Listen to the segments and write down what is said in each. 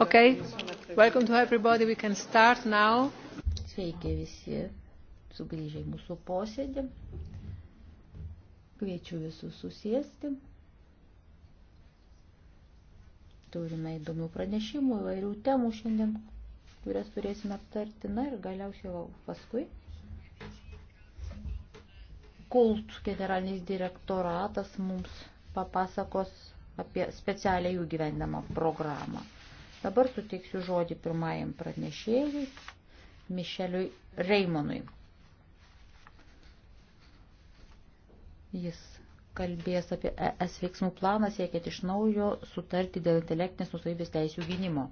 Okay. Welcome to everybody. We can start now. Sveiki visi sugrįžę į mūsų posėdį. Kviečiu visus susėsti. Turime įdomių pranešimų, įvairių temų šiandien, kurias turėsime aptarti. Na ir galiausiai paskui kult generalinis direktoratas mums papasakos apie specialią jų gyvendamą programą. Dabar suteiksiu žodį pirmajam pranešėjui, Mišeliui Reimonui. Jis kalbės apie ES veiksmų planą siekiant iš naujo sutarti dėl intelektinės nusavybės teisų gynimo.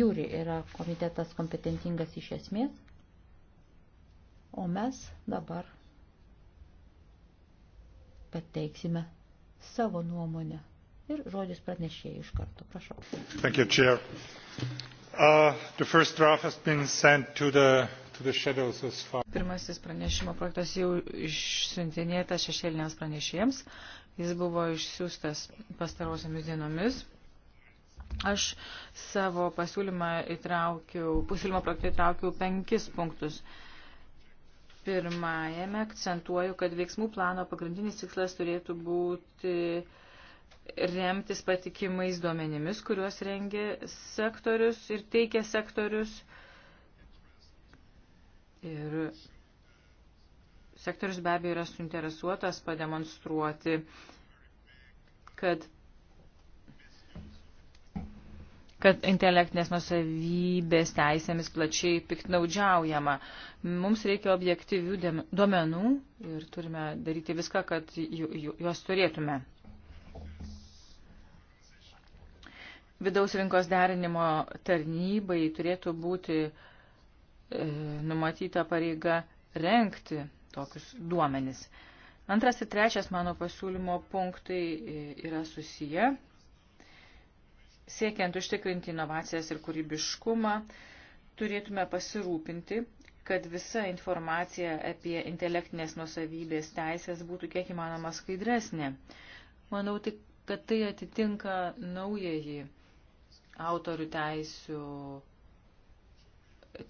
Jūri yra komitetas kompetentingas iš esmės, o mes dabar pateiksime savo nuomonę ir žodis pranešėjai iš karto. Prašau. Thank you, Chair. Uh, the first draft has been sent to the Pirmasis pranešimo projektas jau išsiuntinėtas šešėlinės pranešėjams. Jis buvo išsiųstas pastarosiamis dienomis. Aš savo pasiūlymą įtraukiau, pasiūlymo projektą įtraukiau penkis punktus. Pirmajame akcentuoju, kad veiksmų plano pagrindinis tikslas turėtų būti uh, remtis patikimais duomenimis, kuriuos rengia sektorius ir teikia sektorius. Ir sektorius be abejo yra suinteresuotas pademonstruoti, kad, kad intelektinės nusavybės teisėmis plačiai piktnaudžiaujama. Mums reikia objektyvių duomenų ir turime daryti viską, kad juos turėtume. Vidaus rinkos derinimo tarnybai turėtų būti e, numatyta pareiga renkti tokius duomenis. Antras ir trečias mano pasiūlymo punktai e, yra susiję. Siekiant užtikrinti inovacijas ir kūrybiškumą, turėtume pasirūpinti, kad visa informacija apie intelektinės nusavybės teisės būtų kiek įmanoma skaidresnė. Manau, kad tai atitinka naująjį autorių teisių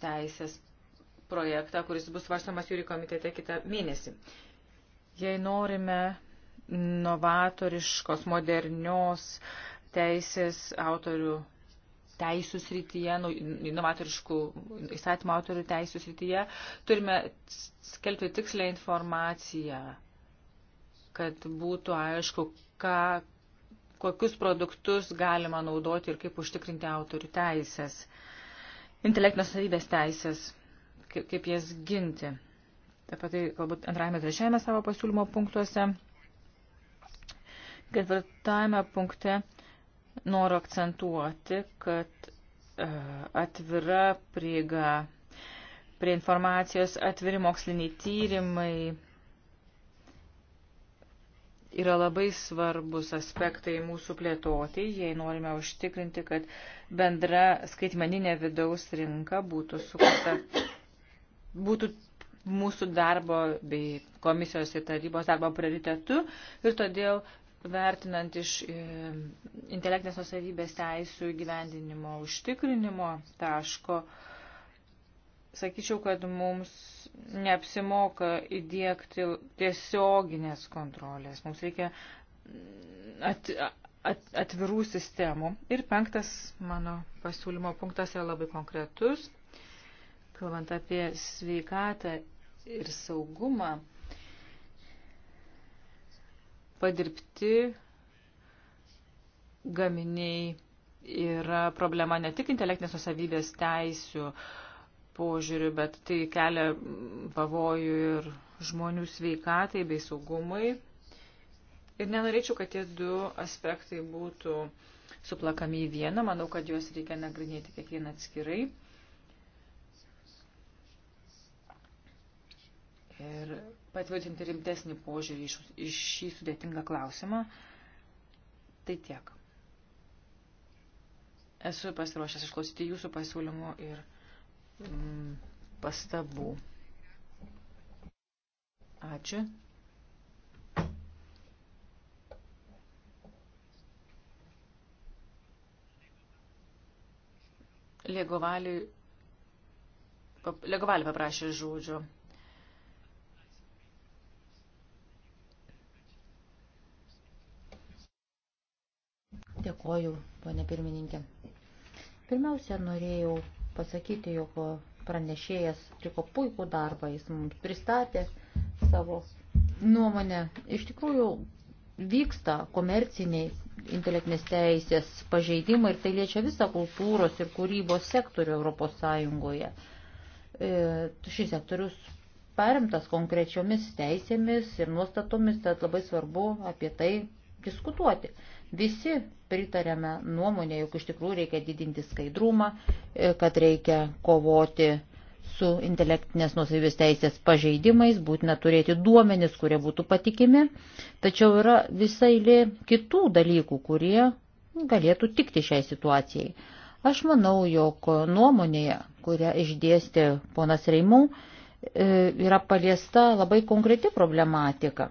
teisės projektą, kuris bus svarstamas jūri komitete kitą mėnesį. Jei norime novatoriškos, modernios teisės autorių teisų srityje, inovatoriškų nu, įstatymo autorių teisų srityje, turime skelbti tikslę informaciją, kad būtų aišku, ką, kokius produktus galima naudoti ir kaip užtikrinti autorių teisės, intelektinės savybės teisės, kaip, kaip jas ginti. Taip pat, tai galbūt, antrajame trečiajame savo pasiūlymo punktuose. Ketvirtajame punkte noriu akcentuoti, kad e, atvira prieiga prie informacijos, atviri moksliniai tyrimai, yra labai svarbus aspektai mūsų plėtoti, jei norime užtikrinti, kad bendra skaitmeninė vidaus rinka būtų sukurta, būtų mūsų darbo bei komisijos ir tarybos darbo prioritetu ir todėl vertinant iš e, intelektinės nusavybės teisų gyvendinimo užtikrinimo taško, sakyčiau, kad mums neapsimoka įdėkti tiesioginės kontrolės. Mums reikia at, at, atvirų sistemų. Ir penktas mano pasiūlymo punktas yra labai konkretus. Kalbant apie sveikatą ir saugumą, padirbti gaminiai yra problema ne tik intelektinės nusavybės teisių uh, požiūriu, bet tai kelia pavojų ir žmonių sveikatai bei saugumui. Ir nenorėčiau, kad tie du aspektai būtų suplakami į vieną. Manau, kad juos reikia nagrinėti kiekvieną atskirai. Ir patvirtinti rimtesnį požiūrį į šį sudėtingą klausimą. Tai tiek. Esu pasiruošęs išklausyti jūsų pasiūlymų ir Mm, pastabų. Ačiū. Legovalį paprašė žodžio. Dėkoju, ponė pirmininkė. Pirmiausia, norėjau pasakyti, jog pranešėjas atliko puikų darbą, jis mums pristatė savo nuomonę. Iš tikrųjų vyksta komerciniai intelektinės teisės pažeidimai ir tai liečia visą kultūros ir kūrybos sektorių Europos Sąjungoje. E, šis sektorius perimtas konkrečiomis teisėmis ir nuostatomis, tad labai svarbu apie tai diskutuoti. Visi pritarėme nuomonė, jog iš tikrųjų reikia didinti skaidrumą, e, kad reikia kovoti su intelektinės nusavybės teisės pažeidimais, būtina turėti duomenis, kurie būtų patikimi, tačiau yra visai lė kitų dalykų, kurie galėtų tikti šiai situacijai. Aš manau, jog nuomonėje, kurią išdėstė ponas Reimų, e, yra paliesta labai konkreti problematika.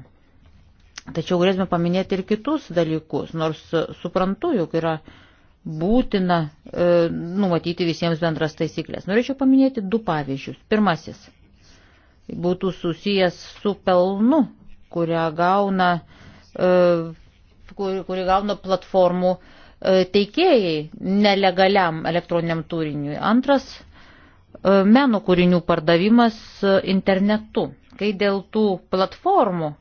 Tačiau galėtume paminėti ir kitus dalykus, nors suprantu, jog yra būtina e, numatyti visiems bendras taisyklės. Norėčiau paminėti du pavyzdžius. Pirmasis būtų susijęs su pelnu, kurią gauna, e, kurį, kurį gauna platformų e, teikėjai nelegaliam elektroniniam turiniui. Antras e, meno kūrinių pardavimas e, internetu. Kai dėl tų platformų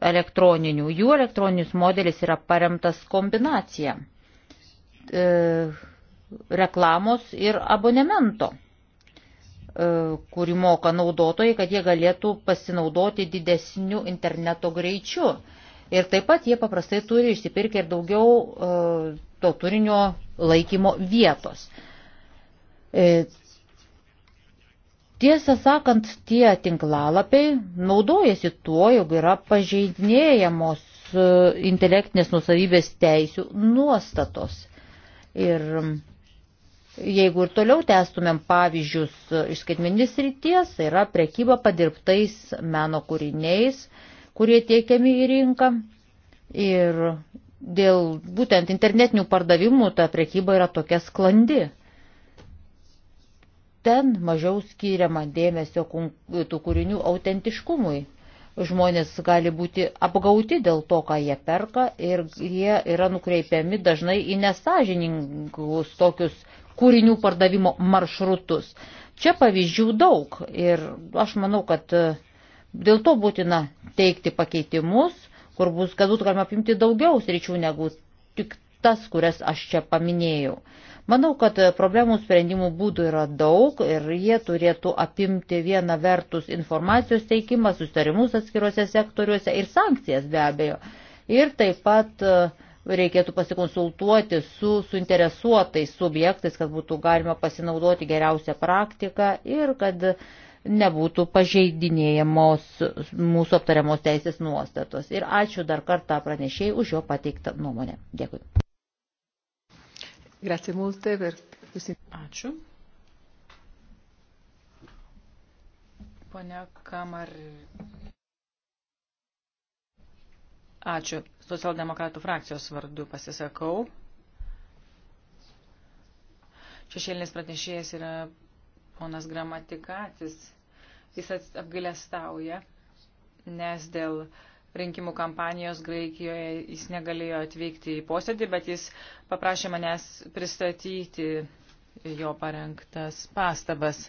elektroninių. Jų elektroninis modelis yra paremtas kombinacija e, reklamos ir abonemento, e, kurį moka naudotojai, kad jie galėtų pasinaudoti didesniu interneto greičiu. Ir taip pat jie paprastai turi išsipirkę ir daugiau e, to turinio laikymo vietos. E, Tiesą sakant, tie tinklalapiai naudojasi tuo, jog yra pažeidinėjamos e, intelektinės nusavybės teisių nuostatos. Ir jeigu ir toliau testumėm pavyzdžius iš skaitmeninės ryties, tai yra prekyba padirbtais meno kūriniais, kurie tiekiami į rinką. Ir dėl būtent internetinių pardavimų ta prekyba yra tokia sklandi ten mažiau skiriama dėmesio tų kūrinių autentiškumui. Žmonės gali būti apgauti dėl to, ką jie perka ir jie yra nukreipiami dažnai į nesažininkus tokius kūrinių pardavimo maršrutus. Čia pavyzdžių daug ir aš manau, kad e, dėl to būtina teikti pakeitimus, kur bus, kad būtų galima apimti daugiau sričių negu tik tas, kurias aš čia paminėjau. Manau, kad e, problemų sprendimų būdų yra daug ir jie turėtų apimti vieną vertus informacijos teikimą, sustarimus atskiruose sektoriuose ir sankcijas be abejo. Ir taip pat e, reikėtų pasikonsultuoti su suinteresuotais subjektais, kad būtų galima pasinaudoti geriausią praktiką ir kad nebūtų pažeidinėjamos mūsų aptariamos teisės nuostatos. Ir ačiū dar kartą pranešėjai už jo pateiktą nuomonę. Dėkui. Grazie molte per questi. Ačiū. Pone Kamar. Ačiū. Socialdemokratų frakcijos vardu pasisakau. Šešėlinis pranešėjas yra ponas Gramatikatis. Jis apgailestauja, nes dėl uh, rinkimų kampanijos Graikijoje jis negalėjo atvykti į posėdį, bet jis paprašė manęs pristatyti jo parengtas pastabas.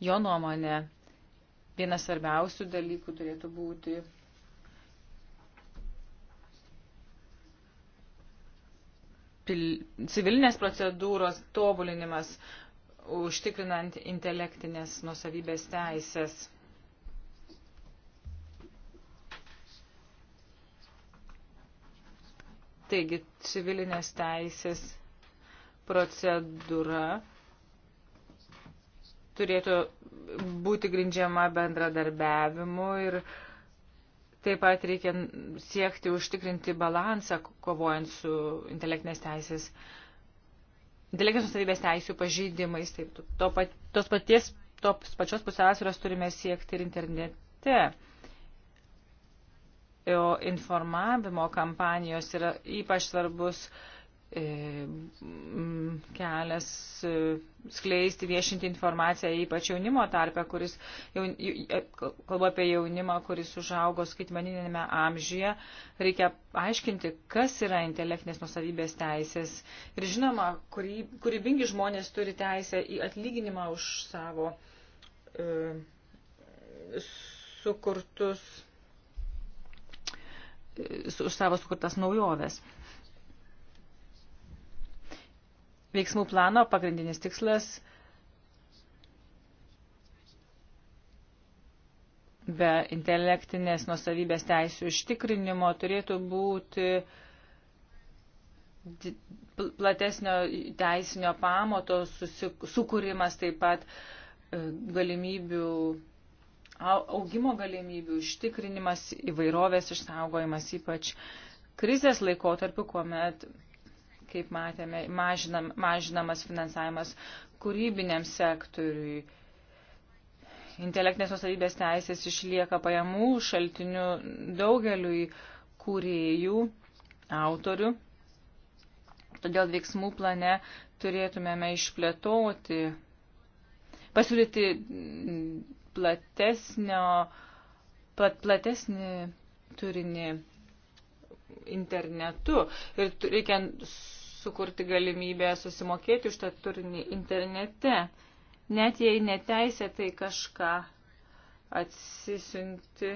Jo nuomonė, vienas svarbiausių dalykų turėtų būti pil... civilinės procedūros tobulinimas, užtikrinant intelektinės nusavybės teisės. Taigi, civilinės teisės procedūra turėtų būti grindžiama bendradarbiavimu ir taip pat reikia siekti užtikrinti balansą, kovojant su intelektinės teisės, intelektinės nusavybės teisų pažydimais. Taip, to, pat, tos, paties, tos pačios pusiausvėros turime siekti ir internete o informavimo kampanijos yra ypač svarbus e, kelias e, skleisti, viešinti informaciją, ypač jaunimo tarpe, kuris, jaun, e, kalbu apie jaunimą, kuris užaugo skaitmeninėme amžiuje, reikia aiškinti, kas yra intelektinės nusavybės teisės. Ir žinoma, kuri, kūrybingi žmonės turi teisę į atlyginimą už savo e, sukurtus už savo sukurtas naujoves. Veiksmų plano pagrindinis tikslas be intelektinės nusavybės teisų ištikrinimo turėtų būti platesnio teisinio pamoto susikūrimas taip pat e, galimybių augimo galimybių užtikrinimas, įvairovės išsaugojimas, ypač krizės laikotarpiu, kuomet, kaip matėme, mažinam, mažinamas finansavimas kūrybiniam sektoriui. Intelektinės nusavybės teisės išlieka pajamų šaltinių daugeliui kūrėjų, autorių. Todėl veiksmų plane turėtumėme išplėtoti, pasiūlyti platesnio, plat, platesnį turinį internetu ir reikia sukurti galimybę susimokėti už tą turinį internete. Net jei neteisė, tai kažką atsisinti.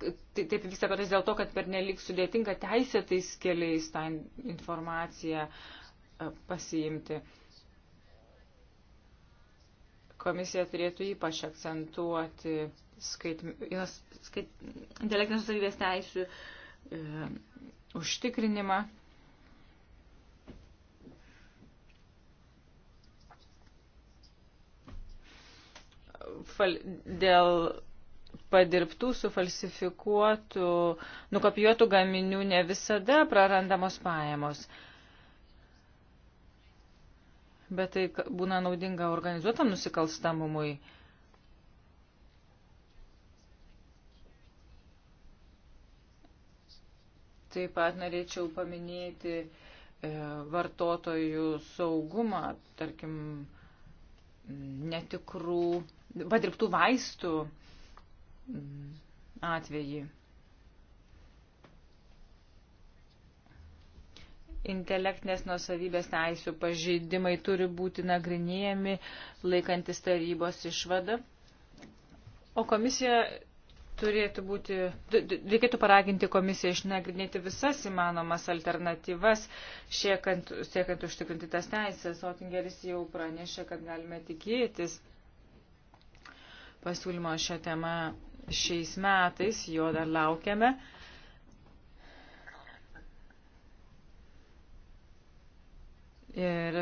Tai taip vyksta kartais dėl to, kad per nelik sudėtinga teisėtais keliais tą informaciją e, pasiimti. Komisija turėtų ypač akcentuoti skait, skait, intelektinės savybės teisų e, užtikrinimą. Fal, dėl padirbtų, sufalsifikuotų, nukopijuotų gaminių ne visada prarandamos pajamos. E, bet tai būna naudinga organizuotam nusikalstamumui. Taip pat norėčiau paminėti e, vartotojų saugumą, tarkim, netikrų, padirbtų vaistų mm, atvejį. intelektinės nusavybės teisų pažeidimai turi būti nagrinėjami laikantis tarybos išvada. O komisija turėtų būti, reikėtų paraginti komisiją išnagrinėti visas įmanomas alternatyvas, siekant, siekant užtikrinti tas teisės. Otingeris jau pranešė, kad galime tikėtis pasiūlymo šią temą šiais metais, jo dar laukiame. Ir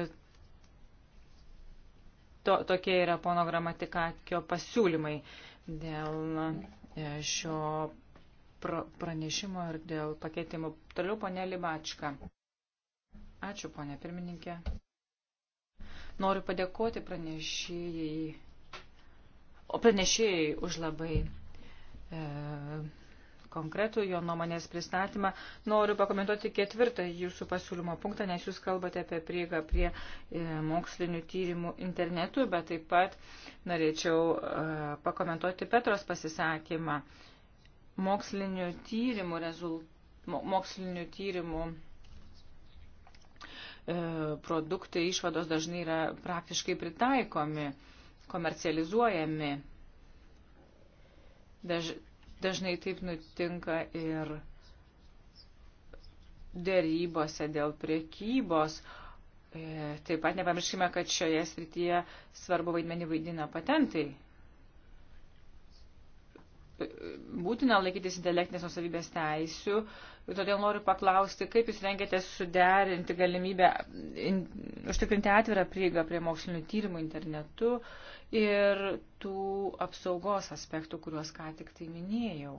to, tokie yra pono gramatikakio pasiūlymai dėl e, šio pranešimo ir dėl pakeitimų. Toliau ponė Libačka. Ačiū, ponė pirmininkė. Noriu padėkoti pranešėjai, o pranešėjai už labai e, konkretų jo nuomonės pristatymą. Noriu pakomentuoti ketvirtą jūsų pasiūlymo punktą, nes jūs kalbate apie prieigą prie e, mokslinių tyrimų internetu, bet taip pat norėčiau e, pakomentuoti Petros pasisakymą. Mokslinių tyrimų, rezult... mokslinių tyrimų e, produktai išvados dažnai yra praktiškai pritaikomi, komercializuojami. Daž, Dažnai taip nutinka ir dėrybose dėl priekybos. E, taip pat nepamirškime, kad šioje srityje svarbu vaidmenį vaidina patentai būtina laikytis intelektinės nusavybės teisių. Todėl noriu paklausti, kaip Jūs rengiate suderinti galimybę in, užtikrinti atvirą prieigą prie mokslinių tyrimų internetu ir tų apsaugos aspektų, kuriuos ką tik tai minėjau.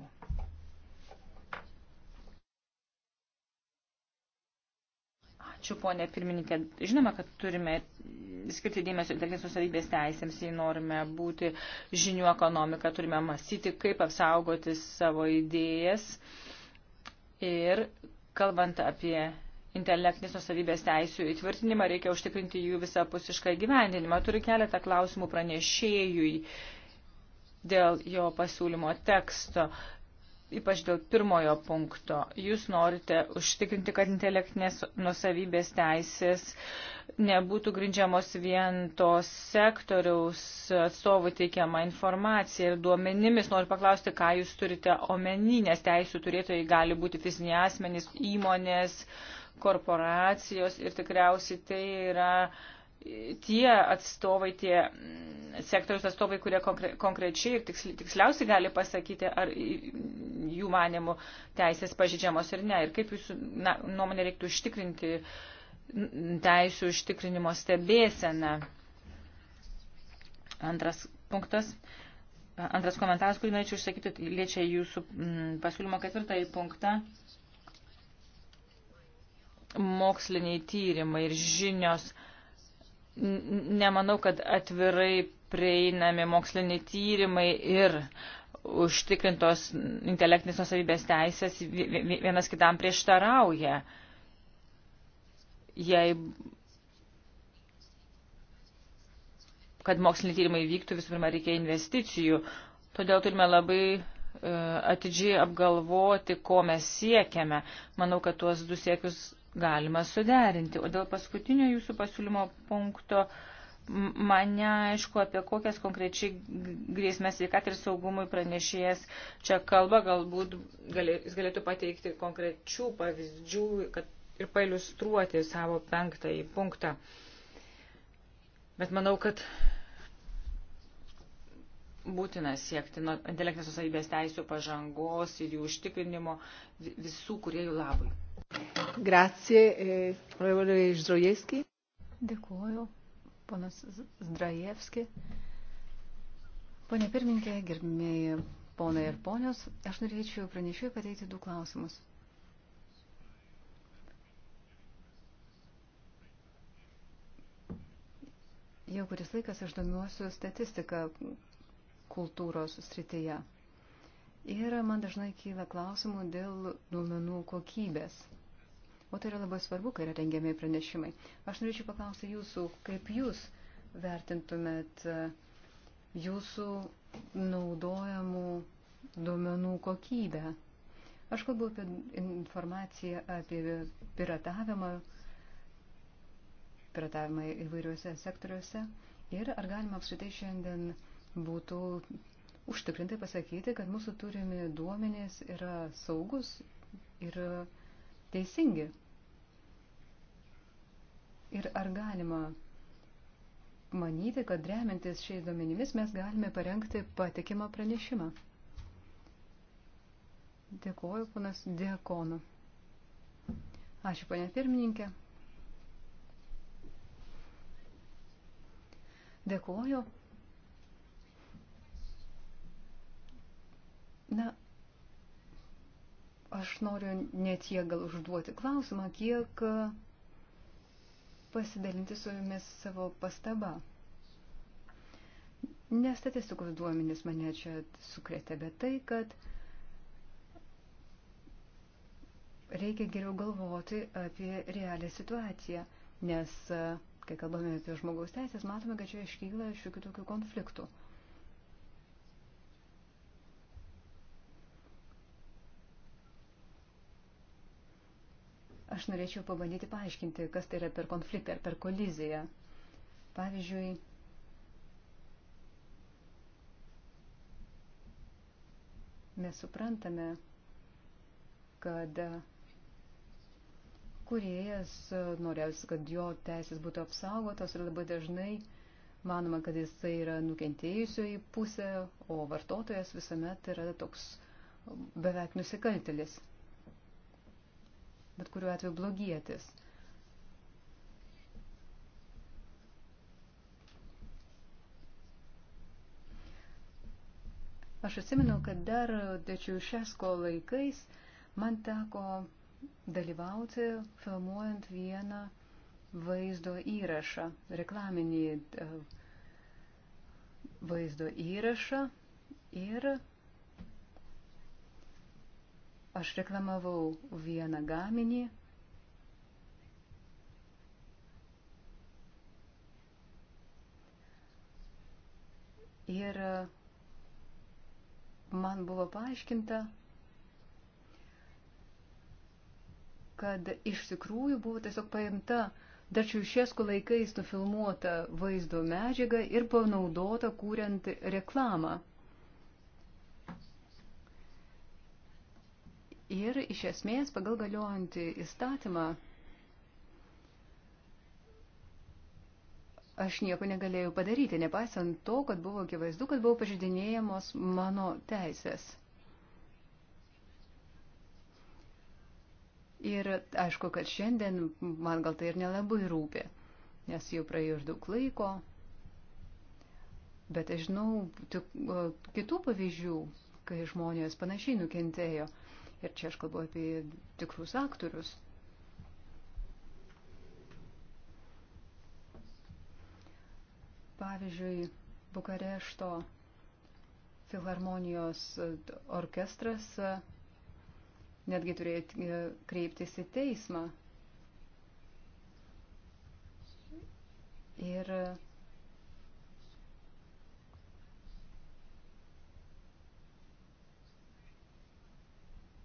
Ačiū, ponė pirmininkė. Žinoma, kad turime skirti dėmesio intelektinės nusavybės teisėms, jei norime būti žinių ekonomika, turime mąstyti, kaip apsaugoti savo idėjas. Ir kalbant apie intelektinės nusavybės teisų įtvirtinimą, reikia užtikrinti jų visapusišką gyvendinimą. Turiu keletą klausimų pranešėjui dėl jo pasiūlymo teksto ypač dėl pirmojo punkto. Jūs norite užtikrinti, kad intelektinės nusavybės teisės nebūtų grindžiamos vien to sektoriaus atstovų teikiama informacija ir duomenimis. Noriu paklausti, ką jūs turite omeny, nes teisų turėtojai gali būti fiziniai asmenys, įmonės, korporacijos ir tikriausiai tai yra uh, tie atstovai, tie mm, sektoriaus atstovai, kurie konkrečiai ir tiksliausiai gali pasakyti, ar jų manimų teisės pažydžiamos ir ne. Ir kaip jūsų na, nuomonė reiktų užtikrinti teisų užtikrinimo stebėseną. Antras punktas. Antras komentaras, kurį norėčiau išsakyti, tai liečia jūsų mm, pasiūlymo ketvirtąjį punktą moksliniai tyrimai ir žinios nemanau, kad atvirai prieinami moksliniai tyrimai ir užtikrintos intelektinės nusavybės teisės vienas kitam prieštarauja. Jei kad moksliniai tyrimai vyktų, visų pirma, reikia investicijų. Todėl turime labai E, atidžiai apgalvoti, ko mes siekiame. Manau, kad tuos du siekius galima suderinti. O dėl paskutinio jūsų pasiūlymo punkto man neaišku, apie kokias konkrečiai grėsmės sveikatai ir saugumui pranešėjas čia kalba, galbūt galė, jis galėtų pateikti konkrečių pavyzdžių kad, ir pailustruoti savo penktąjį punktą. Bet manau, kad būtina siekti nuo intelektinės nusavybės teisų pažangos ir jų užtikrinimo visų kuriejų labui. Grazie, eh, Ždrojevski. Dėkuoju, ponas Zdrajevski. Pone pirmininkė, gerbimieji ponai ir ponios, aš norėčiau pranešiui pateikti du klausimus. Jau kuris laikas aš domiuosiu statistiką, kultūros srityje. Ir man dažnai kyla klausimų dėl duomenų kokybės. O tai yra labai svarbu, kai yra rengiami pranešimai. Aš norėčiau paklausti jūsų, kaip jūs vertintumėt e, jūsų naudojamų duomenų kokybę. Aš kalbu apie informaciją apie piratavimą, piratavimą įvairiuose sektoriuose ir ar galima apskritai šiandien būtų užtikrintai pasakyti, kad mūsų turimi duomenys yra saugus ir teisingi. Ir ar galima manyti, kad remiantis šiais duomenimis mes galime parengti patikimą pranešimą? Dėkuoju, ponas Dėkonu. Ačiū, ponė pirmininkė. Dėkuoju Na, aš noriu ne tiek gal užduoti klausimą, kiek e, pasidalinti su jumis savo pastabą. Ne statistikos duomenys mane čia sukrėtė, bet tai, kad reikia geriau galvoti apie realią situaciją, nes e, kai kalbame apie žmogaus teisės, matome, kad čia iškyla šiokių tokių konfliktų. Aš norėčiau pabandyti paaiškinti, kas tai yra per konfliktą ar per koliziją. Pavyzdžiui, mes suprantame, kad kuriejas norėjus, kad jo teisės būtų apsaugotos ir labai dažnai manoma, kad jisai yra nukentėjusio į pusę, o vartotojas visuomet yra toks beveik nusikaltelis bet kuriuo atveju blogietis. Aš atsimenu, kad dar Dečiušesko laikais man teko dalyvauti filmuojant vieną vaizdo įrašą, reklaminį e, vaizdo įrašą ir Aš reklamavau vieną gaminį. Ir uh, man buvo paaiškinta, kad iš tikrųjų buvo tiesiog paimta Dačiušėskų laikais nufilmuota vaizdo medžiaga ir panaudota kūriant reklamą. Ir iš esmės pagal galiojantį įstatymą aš nieko negalėjau padaryti, nepaisant to, kad buvo akivaizdu, kad buvo pažydinėjamos mano teisės. Ir aišku, kad šiandien man gal tai ir nelabai rūpi, nes jau praėjo ir daug laiko. Bet aš žinau tik, kitų pavyzdžių, kai žmonės panašiai nukentėjo. Ir čia aš kalbu apie tikrus aktorius. Pavyzdžiui, Bukarešto filharmonijos orkestras netgi turėjo kreiptis į teismą. Ir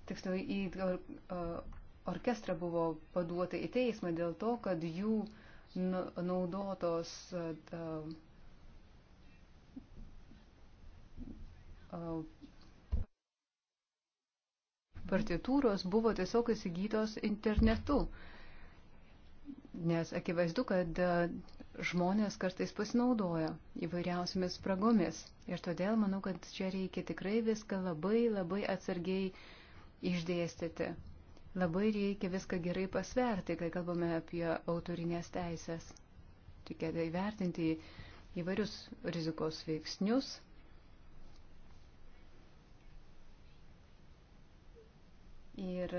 tiksliau į orkestrą buvo paduota į teismą dėl to, kad jų nu, naudotos partitūros buvo tiesiog įsigytos internetu. Nes akivaizdu, kad žmonės kartais pasinaudoja įvairiausiamis spragomis. Ir todėl manau, kad čia reikia tikrai viską labai labai atsargiai uh, išdėstyti. Labai reikia viską gerai pasverti, kai kalbame apie autorinės teisės. Reikia įvertinti tai įvairius rizikos veiksnius. Ir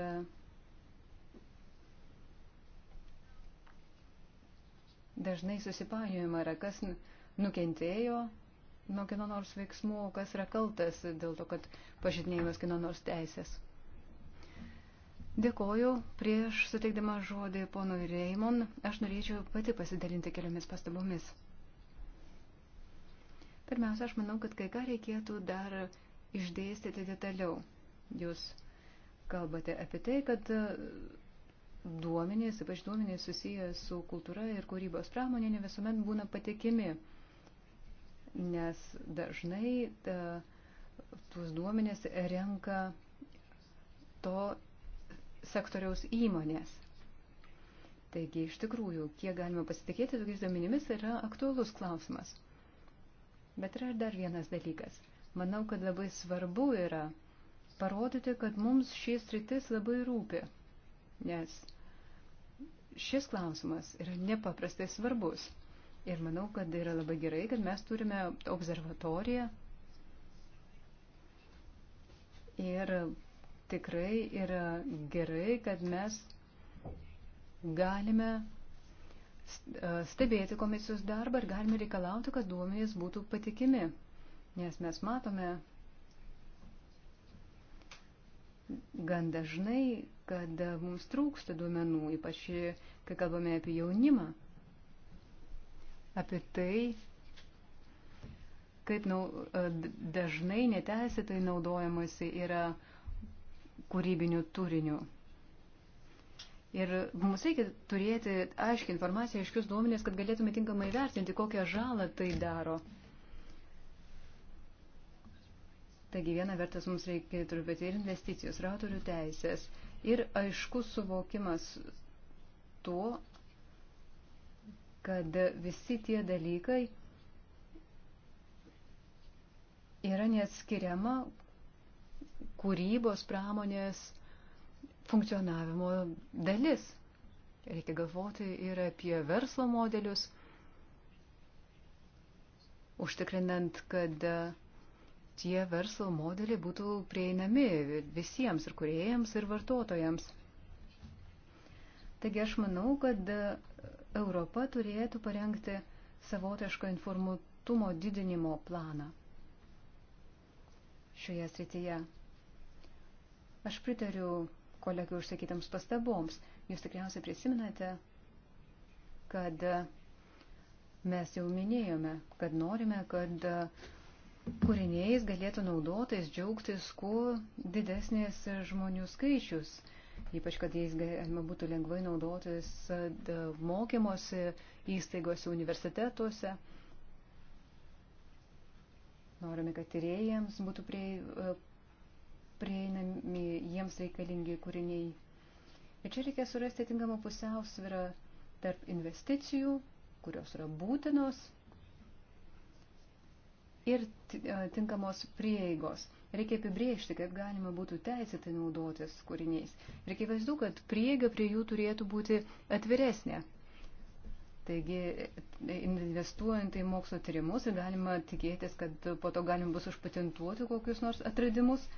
dažnai susipainiojama yra, kas nukentėjo nuo kino nors veiksmų, kas yra kaltas dėl to, kad pažydinėjimas kino nors teisės. Dėkoju. Prieš suteikdama žodį ponui Reimon, aš norėčiau pati pasidalinti keliomis pastabomis. Pirmiausia, aš manau, kad kai ką reikėtų dar išdėstyti detaliau. Jūs kalbate apie tai, kad e, duomenys, ypač duomenys susiję su kultūra ir kūrybos pramonė, ne visuomet būna patikimi, nes dažnai ta, e, tuos duomenys renka to sektoriaus įmonės. Taigi, iš tikrųjų, kiek galima pasitikėti tokiais duomenimis, yra aktuolus klausimas. Bet yra dar vienas dalykas. Manau, kad labai svarbu yra parodyti, kad mums šis rytis labai rūpi, nes šis klausimas yra nepaprastai svarbus. Ir manau, kad yra labai gerai, kad mes turime observatoriją ir tikrai yra gerai, kad mes galime stebėti komisijos darbą ir galime reikalauti, kad duomenys būtų patikimi. Nes mes matome gan dažnai, kad mums trūksta duomenų, ypač kai kalbame apie jaunimą, apie tai, kaip dažnai neteisėtai naudojamasi yra uh, kūrybiniu turiniu. Ir mums reikia turėti aiškį informaciją, aiškius duomenės, kad galėtume tinkamai vertinti, kokią žalą tai daro. Taigi viena vertas mums reikia turbūt ir investicijos, ir autorių teisės, ir aiškus suvokimas to, kad visi tie dalykai yra neatskiriama kūrybos pramonės funkcionavimo dalis. Reikia galvoti ir apie verslo modelius, užtikrinant, kad e, tie verslo modeliai būtų prieinami visiems ir kuriejams, ir vartotojams. Taigi aš manau, kad e, Europa turėtų parengti savotišką informuotumo didinimo planą šioje srityje. Aš pritariu kolegų užsakytams pastaboms. Jūs tikriausiai prisiminate, kad mes jau minėjome, kad norime, kad kūriniais galėtų naudotis, džiaugtis kuo didesnės žmonių skaičius. Ypač, kad jais galima būtų lengvai naudotis e, mokymosi įstaigose, universitetuose. Norime, kad tyrėjams būtų prie, e, prieinami jiems reikalingi kūriniai. Ir čia reikia surasti tinkamą pusiausvyrą tarp investicijų, kurios yra būtinos, ir e, tinkamos prieigos. Reikia apibriežti, kaip galima būtų teisėtai naudotis kūriniais. Reikia vaizdu, kad prieiga prie jų turėtų būti atviresnė. Taigi, e, investuojant į mokslo tyrimus, galima tikėtis, kad po to galima bus užpatentuoti kokius nors atradimus.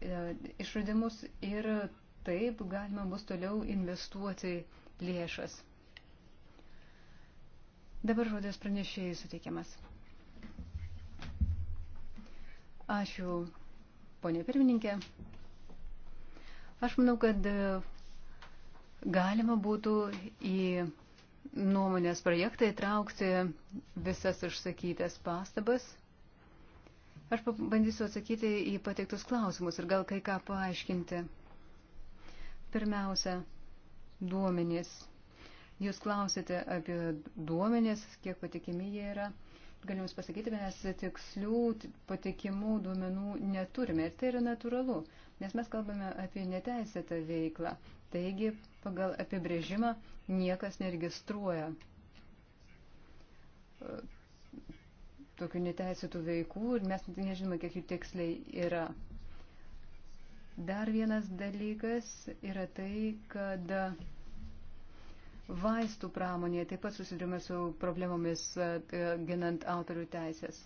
E, išradimus ir taip galima bus toliau investuoti lėšas. Dabar žodės pranešėjai suteikiamas. Ačiū, ponė pirmininkė. Aš manau, kad galima būtų į nuomonės projektą įtraukti visas išsakytas pastabas Aš pabandysiu atsakyti į pateiktus klausimus ir gal kai ką paaiškinti. Pirmiausia, duomenys. Jūs klausite apie duomenys, kiek patikimi jie yra. Galiu Jums pasakyti, mes tikslių patikimų duomenų neturime ir tai yra natūralu, nes mes kalbame apie neteisėtą veiklą. Taigi, pagal apibrėžimą niekas neregistruoja tokių neteisėtų veikų ir mes nežinome, kiek jų tiksliai yra. Dar vienas dalykas yra tai, kad vaistų pramonėje taip pat susidurime su problemomis e, ginant autorių teisės.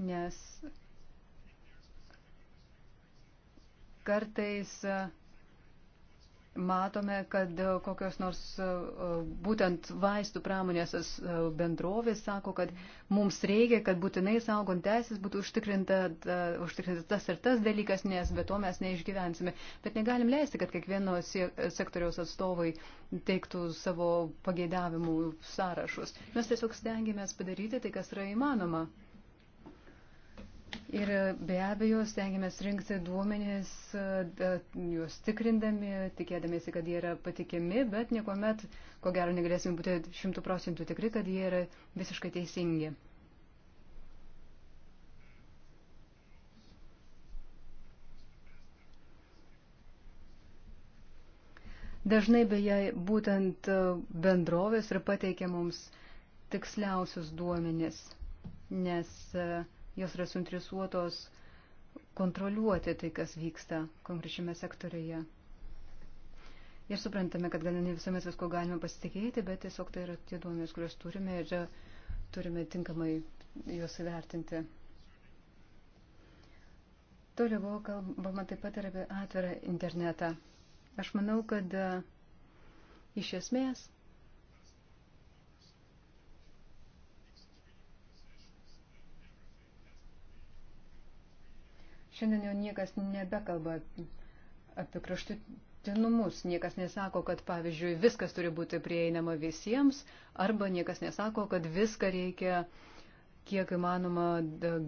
Nes kartais uh, matome, kad e, kokios nors e, e, būtent vaistų pramonės bendrovės sako, kad mums reikia, kad būtinai saugant teisės būtų užtikrinta, užtikrinta tas ir tas dalykas, nes be to mes neišgyvensime. Bet negalim leisti, kad kiekvieno sektoriaus atstovai teiktų savo pageidavimų sąrašus. Mes tiesiog stengiamės padaryti tai, kas yra įmanoma. Ir e, be abejo, stengiamės rinkti duomenys, e, juos tikrindami, tikėdamėsi, kad jie yra patikimi, bet niekuomet, ko gero, negalėsime būti šimtų procentų tikri, kad jie yra visiškai teisingi. Dažnai beje būtent e, bendrovės ir pateikia mums tiksliausius duomenis, nes uh, jos yra suinteresuotos kontroliuoti tai, kas vyksta konkrečiame sektoriuje. Ir suprantame, kad gal ne visuomet visko galime pasitikėti, bet tiesiog tai yra tie duomenys, kuriuos turime ir turime tinkamai juos įvertinti. Toliau buvo kalbama taip pat ir apie atvirą internetą. Aš manau, kad e, iš esmės Šiandien jau niekas nebekalba apie kraštutinumus. Niekas nesako, kad, pavyzdžiui, viskas turi būti prieinama visiems, arba niekas nesako, kad viską reikia kiek įmanoma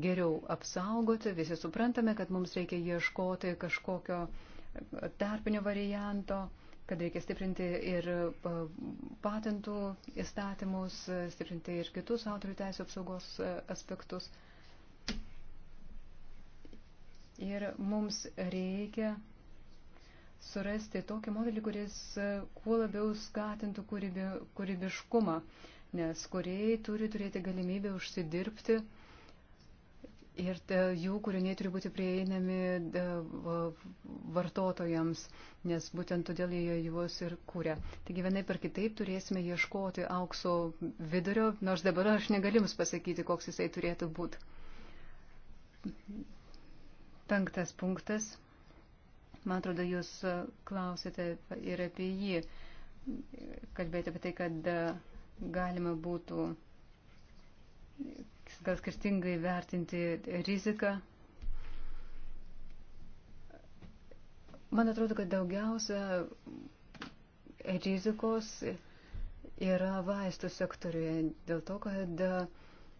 geriau apsaugoti. Visi suprantame, kad mums reikia ieškoti kažkokio tarpinio varianto, kad reikia stiprinti ir patentų įstatymus, stiprinti ir kitus autorių teisų apsaugos e, aspektus. Ir mums reikia surasti tokį modelį, kuris e, kuo labiau skatintų kūrybi, kūrybiškumą, nes kuriai turi turėti galimybę užsidirbti ir jų kūriniai turi būti prieinami e, vartotojams, nes būtent todėl jie juos ir kūrė. Taigi vienai per kitaip turėsime ieškoti aukso vidurio, nors dabar aš negaliu jums pasakyti, koks jisai turėtų būti. Penktas punktas. Man atrodo, jūs e, klausėte ir apie jį. Kalbėjote apie tai, kad e, galima būtų gal skirtingai vertinti riziką. Man atrodo, kad daugiausia rizikos yra vaistų sektoriuje dėl to, kad e,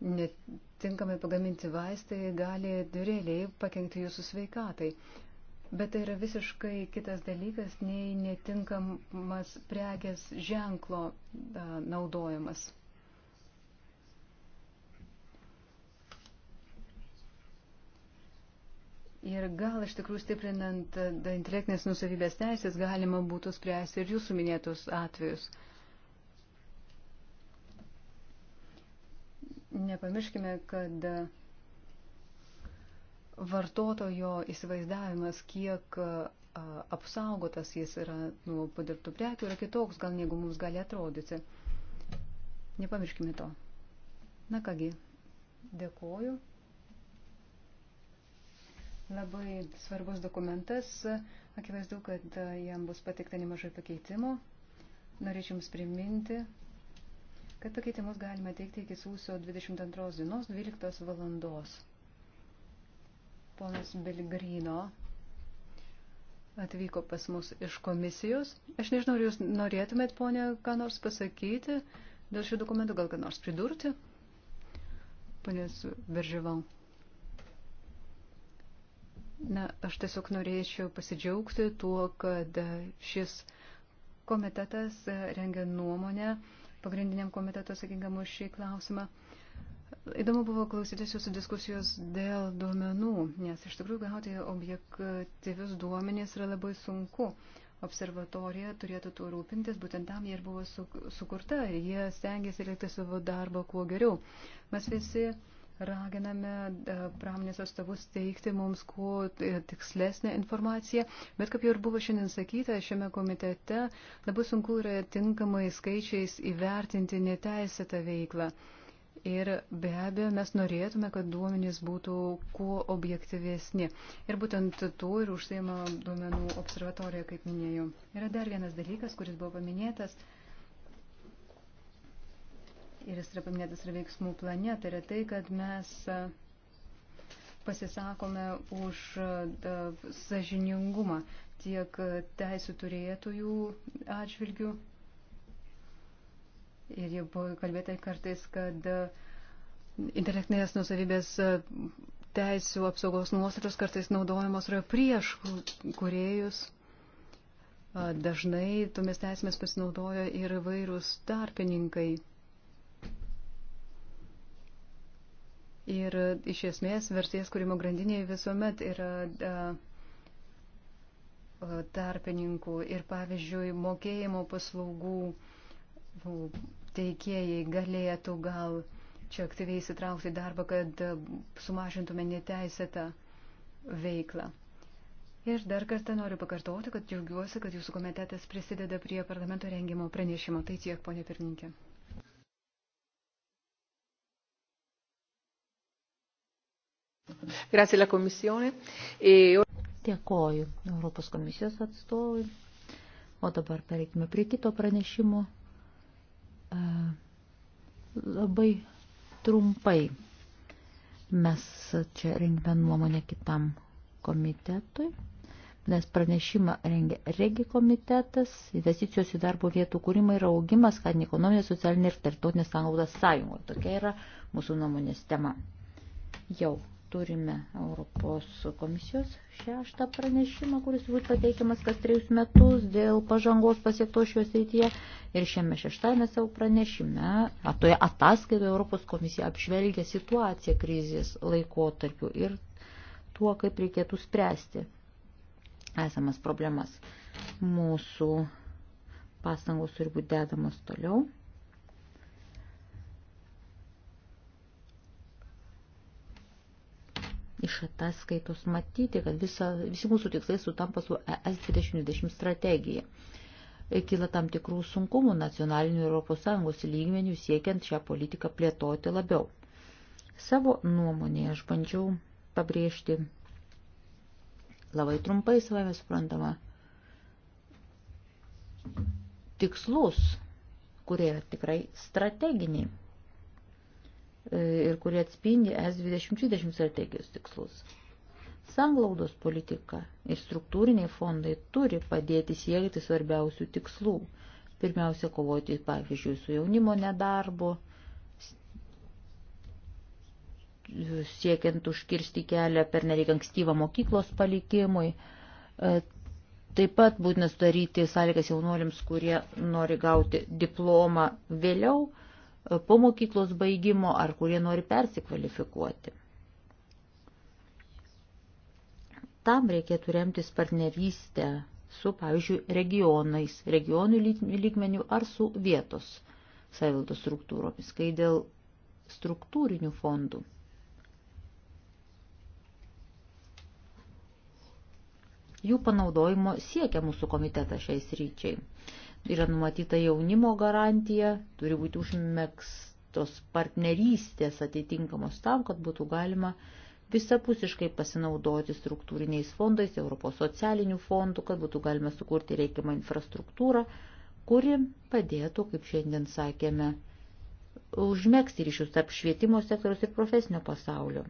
net tinkamai pagaminti vaistai gali realiai pakengti jūsų sveikatai. Bet tai yra visiškai kitas dalykas nei netinkamas prekės ženklo naudojimas. Ir gal iš tikrųjų stiprinant intelektinės nusavybės teisės galima būtų spręsti ir jūsų minėtus atvejus. Uh, Nepamirškime, kad vartotojo įsivaizdavimas, kiek apsaugotas jis yra nuo padirbtų prekių, yra kitoks gal negu mums gali atrodyti. Nepamirškime to. Na kągi, dėkoju. Labai svarbus dokumentas. Akivaizdu, kad jam bus patikta nemažai pakeitimų. Norėčiau Jums priminti, kad pakeitimus galime teikti iki sausio 22 dienos 12 valandos. Ponas Belgrino atvyko pas mus iš komisijos. Aš nežinau, ar jūs norėtumėt, ponė, ką nors pasakyti dėl šių dokumentų, gal ką nors pridurti? Ponės Berživau. Na, aš tiesiog norėčiau pasidžiaugti tuo, kad šis komitetas rengia nuomonę uh, pagrindiniam komiteto atsakingam už šį klausimą. Įdomu buvo klausytis jūsų diskusijos dėl duomenų, nes iš tikrųjų gauti objektyvius duomenys yra labai sunku. Observatorija turėtų tuo rūpintis, būtent tam jie ir buvo sukurta ir jie stengiasi likti savo darbą kuo geriau. Mes visi uh, raginame e, pramonės atstovus teikti mums kuo e, tikslesnę informaciją, bet kaip jau ir buvo šiandien sakyta, šiame komitete labai sunku yra tinkamai skaičiais įvertinti neteisėtą veiklą. Ir be abejo, mes norėtume, kad duomenys būtų kuo objektyvesni. Ir būtent tuo ir užsieima duomenų observatorija, kaip minėjau. Yra dar vienas dalykas, kuris buvo paminėtas. Uh, ir jis yra paminėtas ir veiksmų plane, tai yra tai, kad mes e, pasisakome už e, sažiningumą tiek teisų turėtojų atžvilgių. Ir jau buvo kalbėta kartais, kad e, intelektinės nusavybės teisų apsaugos nuostatos kartais naudojamos yra prieš kuriejus. Dažnai tomis teisėmis pasinaudoja ir vairūs tarpininkai. Ir iš esmės vertės kūrimo grandinėje visuomet yra tarpininkų ir pavyzdžiui mokėjimo paslaugų teikėjai galėtų gal čia aktyviai įsitraukti darbą, kad sumažintume neteisėtą veiklą. Ir dar kartą noriu pakartoti, kad džiaugiuosi, kad jūsų komitetas prisideda prie parlamento rengimo pranešimo. Tai tiek, ponė pirmininkė. Grazie la komisione. E... Dėkoju Europos komisijos atstovui. O dabar pereikime prie kito pranešimo. E, labai trumpai. Mes čia rengime nuomonę kitam komitetui, nes pranešimą rengia regi komitetas, investicijos į darbo vietų kūrimą ir augimas, kad ekonominė, socialinė ir teritorinė sąnauda sąjungo. Tokia yra mūsų nuomonės tema. Jau turime Europos komisijos šeštą pranešimą, kuris būtų pateikiamas kas trejus metus dėl pažangos pasiektos šioje srityje. Ir šiame šeštame savo pranešime, atoje ataskaitoje Europos komisija apžvelgia situaciją krizės laikotarpiu ir tuo, kaip reikėtų spręsti esamas problemas. Mūsų pastangos turi būti dedamos toliau. iš ataskaitos matyti, kad visa, visi mūsų tikslai sutampa su ES 2020 strategija. Kila tam tikrų sunkumų nacionalinių ES lygmenių siekiant šią politiką plėtoti labiau. Savo nuomonėje aš bandžiau pabrėžti labai trumpai savame suprantama tikslus, kurie yra tikrai strateginiai ir kurie atspindi S2020 strategijos tikslus. Sanglaudos politika ir struktūriniai fondai turi padėti siekti svarbiausių tikslų. Pirmiausia, kovoti, pavyzdžiui, su jaunimo nedarbu, siekiant užkirsti kelią per nereik ankstyvą mokyklos palikimui. E, taip pat būtina sudaryti sąlygas jaunuoliams, kurie nori gauti diplomą vėliau E, po mokyklos baigimo ar kurie nori persikvalifikuoti. Tam reikėtų remtis partnerystę su, pavyzdžiui, regionais, regionų lygmenių ar su vietos savivaldos struktūromis, kai dėl struktūrinių fondų. Jų panaudojimo siekia mūsų komitetas šiais ryčiai. Yra numatyta jaunimo garantija, turi būti užmėgstos partnerystės atitinkamos tam, kad būtų galima visapusiškai pasinaudoti struktūriniais fondais, Europos socialinių fondų, kad būtų galima sukurti reikiamą infrastruktūrą, kuri padėtų, kaip šiandien sakėme, užmėgsti ryšius tarp švietimo sektoriaus ir profesinio pasaulio.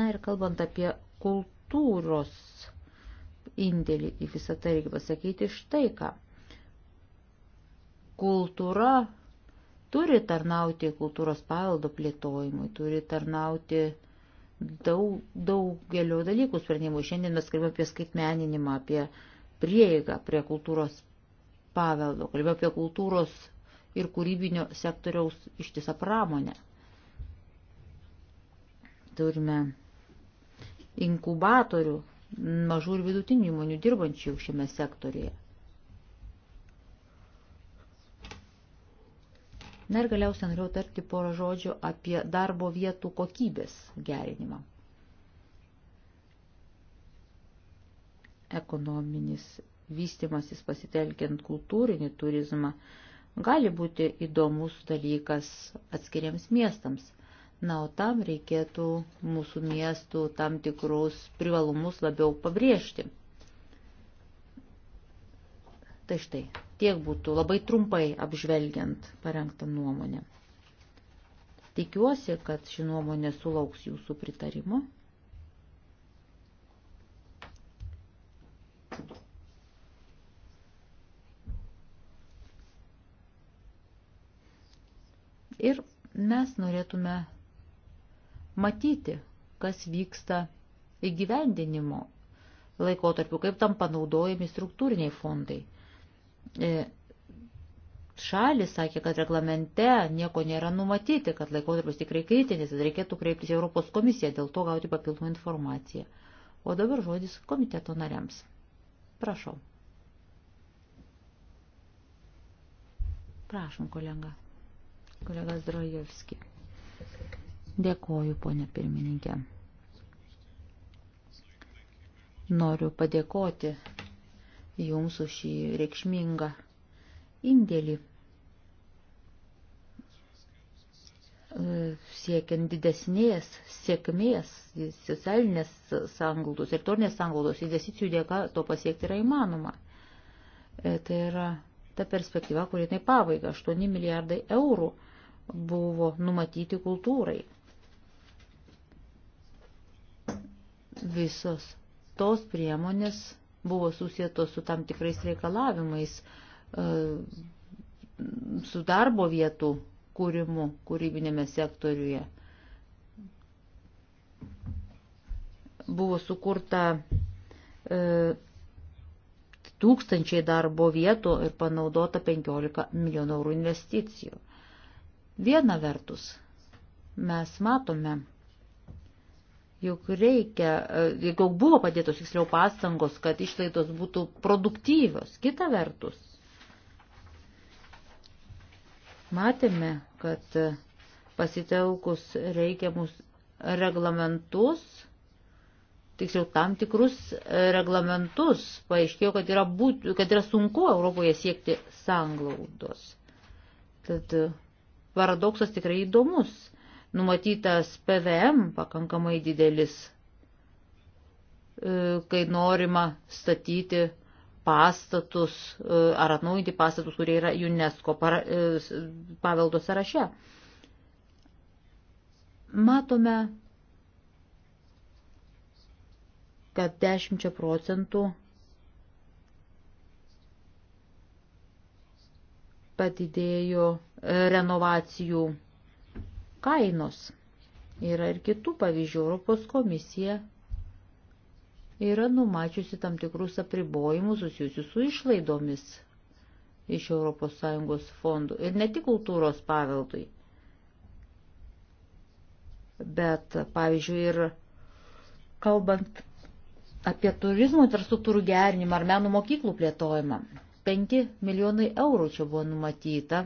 Na ir kalbant apie kultūros indėlį į visą tai, reikia pasakyti štai ką. Kultūra turi tarnauti kultūros paveldo plėtojimui, turi tarnauti daug, daugelio dalykų sprendimų. Šiandien mes kalbame apie skaitmeninimą, apie prieigą prie kultūros paveldo, kalbame apie kultūros ir kūrybinio sektoriaus ištisą pramonę. Turime inkubatorių mažų ir vidutinių įmonių dirbančių šiame sektorėje. Na ir galiausiai norėjau tarti porą žodžių apie darbo vietų kokybės gerinimą. Ekonominis vystimasis pasitelkiant kultūrinį turizmą gali būti įdomus dalykas atskiriams miestams. Na, o tam reikėtų mūsų miestų tam tikrus privalumus labiau pabrėžti. Tai štai, tiek būtų labai trumpai apžvelgiant parengtą nuomonę. Tikiuosi, kad ši nuomonė sulauks jūsų pritarimo. Ir mes norėtume matyti, kas vyksta įgyvendinimo laikotarpiu, kaip tam panaudojami struktūriniai fondai. E, šalis sakė, kad reglamente nieko nėra numatyti, kad laikotarpis tikrai kritinis, kad reikėtų kreiptis į Europos komisiją, dėl to gauti papildomą informaciją. O dabar žodis komiteto nariams. Prašau. Prašom, kolega. Kolegas Drojevski. Dėkoju, ponė pirmininkė. Noriu padėkoti Jums už šį reikšmingą indėlį. E, siekiant didesnės sėkmės, socialinės sanglaudos, teritorinės sanglaudos, investicijų dėka to pasiekti yra įmanoma. E, tai yra ta perspektyva, kuri tai pabaiga. 8 milijardai eurų buvo numatyti kultūrai. Visos tos priemonės buvo susijėtos su tam tikrais reikalavimais, e, su darbo vietų kūrimu kūrybinėme sektoriuje. Buvo sukurta e, tūkstančiai darbo vietų ir panaudota 15 milijonų eurų investicijų. Viena vertus, mes matome, Juk reikia, e, jau buvo padėtos tiksliau pastangos, kad išlaidos būtų produktyvios. Kita vertus, matėme, kad e, pasitelkus reikiamus reglamentus, tiksliau tam tikrus e, reglamentus, paaiškėjo, kad yra, būt, kad yra sunku Europoje siekti sanglaudos. Tad paradoksas tikrai įdomus numatytas PVM pakankamai didelis, e, kai norima statyti pastatus e, ar atnaujinti pastatus, kurie yra UNESCO e, paveldo sąraše. Matome, kad 10 procentų padidėjo renovacijų kainos. Yra ir kitų pavyzdžių. Europos komisija yra numačiusi tam tikrus apribojimus susijusius su išlaidomis iš ES fondų ir ne tik kultūros paveldui, bet, pavyzdžiui, ir kalbant apie turizmo infrastruktūrų gerinimą ar menų mokyklų plėtojimą. 5 milijonai eurų čia buvo numatyta,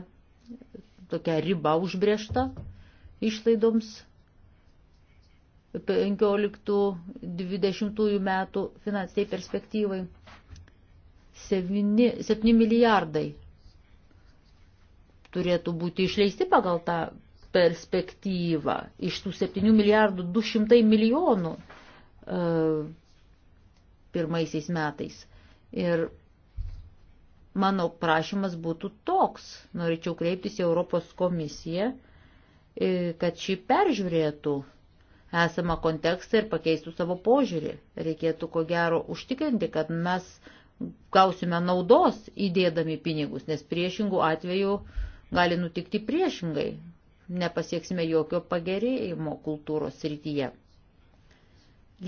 tokia riba užbriešta išlaidoms 15-20 metų finansiniai perspektyvai 7, 7 milijardai turėtų būti išleisti pagal tą perspektyvą. Iš tų 7 milijardų 200 milijonų e, pirmaisiais metais. Ir mano prašymas būtų toks. Norėčiau kreiptis į Europos komisiją E, kad šį peržiūrėtų esamą kontekstą ir pakeistų savo požiūrį. Reikėtų ko gero užtikrinti, kad mes gausime naudos įdėdami pinigus, nes priešingų atveju gali nutikti priešingai. Nepasieksime jokio pagerėjimo kultūros srityje.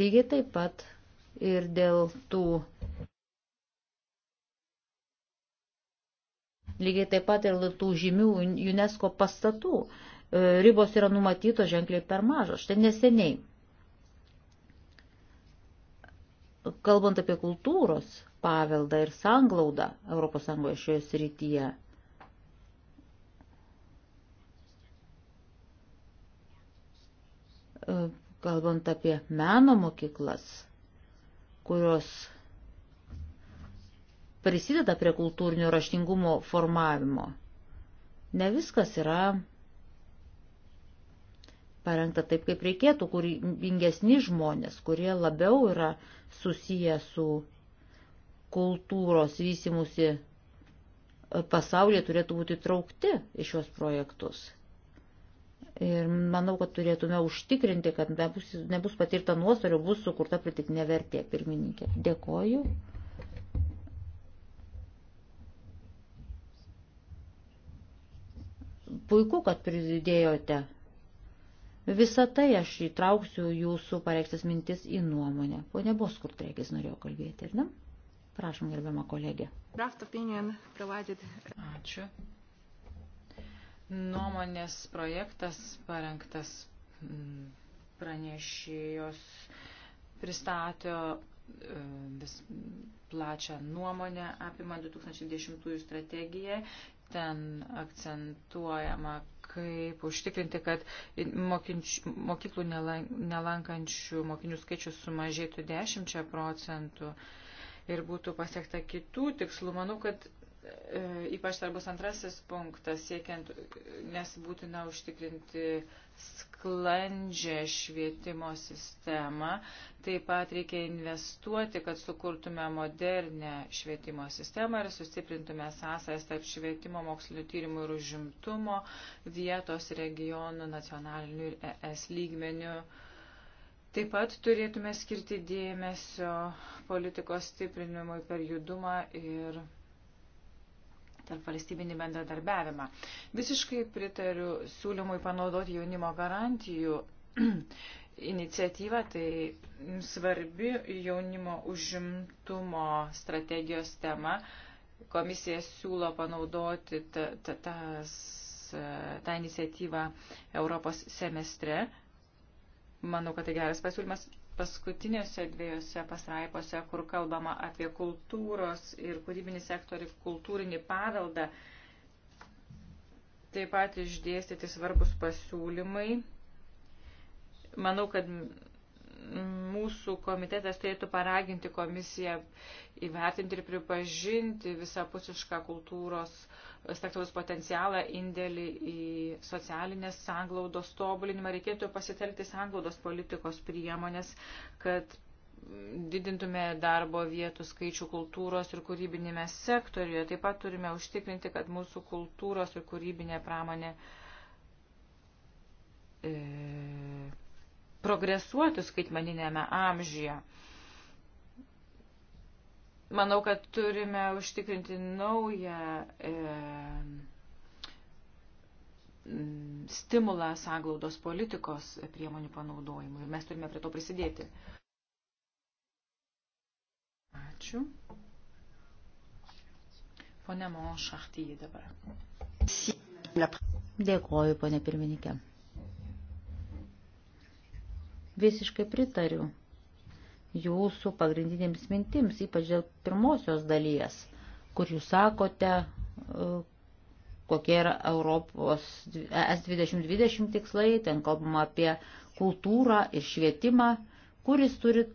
Lygiai taip pat ir dėl tų. Lygiai taip pat ir dėl tų žymių UNESCO pastatų E, ribos yra numatytos ženkliai per mažos. Štai neseniai, kalbant apie kultūros paveldą ir sanglaudą ES šioje srityje, e, kalbant apie meno mokyklas, kurios prisideda prie kultūrinio raštingumo formavimo. Ne viskas yra parengta taip, kaip reikėtų, kūrybingesni žmonės, kurie labiau yra susiję su kultūros vysimusi e, pasaulyje, turėtų būti traukti į šios projektus. Ir manau, kad turėtume užtikrinti, kad nebus, nebus patirta nuostolių, bus sukurta pritiknė vertė, pirmininkė. Dėkoju. Puiku, kad pridėjote Visą tai aš įtrauksiu jūsų pareikštas mintis į nuomonę. Pone Boskurt, reikės norėjo kalbėti, ar ne? Prašom, gerbiama kolegė. Ačiū. Nuomonės projektas parengtas pranešėjos pristatė e, vis plačią nuomonę apima 2010 strategiją. Ten akcentuojama, kaip užtikrinti, kad mokinčių, mokyklų nelankančių mokinių skaičius sumažėtų 10 procentų ir būtų pasiekta kitų tikslų. Manau, kad E, ypač svarbus antrasis punktas, siekiant, nes būtina užtikrinti sklandžią švietimo sistemą. Taip pat reikia investuoti, kad sukurtume modernę švietimo sistemą ir sustiprintume sąsajas tarp švietimo, mokslinio tyrimų ir užimtumo vietos, regionų, nacionalinių ir ES lygmenių. Taip pat turėtume skirti dėmesio politikos stiprinimui per judumą ir tarp valstybinį bendradarbiavimą. Visiškai pritariu siūlymui panaudoti jaunimo garantijų iniciatyvą, tai svarbi jaunimo užimtumo strategijos tema. Komisija siūlo panaudoti tą, tą, tas, tą iniciatyvą Europos semestre. Manau, kad tai geras pasiūlymas paskutinėse dviejose pasraipose, kur kalbama apie kultūros ir kūrybinį sektorį, kultūrinį paveldą, taip pat išdėstyti svarbus pasiūlymai. Manau, kad mūsų komitetas turėtų paraginti komisiją įvertinti ir pripažinti visapusišką kultūros sektoriaus potencialą, indėlį į socialinės sanglaudos tobulinimą. Reikėtų pasitelkti sanglaudos politikos priemonės, kad didintume darbo vietų skaičių kultūros ir kūrybinėme sektoriuje. Taip pat turime užtikrinti, kad mūsų kultūros ir kūrybinė pramonė e, progresuotų skaitmaninėme amžiuje. Manau, kad turime užtikrinti naują e, stimulą sąglaudos politikos priemonių panaudojimui ir mes turime prie to prisidėti. Ačiū. Pone Mon Šachtyje dabar. Dėkoju, ponė pirmininkė. Visiškai pritariu jūsų pagrindinėms mintims, ypač dėl pirmosios dalies, kur jūs sakote, e, kokie yra Europos ES 2020 tikslai, ten kalbama apie kultūrą ir švietimą, kuris turi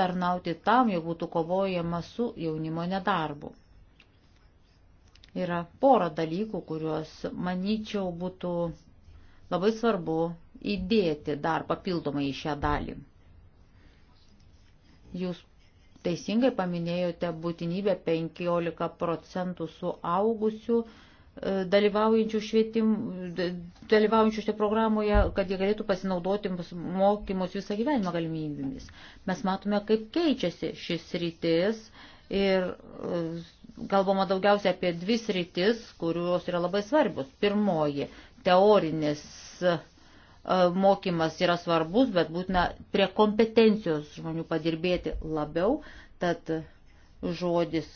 tarnauti tam, jog būtų kovojama su jaunimo nedarbu. Yra pora dalykų, kuriuos, manyčiau, būtų Labai svarbu įdėti dar papildomai į šią dalį. Jūs teisingai paminėjote būtinybę 15 procentų suaugusių e, dalyvaujančių, švietim, dalyvaujančių šitą programoje, kad jie galėtų pasinaudoti mokymus visą gyvenimą galimybėmis. Mes matome, kaip keičiasi šis rytis ir e, kalbama daugiausia apie dvi sritis, kurios yra labai svarbios. Pirmoji teorinis e, mokymas yra svarbus, bet būtina prie kompetencijos žmonių padirbėti labiau, tad žodis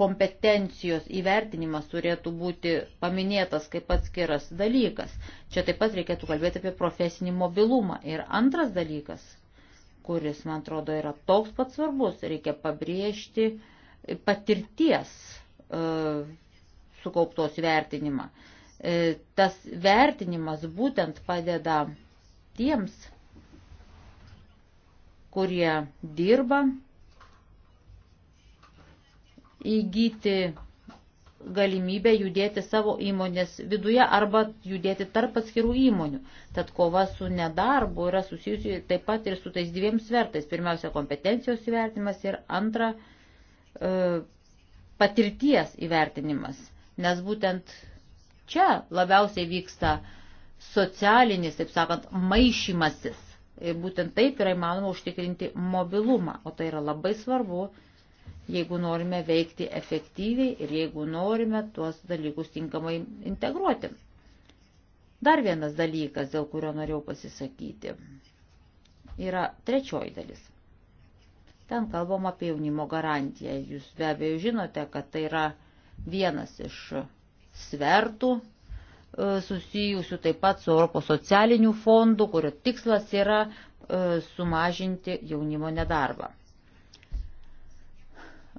kompetencijos įvertinimas turėtų būti paminėtas kaip atskiras dalykas. Čia taip pat reikėtų kalbėti apie profesinį mobilumą. Ir antras dalykas, kuris, man atrodo, yra toks pat svarbus, reikia pabrėžti patirties e, sukauptos vertinimą. E, E, tas vertinimas būtent padeda tiems, kurie dirba, įgyti galimybę judėti savo įmonės viduje arba judėti tarp atskirų įmonių. Tad kova su nedarbu yra susijusi taip pat ir su tais dviem svertais. Pirmiausia, kompetencijos įvertinimas ir antra, e, patirties įvertinimas. Nes būtent Čia labiausiai vyksta socialinis, taip sakant, maišymasis. Ir būtent taip yra įmanoma užtikrinti mobilumą, o tai yra labai svarbu, jeigu norime veikti efektyviai ir jeigu norime tuos dalykus tinkamai integruoti. Dar vienas dalykas, dėl kurio norėjau pasisakyti, yra trečioji dalis. Ten kalbam apie jaunimo garantiją. Jūs be abejo žinote, kad tai yra vienas iš svertų e, susijusių taip pat su Europos socialiniu fondu, kurio tikslas yra e, sumažinti jaunimo nedarbą.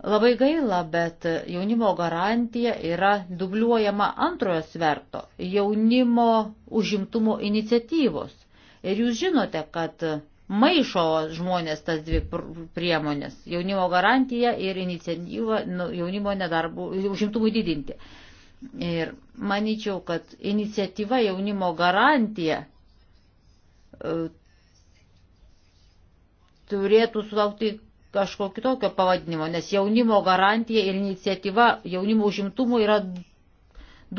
Labai gaila, bet jaunimo garantija yra dubliuojama antrojo sverto - jaunimo užimtumo iniciatyvos. Ir jūs žinote, kad maišo žmonės tas dvi priemonės - jaunimo garantija ir iniciatyva nu, jaunimo nedarbų, užimtumui didinti. Ir manyčiau, kad iniciatyva jaunimo garantija e, turėtų sulaukti kažkokio tokio pavadinimo, nes jaunimo garantija ir iniciatyva jaunimo užimtumų yra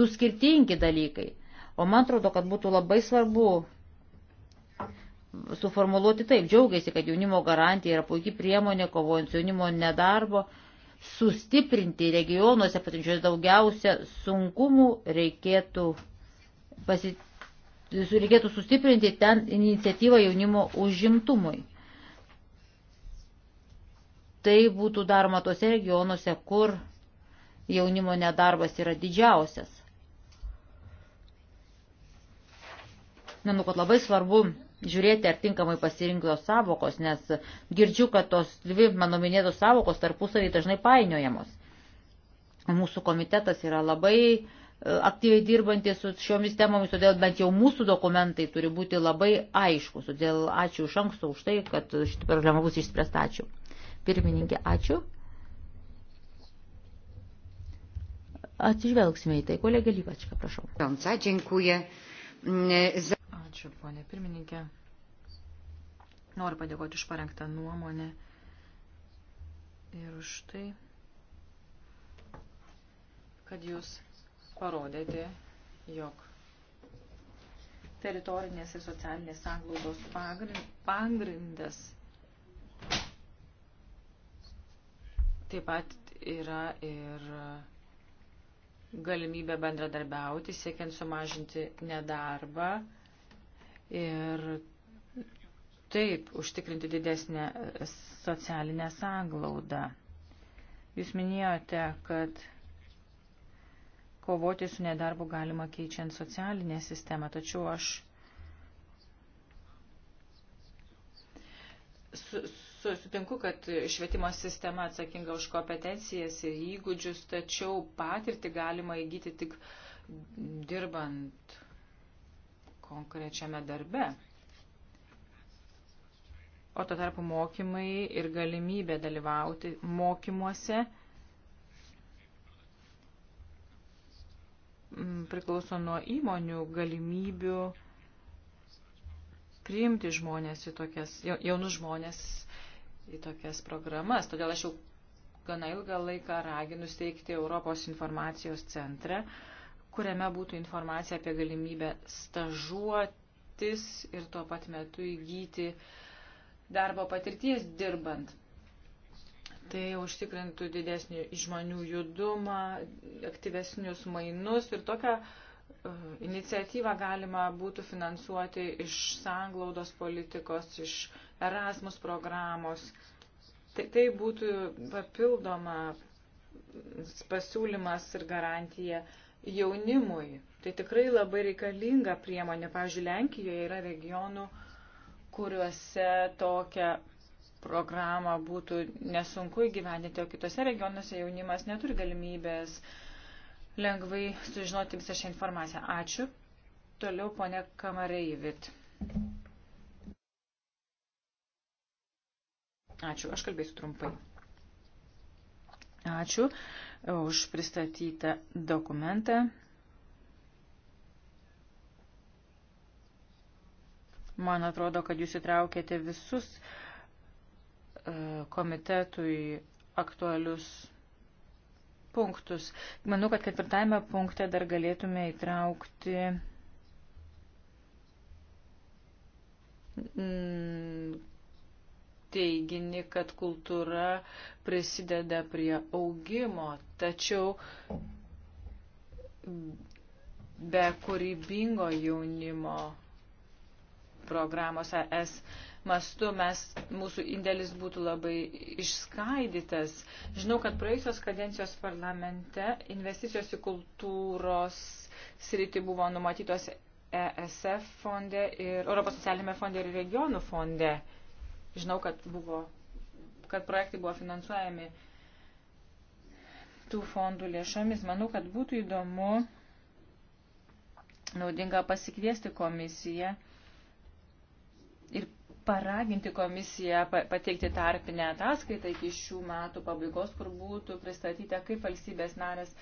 du skirtingi dalykai. O man atrodo, kad būtų labai svarbu suformuoluoti taip, džiaugiasi, kad jaunimo garantija yra puikiai priemonė kovojant su jaunimo nedarbo sustiprinti regionuose patinčios daugiausia sunkumų, reikėtų, pasi, reikėtų sustiprinti ten iniciatyvą jaunimo užimtumui. Tai būtų daroma tose regionuose, kur jaunimo nedarbas yra didžiausias. Manau, kad labai svarbu žiūrėti, ar tinkamai pasirinktos savokos, nes girdžiu, kad tos dvi mano minėtos savokos tarpusavį dažnai painiojamos. Mūsų komitetas yra labai e, aktyviai dirbantis su šiomis temomis, todėl bent jau mūsų dokumentai turi būti labai aiškus. Todėl ačiū iš anksto už tai, kad šitą problemą bus išspręsta. Ačiū. Pirmininkė, ačiū. Atsižvelgsime į tai. Kolegė Lypačka, prašau. Dziękuję. Ačiū, ponė pirmininkė. Noriu padėkoti už parengtą nuomonę ir už tai, kad jūs parodėte, jog teritorinės ir socialinės sanglaudos pagrindas taip pat yra ir galimybė bendradarbiauti, siekiant sumažinti nedarbą ir taip užtikrinti didesnę socialinę sanglaudą. Jūs minėjote, kad kovoti su nedarbu galima keičiant socialinę sistemą, tačiau aš su, su, sutinku, kad švietimo sistema atsakinga už kompetencijas ir įgūdžius, tačiau patirtį galima įgyti tik dirbant konkrečiame darbe. O to tarpu mokymai ir galimybė dalyvauti mokymuose mm, priklauso nuo įmonių galimybių priimti žmonės į tokias, jaunus žmonės į tokias programas. Todėl aš jau gana ilgą laiką raginu steigti Europos informacijos centrą, kuriame būtų informacija apie galimybę stažuotis ir tuo pat metu įgyti darbo patirties dirbant. Tai užtikrintų didesnį žmonių judumą, aktyvesnius mainus ir tokią e, iniciatyvą galima būtų finansuoti iš sanglaudos politikos, iš Erasmus programos. Tai, tai būtų papildoma pasiūlymas ir garantija uh, jaunimui. Tai tikrai labai reikalinga priemonė. Pavyzdžiui, Lenkijoje yra regionų, kuriuose tokią programą būtų nesunku įgyvendinti, o kitose regionuose jaunimas neturi galimybės lengvai sužinoti visą šią informaciją. Ačiū. Toliau ponė Kamareivit. Ačiū, aš kalbėsiu trumpai. Ačiū už pristatytą dokumentą. Man atrodo, kad jūs įtraukėte visus e, komitetui aktualius punktus. Manau, kad ketvirtame punkte dar galėtume įtraukti teiginį, kad kultūra prisideda prie augimo, tačiau be kūrybingo jaunimo programos AS mastu mes, mūsų indėlis būtų labai išskaidytas. Žinau, kad praėjusios kadencijos parlamente investicijos į kultūros sritį buvo numatytos ESF fonde ir Europos socialinėme fonde ir regionų fonde. Uh, Žinau, kad, buvo, kad projektai buvo finansuojami tų fondų lėšomis. Manau, kad būtų įdomu naudinga pasikviesti komisiją ir paraginti komisiją pateikti tarpinę ataskaitą iki šių metų pabaigos, kur būtų pristatyta, kaip valstybės narės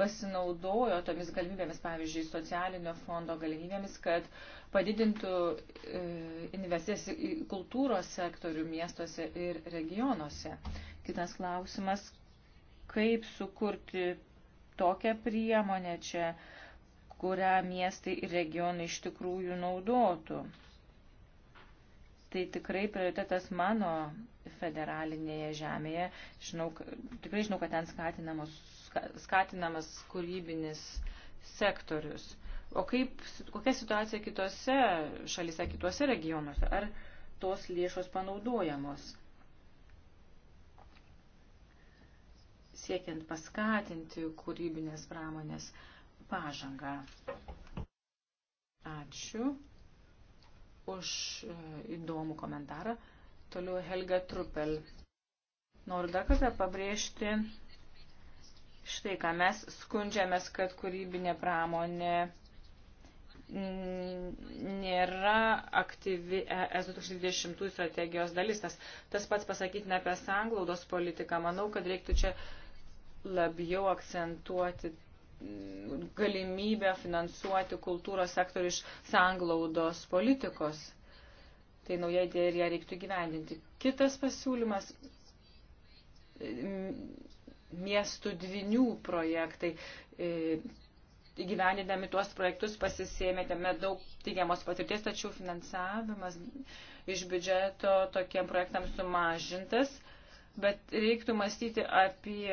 pasinaudojo tomis galimybėmis, pavyzdžiui, socialinio fondo galimybėmis, kad padidintų e, investicijas į kultūros sektorių miestuose ir regionuose. Kitas klausimas, kaip sukurti tokią priemonę čia, kurią miestai ir regionai iš tikrųjų naudotų tai tikrai prioritetas mano federalinėje žemėje. Žinau, tikrai žinau, kad ten skatinamos, skatinamas kūrybinis sektorius. O kaip, kokia situacija kitose šalise, kitose regionuose? Ar tos lėšos panaudojamos? Siekiant paskatinti kūrybinės pramonės pažangą. Ačiū už e, įdomų komentarą. Toliau Helga Trupel. Noriu dar kartą pabrėžti štai ką mes skundžiamės, kad kūrybinė pramonė nėra aktyvi ES 2020 strategijos dalis. Tas, tas pats pasakytina apie sanglaudos politiką. Manau, kad reiktų čia labiau akcentuoti galimybę finansuoti kultūros sektorių iš sanglaudos politikos. Tai nauja idėja ir ją reiktų gyvendinti. Kitas pasiūlymas - miestų dvinių projektai. E, Įgyvendinami tuos projektus pasisėmėtėme daug teigiamos patirties, tačiau finansavimas iš biudžeto tokiem projektams sumažintas, bet reiktų mąstyti apie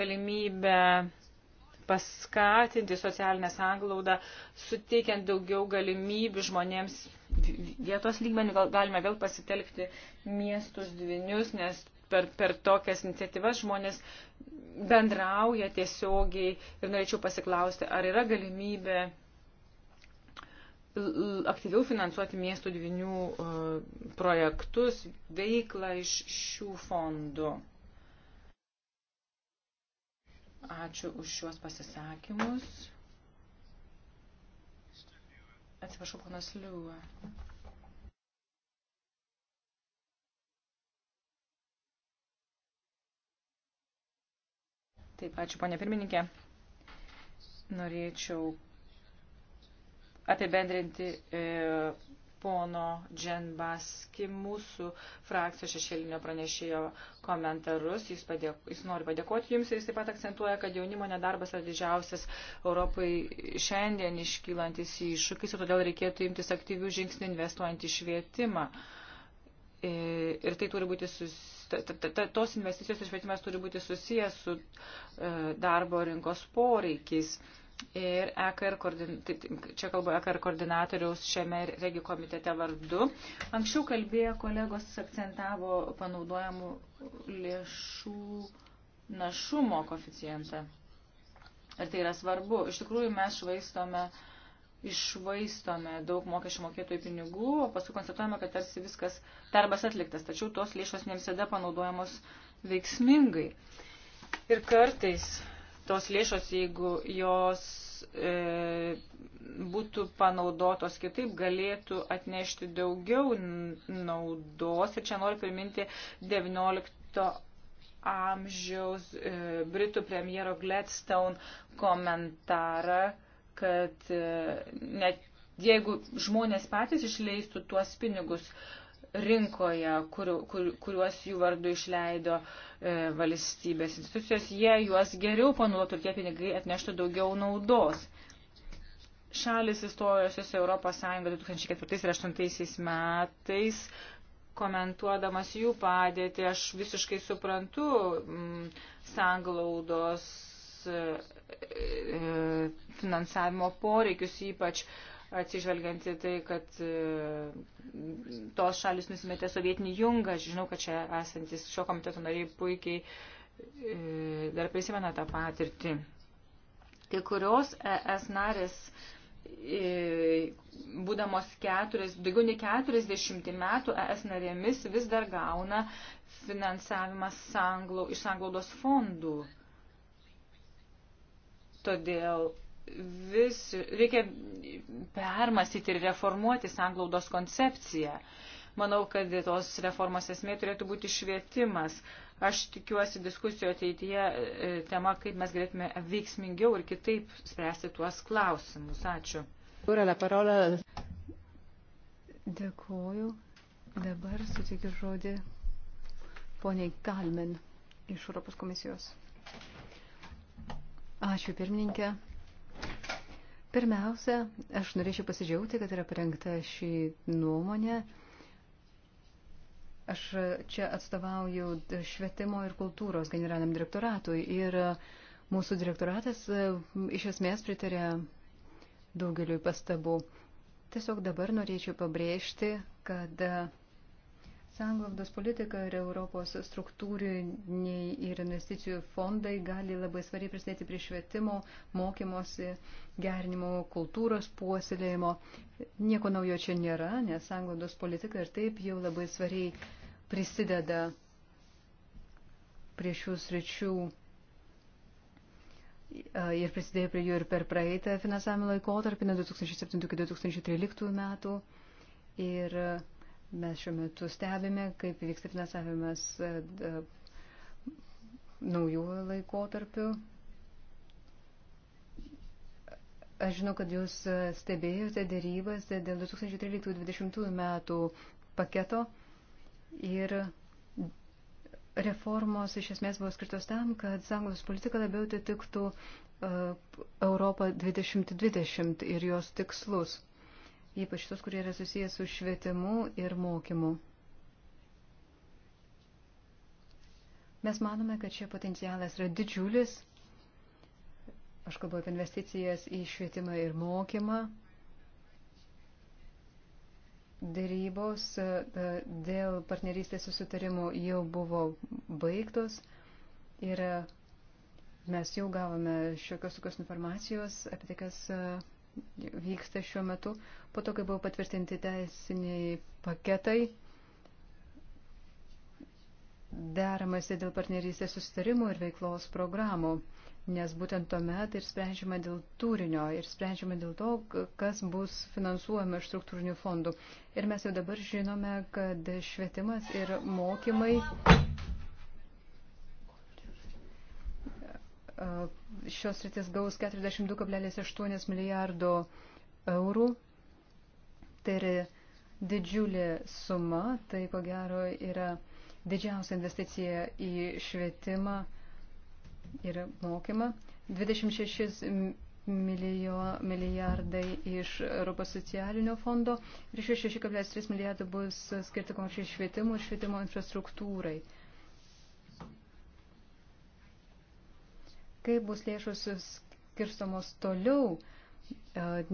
galimybę paskatinti socialinę sanglaudą, suteikiant daugiau galimybių žmonėms vietos lygmenių, gal galime vėl pasitelkti miestus dvinius, nes per, per tokias iniciatyvas žmonės bendrauja tiesiogiai ir norėčiau pasiklausti, ar yra galimybė aktyviau finansuoti miestų dvinių uh, projektus, veiklą iš šių fondų. Ačiū už šiuos pasisakymus. Atsiprašau, ponas Liūva. Taip, ačiū, ponė pirmininkė. Norėčiau apibendrinti e, pono Dženbaski, mūsų frakcijos šešėlinio pranešėjo komentarus. Jis, padėk, jis nori padėkoti jums ir jis taip pat akcentuoja, kad jaunimo nedarbas yra didžiausias Europai šiandien iškylantis iššūkis ir todėl reikėtų imtis aktyvių žingsnių investuojant į švietimą. E, ir tai turi būti sus... tos investicijos ir švietimas turi būti susijęs su e, darbo rinkos poreikiais ir EKR, tai čia kalbu EKR koordinatoriaus šiame regi komitete vardu. Anksčiau kalbėjo kolegos akcentavo panaudojamų lėšų našumo koficijantą. Ir tai yra svarbu. Iš tikrųjų mes švaistome, išvaistome daug mokesčių mokėtojų pinigų, o paskui konstatuojame, kad tarsi viskas darbas atliktas, tačiau tos lėšos ne visada panaudojamos veiksmingai. Ir kartais tos lėšos, jeigu jos e, būtų panaudotos kitaip, galėtų atnešti daugiau naudos. Ir čia noriu priminti 19 amžiaus e, Britų premjero Gladstone komentarą, kad e, net jeigu žmonės patys išleistų tuos pinigus, e, rinkoje, kur, kur, kuriuos jų vardu išleido e, valstybės institucijos, jie juos geriau panaudotų ir tie pinigai atneštų daugiau naudos. Šalis įstojusios Europos Sąjunga 2004 ir 2008 metais, komentuodamas jų padėtį, aš visiškai suprantu m, mm, sanglaudos e, e, finansavimo poreikius, ypač e, atsižvelgiant į tai, kad e, tos šalis nusimetė sovietinį jungą. Žinau, kad čia esantis šio komiteto nariai puikiai e, dar prisimena tą patirtį. Kai kurios ES narės, e, būdamos keturis, daugiau nei 40 metų ES narėmis vis dar gauna finansavimą sanglau, iš sanglaudos fondų. Todėl vis, reikia permastyti ir reformuoti sanglaudos koncepciją. Manau, kad tos reformos esmė turėtų būti švietimas. Aš tikiuosi diskusijų ateityje e, tema, kaip mes galėtume veiksmingiau ir kitaip spręsti tuos klausimus. Ačiū. Dėkuoju. Dabar sutikiu žodį poniai Kalmen iš Europos komisijos. Ačiū pirmininkė. Pirmiausia, aš norėčiau pasidžiaugti, kad yra parengta šį nuomonę. Aš čia atstovauju švietimo ir kultūros generaliniam direktoratui ir mūsų direktoratas e, iš esmės pritarė daugeliu pastabų. Tiesiog dabar norėčiau pabrėžti, kad Sanglaudos politika ir Europos struktūriniai ir investicijų fondai gali labai svariai prisidėti prie švietimo, mokymosi, gerinimo, kultūros puoselėjimo. Nieko naujo čia nėra, nes sanglaudos politika ir taip jau labai svariai prisideda prie šių sričių ir prisidėjo prie jų ir per praeitą finansavimo laikotarpį, nuo 2007 iki 2013 metų. Ir Mes šiuo metu stebime, kaip vyksta finansavimas e, e, naujų laikotarpių. Aš žinau, kad jūs e, stebėjote dėrybas dėl 2013-2020 metų paketo ir reformos iš esmės buvo skirtos tam, kad sąjungos politika labiau atitiktų Europą 2020 ir jos tikslus ypač tos, kurie yra susijęs su švietimu ir mokymu. Mes manome, kad čia potencialas yra didžiulis. Aš kalbu apie investicijas į švietimą ir mokymą. Dėrybos e, dėl partnerystės susitarimo jau buvo baigtos ir e, mes jau gavome šiokios tokios informacijos apie tai, kas e, vyksta šiuo metu. Po to, kai buvo patvirtinti teisiniai paketai, deramasi dėl partnerystės sustarimų ir veiklos programų, nes būtent tuomet ir sprendžiama dėl turinio, ir sprendžiama dėl to, kas bus finansuojama iš struktūrinių fondų. Ir mes jau dabar žinome, kad švietimas ir mokymai E, šios rytis gaus 42,8 milijardo eurų. Tai yra didžiulė suma, tai ko gero yra didžiausia investicija į švietimą ir mokymą. 26 milijo, milijardai iš Europos socialinio fondo ir 6,3 milijardai bus skirti konkrečiai švietimui ir švietimo infrastruktūrai. Uh, kaip bus lėšos skirstomos toliau, e,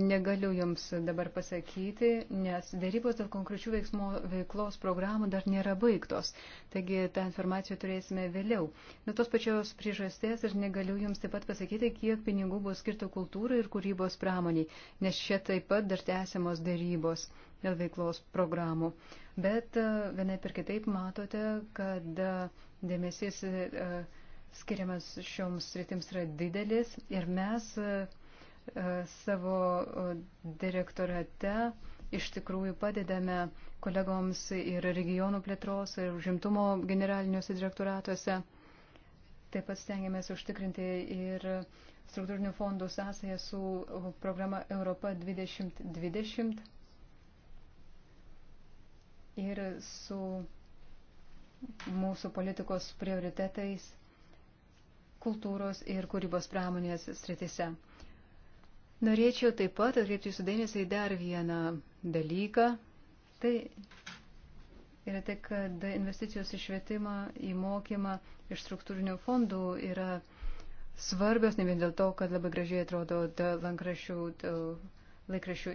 negaliu jums dabar pasakyti, nes darybos dėl konkrečių veiksmo, veiklos programų dar nėra baigtos. Taigi tą informaciją turėsime vėliau. Nuo tos pačios priežasties aš negaliu jums taip pat pasakyti, kiek pinigų bus skirta kultūrai ir kūrybos pramoniai, nes čia taip pat dar tęsiamos darybos dėl veiklos programų. Bet e, vienai per kitaip matote, kad e, dėmesys. Uh, skiriamas šioms sritims yra didelis ir mes e, e, savo direktorate iš tikrųjų padedame kolegoms ir regionų plėtros ir žimtumo generaliniuose direktoratuose. Taip pat stengiamės užtikrinti ir struktūrinių fondų sąsąją su programa Europa 2020 ir su mūsų politikos prioritetais kultūros ir kūrybos pramonės sritise. Norėčiau taip pat atkreipti jūsų dėmesį į dar vieną dalyką. Tai yra tai, kad investicijos į švietimą, į mokymą iš struktūrinių fondų yra svarbios ne vien dėl to, kad labai gražiai atrodo lankrašių laikraščių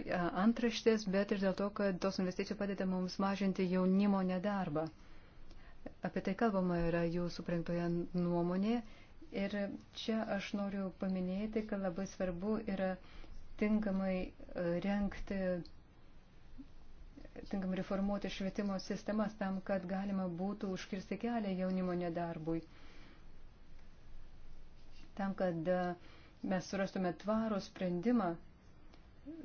antraštės, bet ir dėl to, kad tos investicijos padeda mums mažinti jaunimo nedarbą. Apie tai kalbama yra jūsų parengtoje nuomonėje Ir čia aš noriu paminėti, kad labai svarbu yra tinkamai e, renkti, tinkamai reformuoti švietimo sistemas tam, kad galima būtų užkirsti kelią jaunimo nedarbui. Tam, kad e, mes surastume tvarų sprendimą,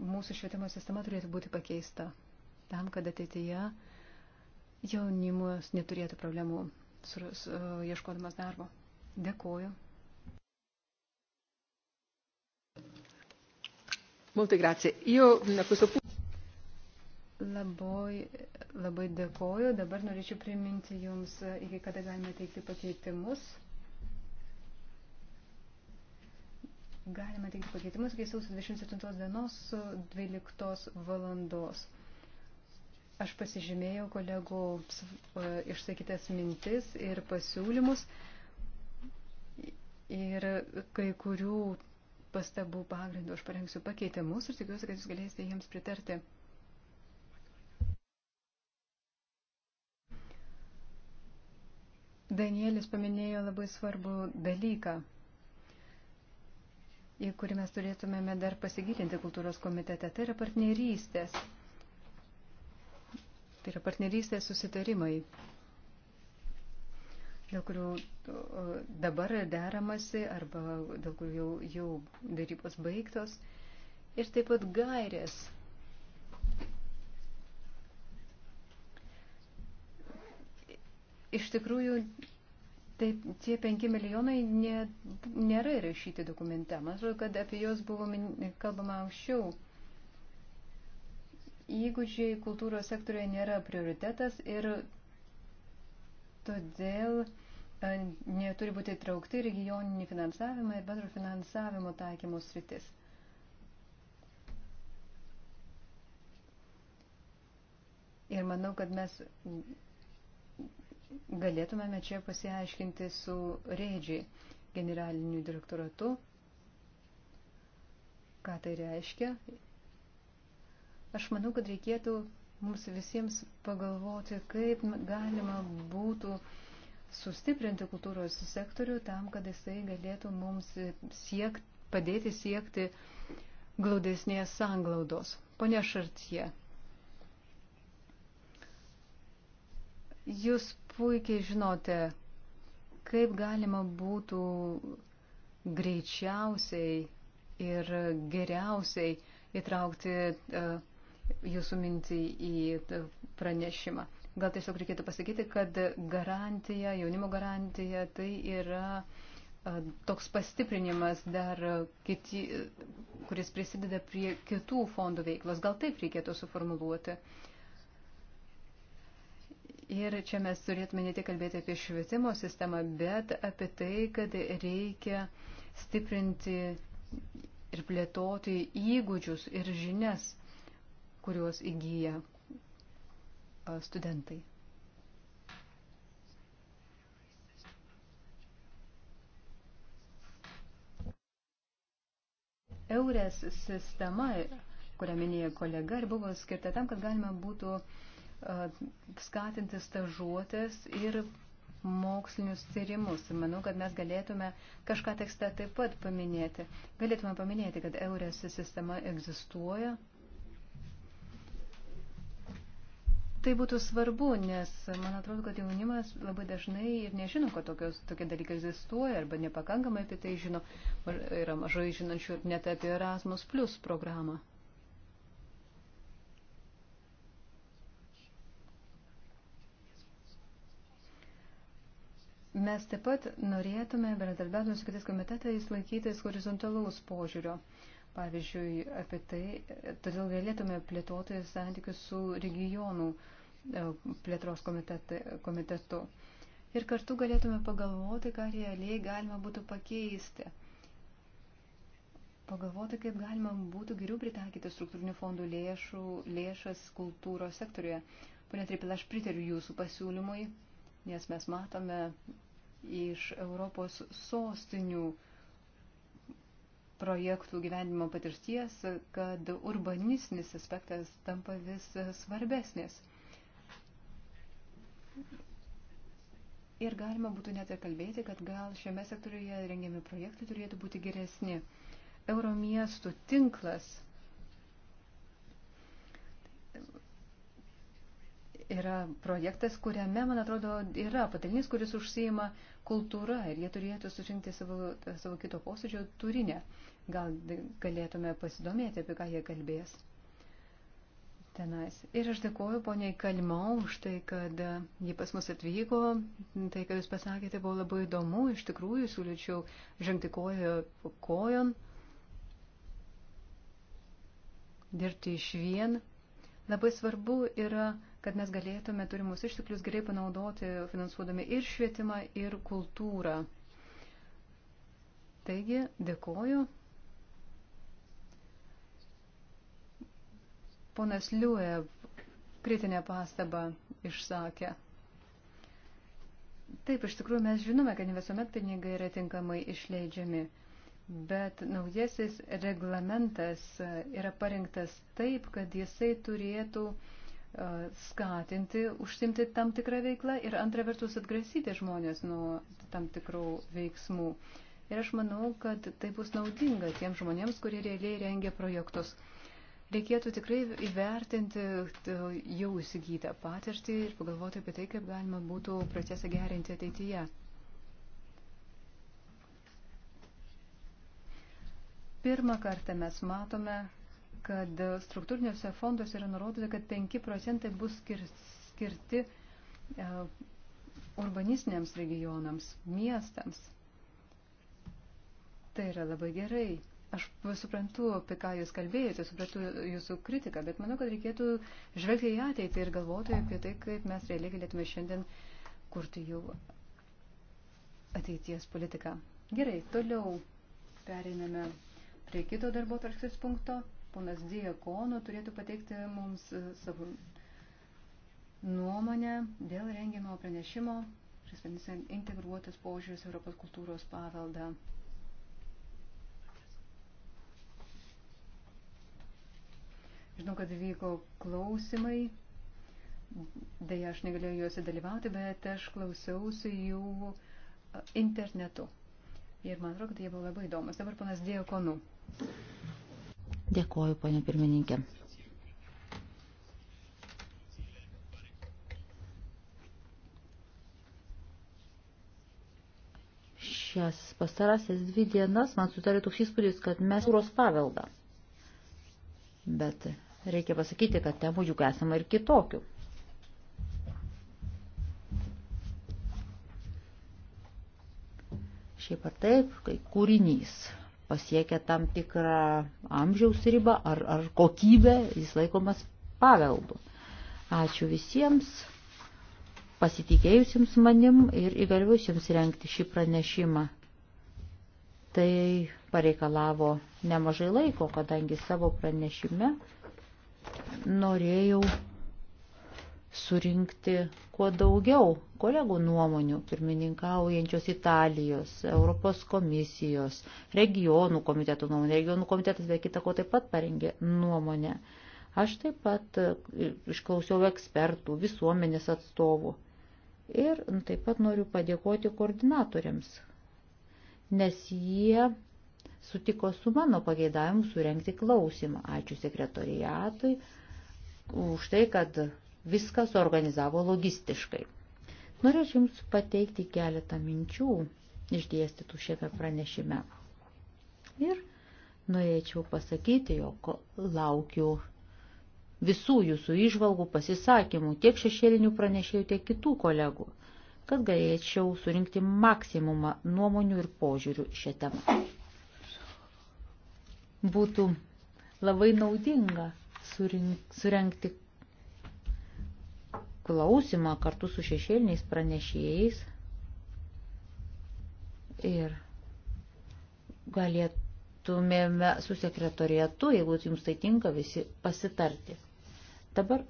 mūsų švietimo sistema turėtų būti pakeista. Tam, kad ateityje jaunimas neturėtų problemų e, ieškodamas darbo. Dėkuoju. Molto grazie. Io a questo punto. Labai, labai dėkoju. Dabar norėčiau priminti Jums, iki kada galime teikti pakeitimus. Galime teikti pakeitimus iki sausio 27 dienos 12 valandos. Aš pasižymėjau kolegų e, išsakytas mintis ir pasiūlymus. Ir kai kurių pastabų pagrindų aš parengsiu pakeitimus ir tikiuosi, kad jūs galėsite jiems pritarti. Danielis paminėjo labai svarbų dalyką, į kurį mes turėtumėme dar pasigilinti kultūros komitete. Tai yra partnerystės. Tai yra partnerystės susitarimai dėl kurių dabar deramasi arba dėl kurių jau, jau darybos baigtos. Ir taip pat gairės. Iš tikrųjų, taip, tie penki milijonai nė, nėra įrašyti dokumente. Man atrodo, kad apie juos buvo kalbama anksčiau įgūdžiai kultūros sektorioje nėra prioritetas ir todėl neturi būti traukti regioninį finansavimą ir bendro finansavimo taikymo sritis. Ir manau, kad mes galėtumėme čia pasiaiškinti su Reidžiai generaliniu direktoratu, ką tai reiškia. Aš manau, kad reikėtų mums visiems pagalvoti, kaip galima būtų uh, sustiprinti kultūros sektorių tam, kad jisai galėtų mums siekt, padėti siekti glaudesnės sanglaudos. Pone Šartie, jūs puikiai žinote, kaip galima būtų greičiausiai ir geriausiai įtraukti uh, jūsų mintį į e, pranešimą. Gal tiesiog reikėtų pasakyti, kad garantija, jaunimo garantija, tai yra toks pastiprinimas dar, kiti, kuris prisideda prie kitų fondų veiklos. Gal taip reikėtų suformuluoti. Ir čia mes turėtume ne tik kalbėti apie švietimo sistemą, bet apie tai, kad reikia stiprinti ir plėtoti įgūdžius ir žinias, kuriuos įgyja studentai. Eurės sistema, kurią minėjo kolega, ir buvo skirta tam, kad galima būtų skatinti stažuotės ir mokslinius tyrimus. Ir manau, kad mes galėtume kažką tekste taip pat paminėti. Galėtume paminėti, kad Eurės sistema egzistuoja, Tai būtų svarbu, nes man atrodo, kad jaunimas labai dažnai ir nežino, kad tokios, tokie dalykai egzistuoja arba nepakankamai apie tai žino. Yra mažai žinančių ir net apie Erasmus Plus programą. Mes taip pat norėtume, bendradarbiavimus su kitais komitetais, laikytis horizontalaus požiūrio. Pavyzdžiui, apie tai, todėl galėtume plėtoti santykius su regionų uh, E, plėtros komitetu. Ir kartu galėtume pagalvoti, ką realiai galima būtų pakeisti. Pagalvoti, kaip galima būtų geriau pritaikyti struktūrinių fondų lėšų, lėšas kultūros sektoriuje. Pone Tripil, aš pritariu jūsų pasiūlymui, nes mes matome iš Europos sostinių projektų gyvenimo patirties, kad urbanistinis aspektas tampa vis svarbesnis. Ir galima būtų net ir kalbėti, kad gal šiame sektoriuje rengiami projektai turėtų būti geresni. Euromiestų tinklas yra projektas, kuriame, man atrodo, yra patalinys, kuris užsijima kultūra ir jie turėtų surinkti savo, savo kito posėdžio turinę. Gal galėtume pasidomėti, apie ką jie kalbės tenais. Ir aš dėkoju poniai Kalmau už tai, kad ji pas mus atvyko. Tai, ką jūs pasakėte, buvo labai įdomu. Iš tikrųjų, siūlyčiau žengti kojo kojon, dirbti iš vien. Labai svarbu yra, kad mes galėtume turimus išteklius gerai panaudoti, finansuodami ir švietimą, ir kultūrą. Taigi, dėkoju. Ponas Liuė kritinę pastabą išsakė. Taip, iš tikrųjų mes žinome, kad ne visuomet pinigai yra tinkamai išleidžiami, bet naujasis reglamentas yra parinktas taip, kad jisai turėtų e, skatinti, užsimti tam tikrą veiklą ir antra vertus atgrasyti žmonės nuo tam tikrų veiksmų. Ir aš manau, kad tai bus naudinga tiems žmonėms, kurie realiai rengia projektus. Reikėtų tikrai įvertinti jau įsigytą patirtį ir pagalvoti apie tai, kaip galima būtų procesą gerinti ateityje. Pirmą kartą mes matome, kad struktūriniuose fonduose yra nurodyta, kad 5 procentai bus skirti e, urbanistiniams regionams, miestams. Tai yra labai gerai. Aš suprantu, apie ką jūs kalbėjote, suprantu jūsų kritiką, bet manau, kad reikėtų žvelgti į ateitį ir galvoti apie tai, kaip mes realiai galėtume šiandien kurti jau ateities politiką. Gerai, toliau periname prie kito darbo tarksis punkto. Ponas Diekono turėtų pateikti mums e, savo nuomonę dėl rengiamo pranešimo, pristatysime integruotas požiūris Europos kultūros paveldą. Žinau, kad vyko klausimai, dėja aš negalėjau juose dalyvauti, bet aš klausiausi jų internetu. Ir man atrodo, kad jie buvo labai įdomus. Dabar panas Diekonu. Dėkoju, ponė pirmininkė. šias pastarasias dvi dienas man sutarė toks įspūdis, kad mes jūros paveldą. Bet Reikia pasakyti, kad temų juk esama ir kitokių. Šiaip ar taip, kai kūrinys pasiekia tam tikrą amžiaus ribą ar, ar kokybę, jis laikomas paveldu. Ačiū visiems pasitikėjusiems manim ir įgaliusiems renkti šį pranešimą. Tai pareikalavo nemažai laiko, kadangi savo pranešime norėjau surinkti kuo daugiau kolegų nuomonių pirmininkaujančios Italijos, Europos komisijos, regionų komitetų nuomonę. Regionų komitetas be kita ko taip pat parengė nuomonę. Aš taip pat e, išklausiau ekspertų, visuomenės atstovų. Ir taip pat noriu padėkoti koordinatoriams, nes jie sutiko su mano pageidavimu surenkti klausimą. Ačiū sekretoriatui už tai, kad viską suorganizavo logistiškai. Norėčiau Jums pateikti keletą minčių išdėstytų šiame pranešime. Ir norėčiau pasakyti, jog laukiu visų Jūsų išvalgų pasisakymų, tiek šešėlinių pranešėjų, tiek kitų kolegų, kad galėčiau surinkti maksimumą nuomonių ir požiūrių šią temą būtų labai naudinga surenkti klausimą kartu su šešėliniais pranešėjais ir galėtumėme su sekretorietu, jeigu jums tai tinka, visi pasitarti. Dabar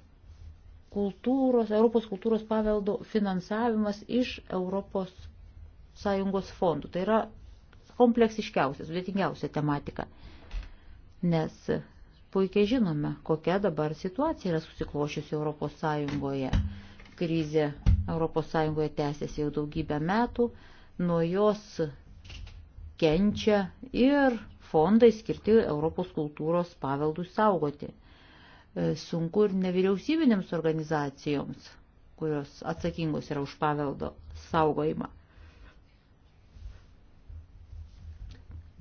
kultūros, Europos kultūros paveldo finansavimas iš Europos Sąjungos fondų. Tai yra kompleksiškiausia, sudėtingiausia tematika nes puikiai žinome, kokia dabar situacija yra susiklošiusi Europos Sąjungoje. Krizė Europos Sąjungoje tęsiasi jau daugybę metų, nuo jos kenčia ir fondai skirti Europos kultūros paveldų saugoti. E, sunku ir nevyriausybinėms organizacijoms, kurios atsakingos yra už paveldo saugojimą.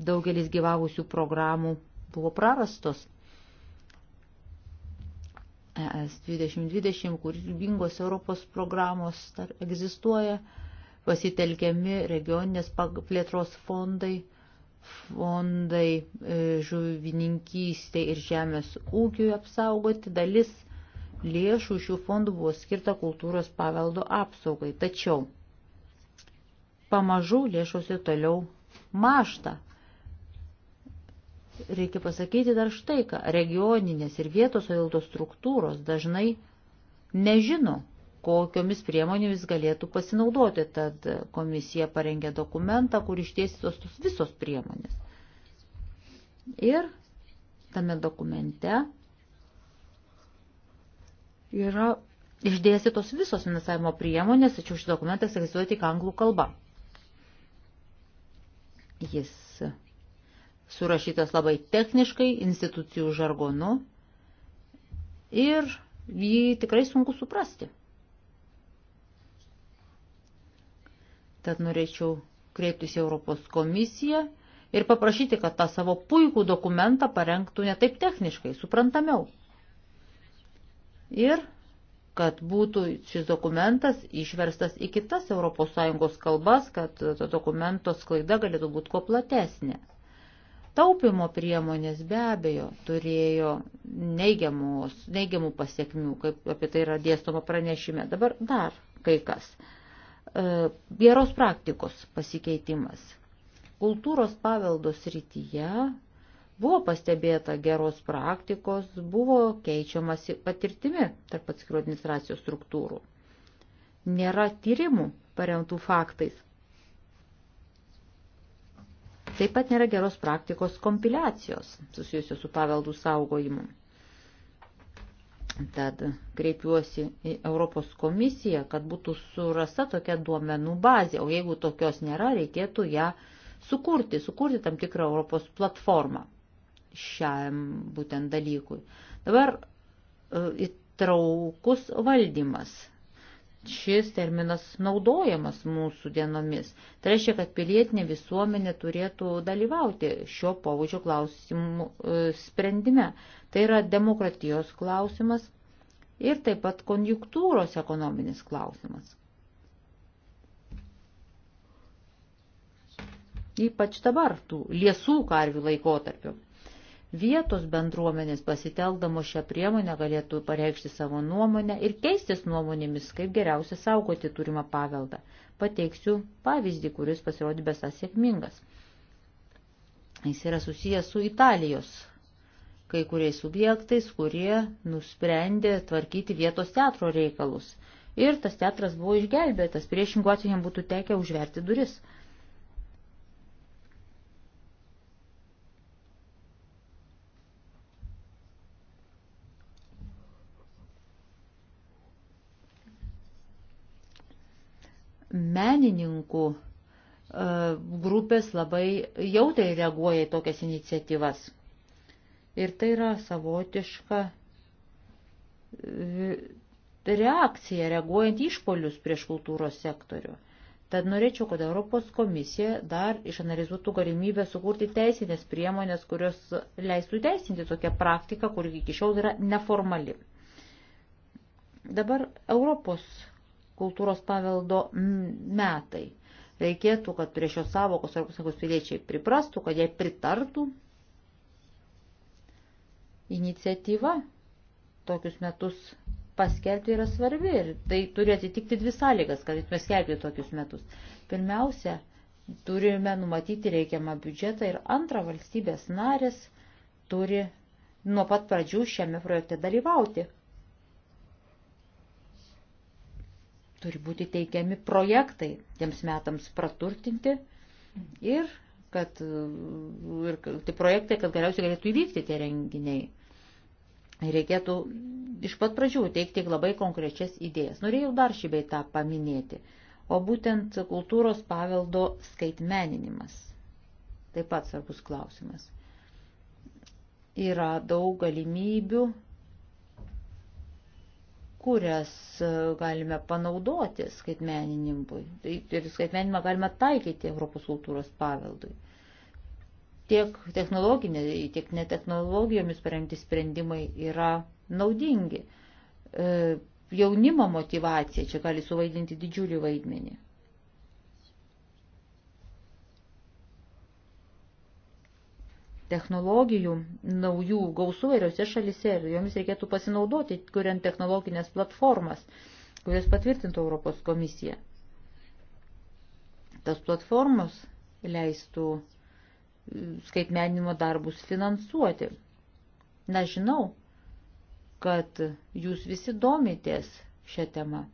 Daugelis gyvavusių programų buvo prarastos. ES 2020 kūrybingos Europos programos dar egzistuoja, pasitelkiami regioninės plėtros fondai, fondai e, žuvininkystė ir žemės ūkiui apsaugoti. Dalis lėšų šių fondų buvo skirta kultūros paveldo apsaugai. Tačiau pamažu lėšos ir toliau mašta. Reikia pasakyti dar štai, ką regioninės ir vietos savildos struktūros dažnai nežino, kokiomis priemonėmis galėtų pasinaudoti. Tad komisija parengė dokumentą, kur ištiesytos tos visos priemonės. Ir tame dokumente yra išdėstytos visos finansavimo priemonės, tačiau šis dokumentas egzistuoja tik anglų kalba. Jis surašytas labai techniškai, institucijų žargonu ir jį tikrai sunku suprasti. Tad norėčiau kreiptis į Europos komisiją ir paprašyti, kad tą savo puikų dokumentą parengtų ne taip techniškai, suprantamiau. Ir kad būtų šis dokumentas išverstas į kitas ES kalbas, kad to dokumento sklaida galėtų būti kuo platesnė. Taupimo priemonės be abejo turėjo neigiamus, neigiamų pasiekmių, kaip apie tai yra dėstoma pranešime. Dabar dar kai kas. E, geros praktikos pasikeitimas. Kultūros paveldos rytyje buvo pastebėta geros praktikos, buvo keičiamasi patirtimi tarp atskirų administracijos struktūrų. Nėra tyrimų paremtų faktais, Taip pat nėra geros praktikos kompiliacijos susijusios su paveldų saugojimu. Tad kreipiuosi į Europos komisiją, kad būtų surasta tokia duomenų bazė, o jeigu tokios nėra, reikėtų ją sukurti, sukurti tam tikrą Europos platformą šiam būtent dalykui. Dabar e, įtraukus valdymas šis terminas naudojamas mūsų dienomis. Tai reiškia, kad pilietinė visuomenė turėtų dalyvauti šio pobūdžio klausimų e, sprendime. Tai yra demokratijos klausimas ir taip pat konjunktūros ekonominis klausimas. Ypač dabar tų liesų karvių laikotarpiu. Vietos bendruomenės pasiteldamo šią priemonę galėtų pareikšti savo nuomonę ir keistis nuomonėmis, kaip geriausia saugoti turimą paveldą. Pateiksiu pavyzdį, kuris pasirodė besą sėkmingas. Jis yra susijęs su Italijos kai kuriais subjektais, kurie nusprendė tvarkyti vietos teatro reikalus. Ir tas teatras buvo išgelbėtas, priešingų atveju jam būtų tekę užverti duris. menininkų e, grupės labai jautriai reaguoja į tokias iniciatyvas. Ir tai yra savotiška e, reakcija reaguojant išpolius prieš kultūros sektorių. Tad norėčiau, kad Europos komisija dar išanalizuotų galimybę sukurti teisinės priemonės, kurios leistų teisinti tokią praktiką, kuri iki šiol yra neformali. Dabar Europos kultūros paveldo metai. Reikėtų, kad prie šios savokos Europos Sąjungos piliečiai priprastų, kad jai pritartų. Iniciatyva tokius metus paskelbti yra svarbi ir tai turi atitikti dvi sąlygas, kad mes skelbti tokius metus. Pirmiausia, turime numatyti reikiamą biudžetą ir antra valstybės narės turi nuo pat pradžių šiame projekte dalyvauti. Turi būti teikiami projektai tiems metams praturtinti ir kad ir, tai projektai, kad galiausiai galėtų įvykti tie renginiai. Reikėtų iš pat pradžių teikti labai konkrečias idėjas. Norėjau dar šį beitą paminėti, o būtent kultūros paveldo skaitmeninimas. Taip pat svarbus klausimas. Yra daug galimybių kurias e, galime panaudoti skaitmenininkui. Tai ir skaitmeninimą galime taikyti Europos kultūros paveldui. Tiek technologiniai, tiek netechnologijomis paremti sprendimai yra naudingi. E, Jaunimo motivacija čia gali suvaidinti didžiulį vaidmenį. technologijų naujų gausų vairiose šalise ir jomis reikėtų pasinaudoti, kuriant technologinės platformas, kurias patvirtintų Europos komisija. Tos platformos leistų e, skaitmeninimo darbus finansuoti. Na, žinau, kad jūs visi domitės šią temą.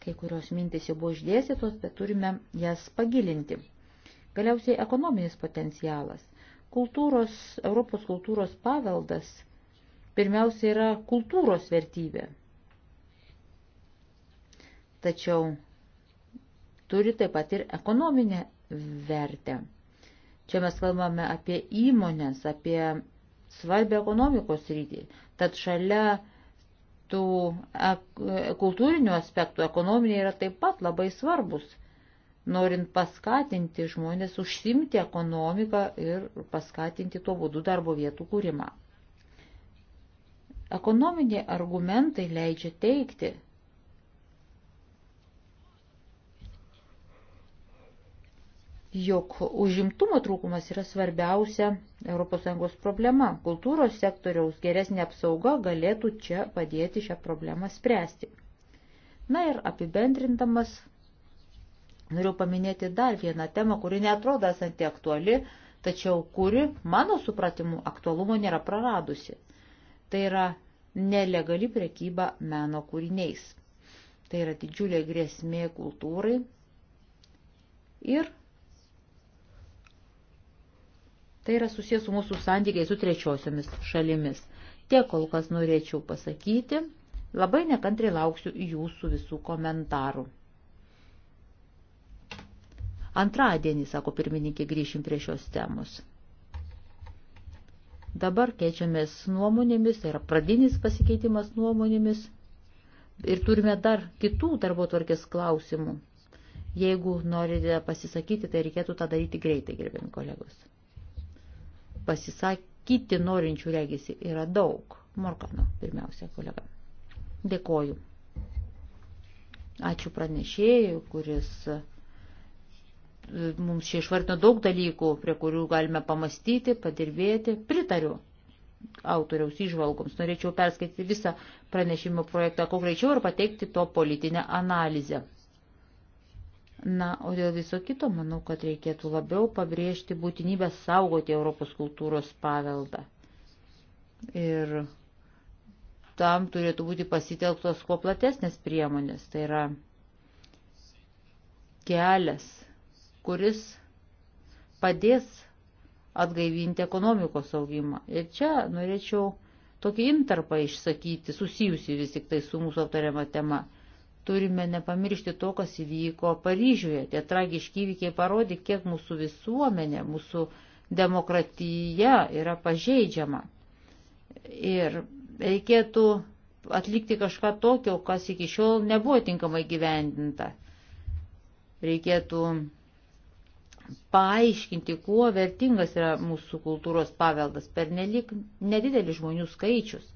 Kai kurios mintis jau buvo išdėstytos, bet turime jas pagilinti. Galiausiai ekonominis potencialas. Kultūros, Europos kultūros paveldas pirmiausia yra kultūros vertybė. Tačiau turi taip pat ir ekonominę vertę. Čia mes kalbame apie įmonės, apie svarbią ekonomikos rytį. Tad šalia tų kultūrinių aspektų ekonominiai yra taip pat labai svarbus, norint paskatinti žmonės užsimti ekonomiką ir paskatinti tuo būdu darbo vietų kūrimą. Ekonominiai argumentai leidžia teikti, jog užimtumo trūkumas yra svarbiausia ES problema. Kultūros sektoriaus geresnė apsauga galėtų čia padėti šią problemą spręsti. Na ir apibendrindamas, noriu paminėti dar vieną temą, kuri netrodo esanti aktuali, tačiau kuri, mano supratimu, aktualumo nėra praradusi. Tai yra nelegali prekyba meno kūriniais. Tai yra didžiulė grėsmė kultūrai ir Tai yra susijęs su mūsų santykiai su trečiosiomis šalimis. Tiek kol kas norėčiau pasakyti. Labai nekantriai lauksiu jūsų visų komentarų. Antradienį, sako pirmininkė, grįšim prie šios temos. Dabar keičiamės nuomonėmis, tai yra pradinis pasikeitimas nuomonėmis ir turime dar kitų darbo tvarkės klausimų. Jeigu norite pasisakyti, tai reikėtų tą daryti greitai, gerbėmi kolegos pasisakyti norinčių regisi yra daug. Morgano, pirmiausia, kolega. Dėkoju. Ačiū pranešėjui, kuris e, mums čia išvardino daug dalykų, prie kurių galime pamastyti, padirbėti. Pritariu autoriaus išvalgoms. Norėčiau perskaityti visą pranešimo projektą, kuo greičiau ir pateikti to politinę analizę. Na, o dėl viso kito manau, kad reikėtų labiau pabrėžti būtinybę saugoti Europos kultūros paveldą. Ir tam turėtų būti pasitelktos kuo platesnės priemonės. Tai yra kelias, kuris padės atgaivinti ekonomikos augimą. Ir čia norėčiau tokį intarpą išsakyti, susijusi vis tik tai su mūsų aptariama tema turime nepamiršti to, kas įvyko Paryžiuje. Tie tragiški įvykiai parodė, kiek mūsų visuomenė, mūsų demokratija yra pažeidžiama. Ir reikėtų atlikti kažką tokio, kas iki šiol nebuvo tinkamai gyvendinta. Reikėtų paaiškinti, kuo vertingas yra mūsų kultūros paveldas per nelik nedidelis žmonių skaičius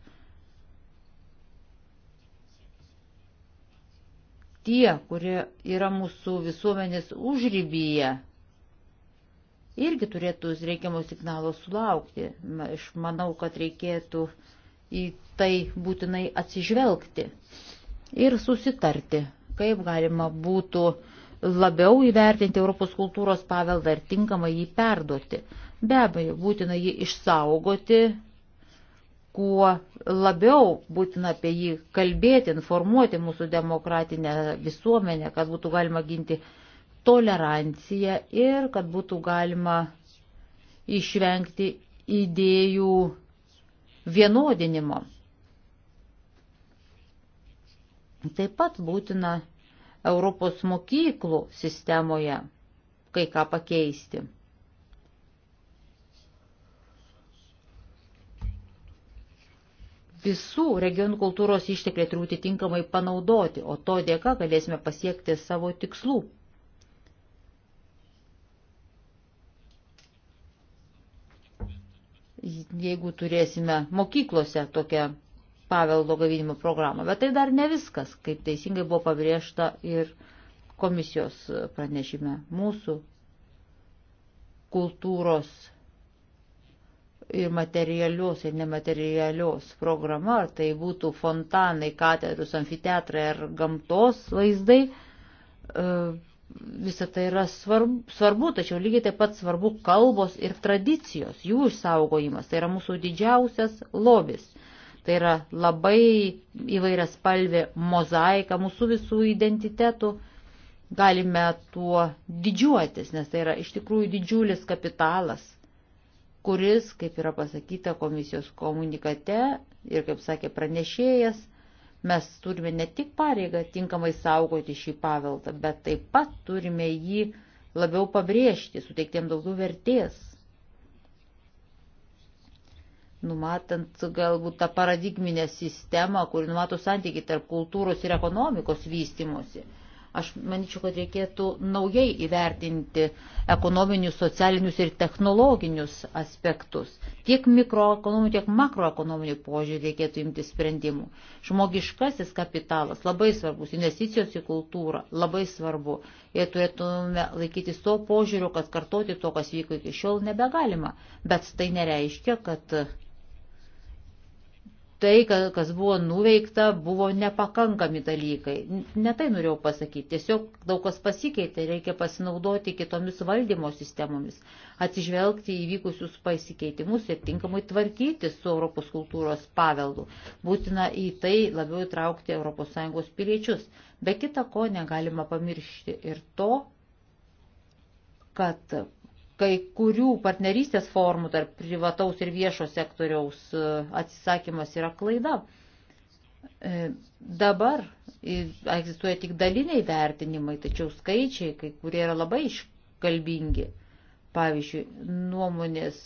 tie, kurie yra mūsų visuomenės užrybyje, irgi turėtų reikiamo signalo sulaukti. Aš manau, kad reikėtų į tai būtinai atsižvelgti ir susitarti, kaip galima būtų labiau įvertinti Europos kultūros paveldą ir tinkamai jį perduoti. Be abejo, būtina jį išsaugoti, kuo labiau būtina apie jį kalbėti, informuoti mūsų demokratinę visuomenę, kad būtų galima ginti toleranciją ir kad būtų galima išvengti idėjų vienodinimo. Taip pat būtina Europos mokyklų sistemoje kai ką pakeisti. visų regionų kultūros ištekliai turi būti tinkamai panaudoti, o to dėka galėsime pasiekti savo tikslų. Jeigu turėsime mokyklose tokią paveldo gavinimo programą. Bet tai dar ne viskas, kaip teisingai buvo pabrėžta ir komisijos pranešime. Mūsų kultūros ir materialios, ir nematerialios programa, ar tai būtų fontanai, katedrus, amfiteatrai ar gamtos vaizdai, e, visą tai yra svarbu, svarbu, tačiau lygiai taip pat svarbu kalbos ir tradicijos, jų išsaugojimas, tai yra mūsų didžiausias lobis. Tai yra labai įvairias spalvė mozaika mūsų visų identitetų. Galime tuo didžiuotis, nes tai yra iš tikrųjų didžiulis kapitalas, kuris, kaip yra pasakyta komisijos komunikate ir kaip sakė pranešėjas, mes turime ne tik pareigą tinkamai saugoti šį paveldą, bet taip pat turime jį labiau pabrėžti, suteiktiem daugiau vertės. Numatant galbūt tą paradigminę sistemą, kuri numato santykiai tarp kultūros ir ekonomikos vystimusi Aš manyčiau, kad reikėtų naujai įvertinti ekonominius, socialinius ir technologinius aspektus. Tiek mikroekonominių, tiek makroekonominių požiūrį reikėtų imti sprendimų. Žmogiškasis kapitalas labai svarbus, investicijos į kultūrą labai svarbu. Ir turėtume laikytis to požiūrio, kad kartoti to, kas vyko iki šiol, nebegalima. Bet tai nereiškia, kad tai, kas buvo nuveikta, buvo nepakankami dalykai. Ne tai norėjau pasakyti, tiesiog daug kas pasikeitė, reikia pasinaudoti kitomis valdymo sistemomis, atsižvelgti įvykusius pasikeitimus ir tinkamai tvarkyti su Europos kultūros paveldu. Būtina į tai labiau įtraukti ES piliečius. Be kita ko negalima pamiršti ir to, kad kai kurių partnerystės formų tarp privataus ir viešo sektoriaus e, atsisakymas yra klaida. E, dabar egzistuoja tik daliniai vertinimai, tačiau skaičiai, kai kurie yra labai iškalbingi. Pavyzdžiui, nuomonės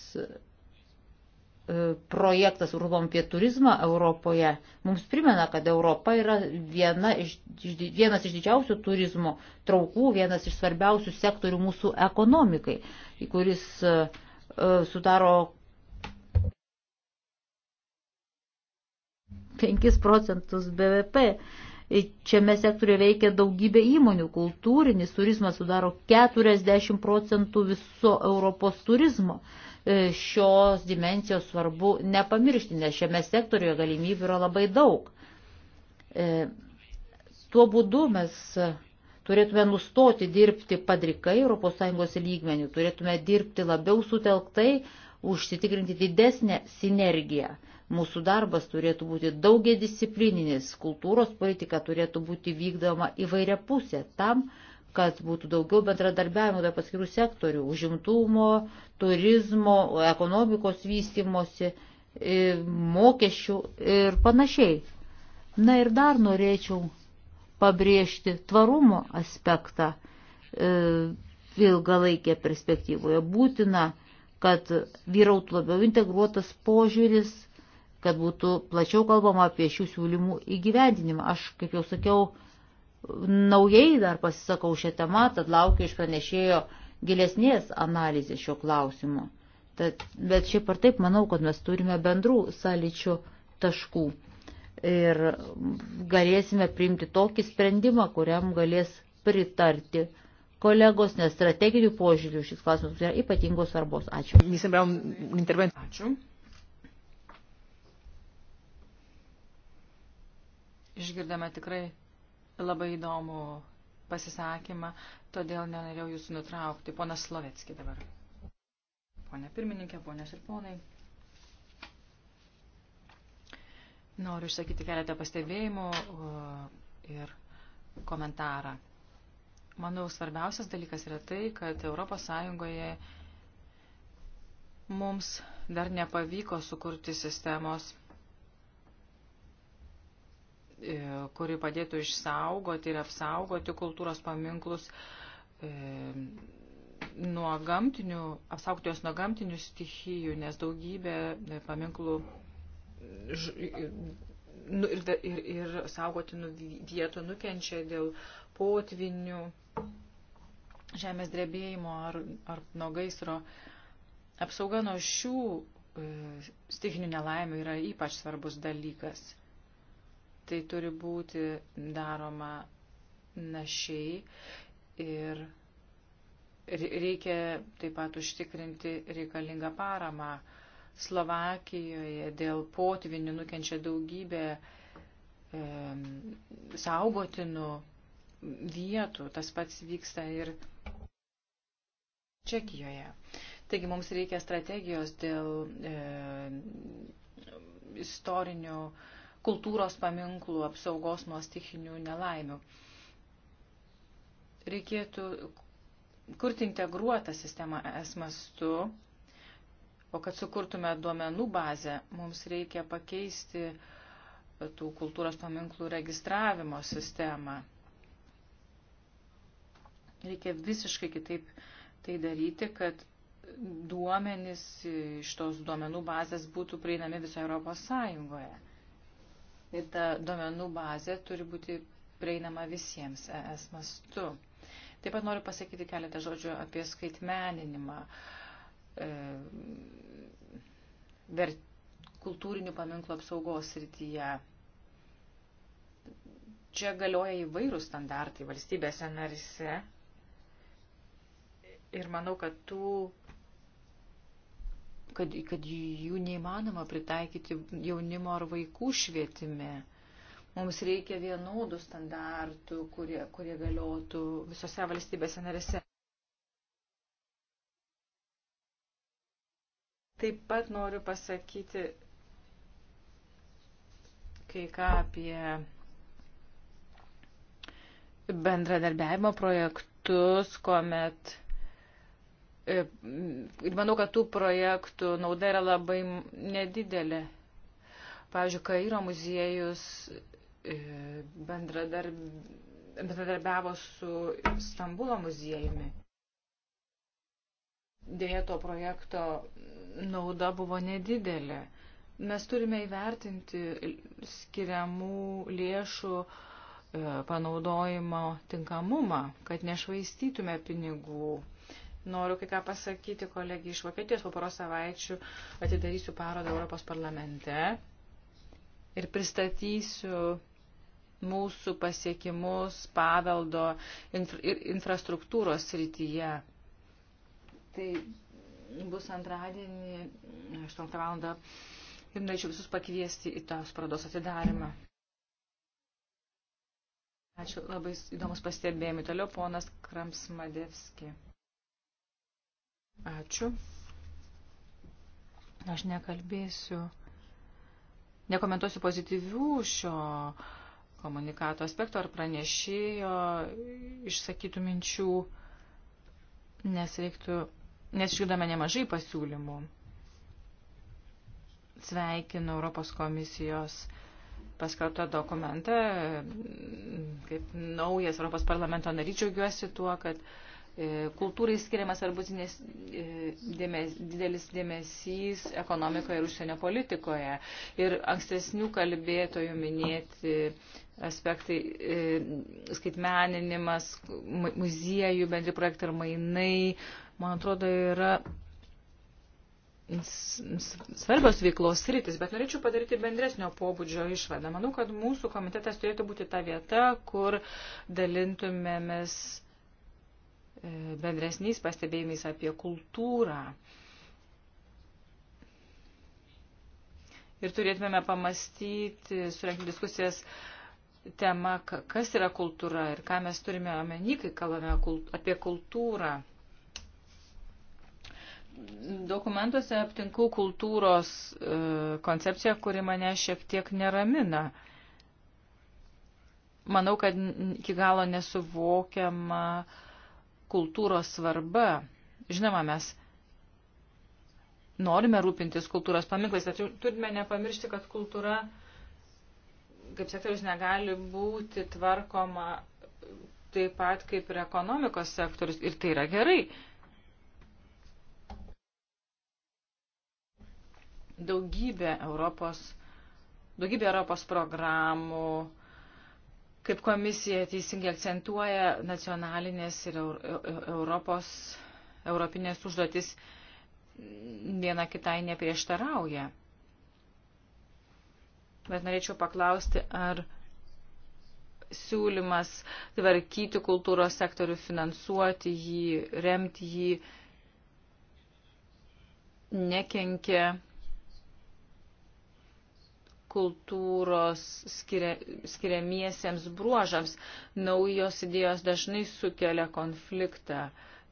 E, projektas Urlom apie turizmą Europoje mums primena, kad Europa yra viena iš, vienas iš didžiausių turizmo traukų, vienas iš svarbiausių sektorių mūsų ekonomikai, kuris e, e, sudaro 5 procentus BVP. Čiame sektoriuje veikia daugybė įmonių. Kultūrinis turizmas sudaro 40 procentų viso Europos turizmo. Uh, E, šios dimensijos svarbu nepamiršti, nes šiame sektoriuje galimybių yra labai daug. E, tuo būdu mes turėtume nustoti dirbti padrikai ES lygmenių, turėtume dirbti labiau sutelktai, užsitikrinti didesnę sinergiją. Mūsų darbas turėtų būti daugia disciplininis, kultūros politika turėtų būti vykdoma įvairia pusė tam, kad būtų daugiau bendradarbiavimo tarp atskirų sektorių - užimtumo, turizmo, ekonomikos vystimosi, e, mokesčių ir panašiai. Na ir dar norėčiau pabrėžti tvarumo aspektą e, ilgalaikė perspektyvoje. Būtina, kad vyrautų labiau integruotas požiūris, kad būtų plačiau kalbama apie šių siūlymų įgyvendinimą. Aš, kaip jau sakiau, naujai dar pasisakau šią temą, tad laukiu iš pranešėjo gilesnės analizės šio klausimu. Tad, bet šiaip ar taip manau, kad mes turime bendrų sąlyčių taškų ir galėsime priimti tokį sprendimą, kuriam galės pritarti kolegos, nes strateginių požiūrių šis klausimas yra ypatingos svarbos. Ačiū. Ačiū. Išgirdame tikrai labai įdomų pasisakymą, todėl nenorėjau jūsų nutraukti. Ponas Slovecki dabar. Pone pirmininkė, ponės ir ponai. Noriu išsakyti keletą pastebėjimų uh, ir komentarą. Manau, svarbiausias dalykas yra tai, kad Europos Sąjungoje mums dar nepavyko sukurti sistemos E, kuri padėtų išsaugoti ir apsaugoti kultūros paminklus e, nuo gamtinių, apsaugoti juos nuo gamtinių stichijų, nes daugybė e, paminklų nu, ir, ir, ir saugotinų nu, vietų nukenčia dėl potvinių, žemės drebėjimo ar, ar nuo gaisro. Apsauga nuo šių stichinių nelaimių yra ypač svarbus dalykas tai turi būti daroma našiai ir reikia taip pat užtikrinti reikalingą paramą. Slovakijoje dėl potvinių nukenčia daugybė e, saugotinų vietų, tas pats vyksta ir Čekijoje. Taigi mums reikia strategijos dėl e, istorinių e, kultūros paminklų apsaugos nuo stichinių nelaimių. Reikėtų kurti integruotą sistemą ES mastu, o kad sukurtume duomenų bazę, mums reikia pakeisti tų kultūros paminklų registravimo sistemą. Reikia visiškai kitaip tai daryti, kad duomenys iš tos duomenų bazės būtų prieinami visoje Europos Sąjungoje ir ta duomenų bazė turi būti prieinama visiems ES mastu. Taip pat noriu pasakyti keletą žodžių apie skaitmeninimą, e, ver, kultūrinių paminklų apsaugos srityje. Čia galioja įvairūs standartai valstybėse narise ir manau, kad tų kad, kad jų neįmanoma pritaikyti jaunimo ar vaikų švietime. Mums reikia vienodų standartų, kurie, kurie galiotų visose valstybėse narėse. Taip pat noriu pasakyti kai ką apie bendradarbiavimo projektus, kuomet E, manau, kad tų projektų nauda yra labai nedidelė. Pavyzdžiui, Kairo muziejus e, bendradarb... bendradarbiavo su Stambulo muziejumi. Dėja, to projekto nauda buvo nedidelė. Mes turime įvertinti skiriamų lėšų e, panaudojimo tinkamumą, kad nešvaistytume pinigų Noriu kai ką pasakyti kolegijai iš Vokietijos. Po poros savaičių atidarysiu parodą Europos parlamente ir pristatysiu mūsų pasiekimus paveldo infra infrastruktūros srityje. Tai bus antradienį 8 val. ir norėčiau visus pakviesti į tos parodos atidarimą. Ačiū, labai įdomus pastebėjimai. Toliau ponas Kramsmadevski. Ačiū. Aš nekalbėsiu, nekomentuosiu pozityvių šio komunikato aspektų ar pranešėjo išsakytų minčių, nes reiktų, nes išgirdome nemažai pasiūlymų. Sveikinu Europos komisijos paskelbtą dokumentą, kaip naujas Europos parlamento narys džiaugiuosi tuo, kad uh, E, kultūrai skiriamas svarbus e, dėmes, didelis dėmesys ekonomikoje ir užsienio politikoje. Ir ankstesnių kalbėtojų minėti aspektai e, skaitmeninimas, muziejų bendri projektai ir mainai, man atrodo, yra svarbios veiklos rytis, bet norėčiau padaryti bendresnio pobūdžio išvadą. Manau, kad mūsų komitetas turėtų būti ta vieta, kur dalintumėmės E, bendresniais pastebėjimais apie kultūrą. Ir turėtume pamastyti, surenkti diskusijas tema, kas yra kultūra ir ką mes turime omeny, kai kalbame apie kultūrą. Dokumentuose aptinku kultūros e, koncepciją, kuri mane šiek tiek neramina. Manau, kad iki galo nesuvokiama uh, kultūros svarba. Žinoma, mes norime rūpintis kultūros paminklais, tačiau turime nepamiršti, kad kultūra kaip sektorius negali būti tvarkoma taip pat kaip ir ekonomikos sektorius ir tai yra gerai. Daugybė Europos, daugybė Europos programų Kaip komisija teisingai akcentuoja, nacionalinės ir Europos, europinės užduotis viena kitai neprieštarauja. Bet norėčiau paklausti, ar siūlymas tvarkyti kultūros sektorių, finansuoti jį, remti jį, nekenkia kultūros skiria, skiriamiesiems bruožams. Naujos idėjos dažnai sukelia konfliktą.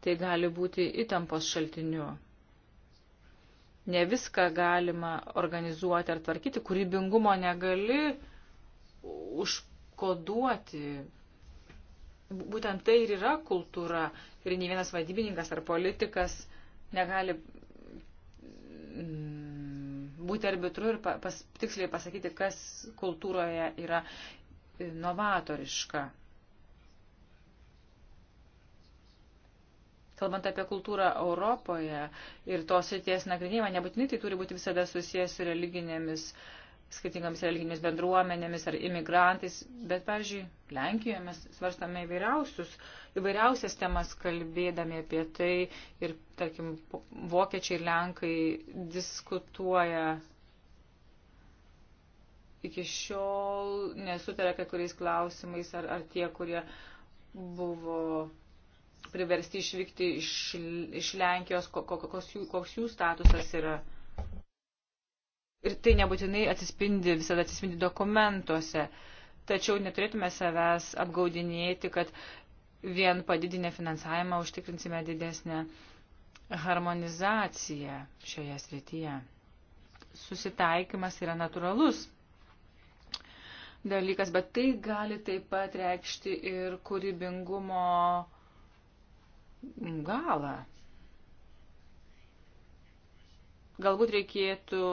Tai gali būti įtampos šaltiniu. Ne viską galima organizuoti ar tvarkyti, kūrybingumo negali užkoduoti. Būtent tai ir yra kultūra. Ir nei vienas vadybininkas ar politikas negali būti arbitru ir pas, tiksliai pasakyti, kas kultūroje yra novatoriška. Kalbant apie kultūrą Europoje ir tos srities nagrinėjimą, nebūtinai tai turi būti visada susijęs su religinėmis uh, skirtingomis religinėmis bendruomenėmis ar imigrantais, bet, pavyzdžiui, Lenkijoje mes svarstame įvairiausius, įvairiausias temas, kalbėdami apie tai ir, tarkim, vokiečiai ir lenkai diskutuoja iki šiol nesutarė kai kuriais klausimais, ar, ar tie, kurie buvo priversti išvykti iš, iš Lenkijos, koks jų, koks jų statusas yra ir tai nebūtinai atsispindi, visada atsispindi dokumentuose. Tačiau neturėtume savęs apgaudinėti, kad vien padidinę finansavimą užtikrinsime didesnę harmonizaciją šioje srityje. Susitaikymas yra natūralus dalykas, bet tai gali taip pat reikšti ir kūrybingumo galą. Galbūt reikėtų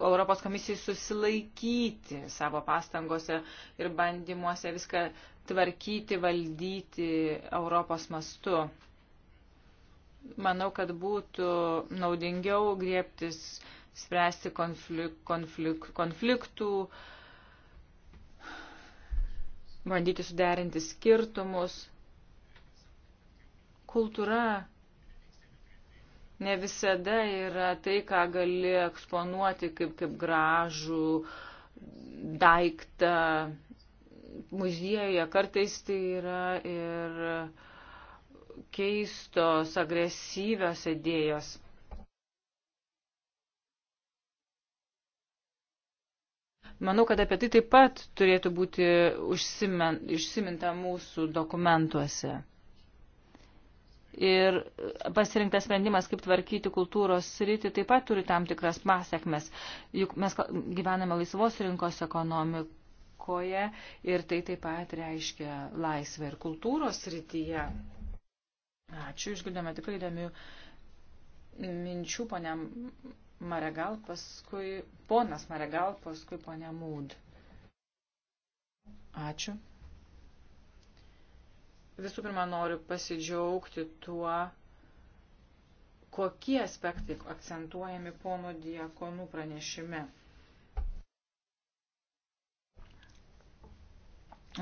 Europos komisijai susilaikyti savo pastangose ir bandymuose viską tvarkyti, valdyti Europos mastu. Manau, kad būtų naudingiau griebtis spręsti konflik, konflik, konfliktų, bandyti suderinti skirtumus. Kultūra ne visada yra tai, ką gali eksponuoti kaip, kaip gražų daiktą muziejuje. Kartais tai yra ir keistos, agresyvios idėjos. Manau, kad apie tai taip pat turėtų būti užsimen, užsiminta mūsų dokumentuose ir pasirinktas sprendimas, kaip tvarkyti kultūros sritį, taip pat turi tam tikras pasiekmes. Juk mes gyvename laisvos rinkos ekonomikoje ir tai taip pat reiškia laisvę ir kultūros srityje. Ačiū, išgirdome tikrai įdomių minčių, ponia Maregal, paskui ponas Maregal, paskui ponia Mūd. Ačiū visų pirma noriu pasidžiaugti tuo, kokie aspektai akcentuojami pono diakonų pranešime.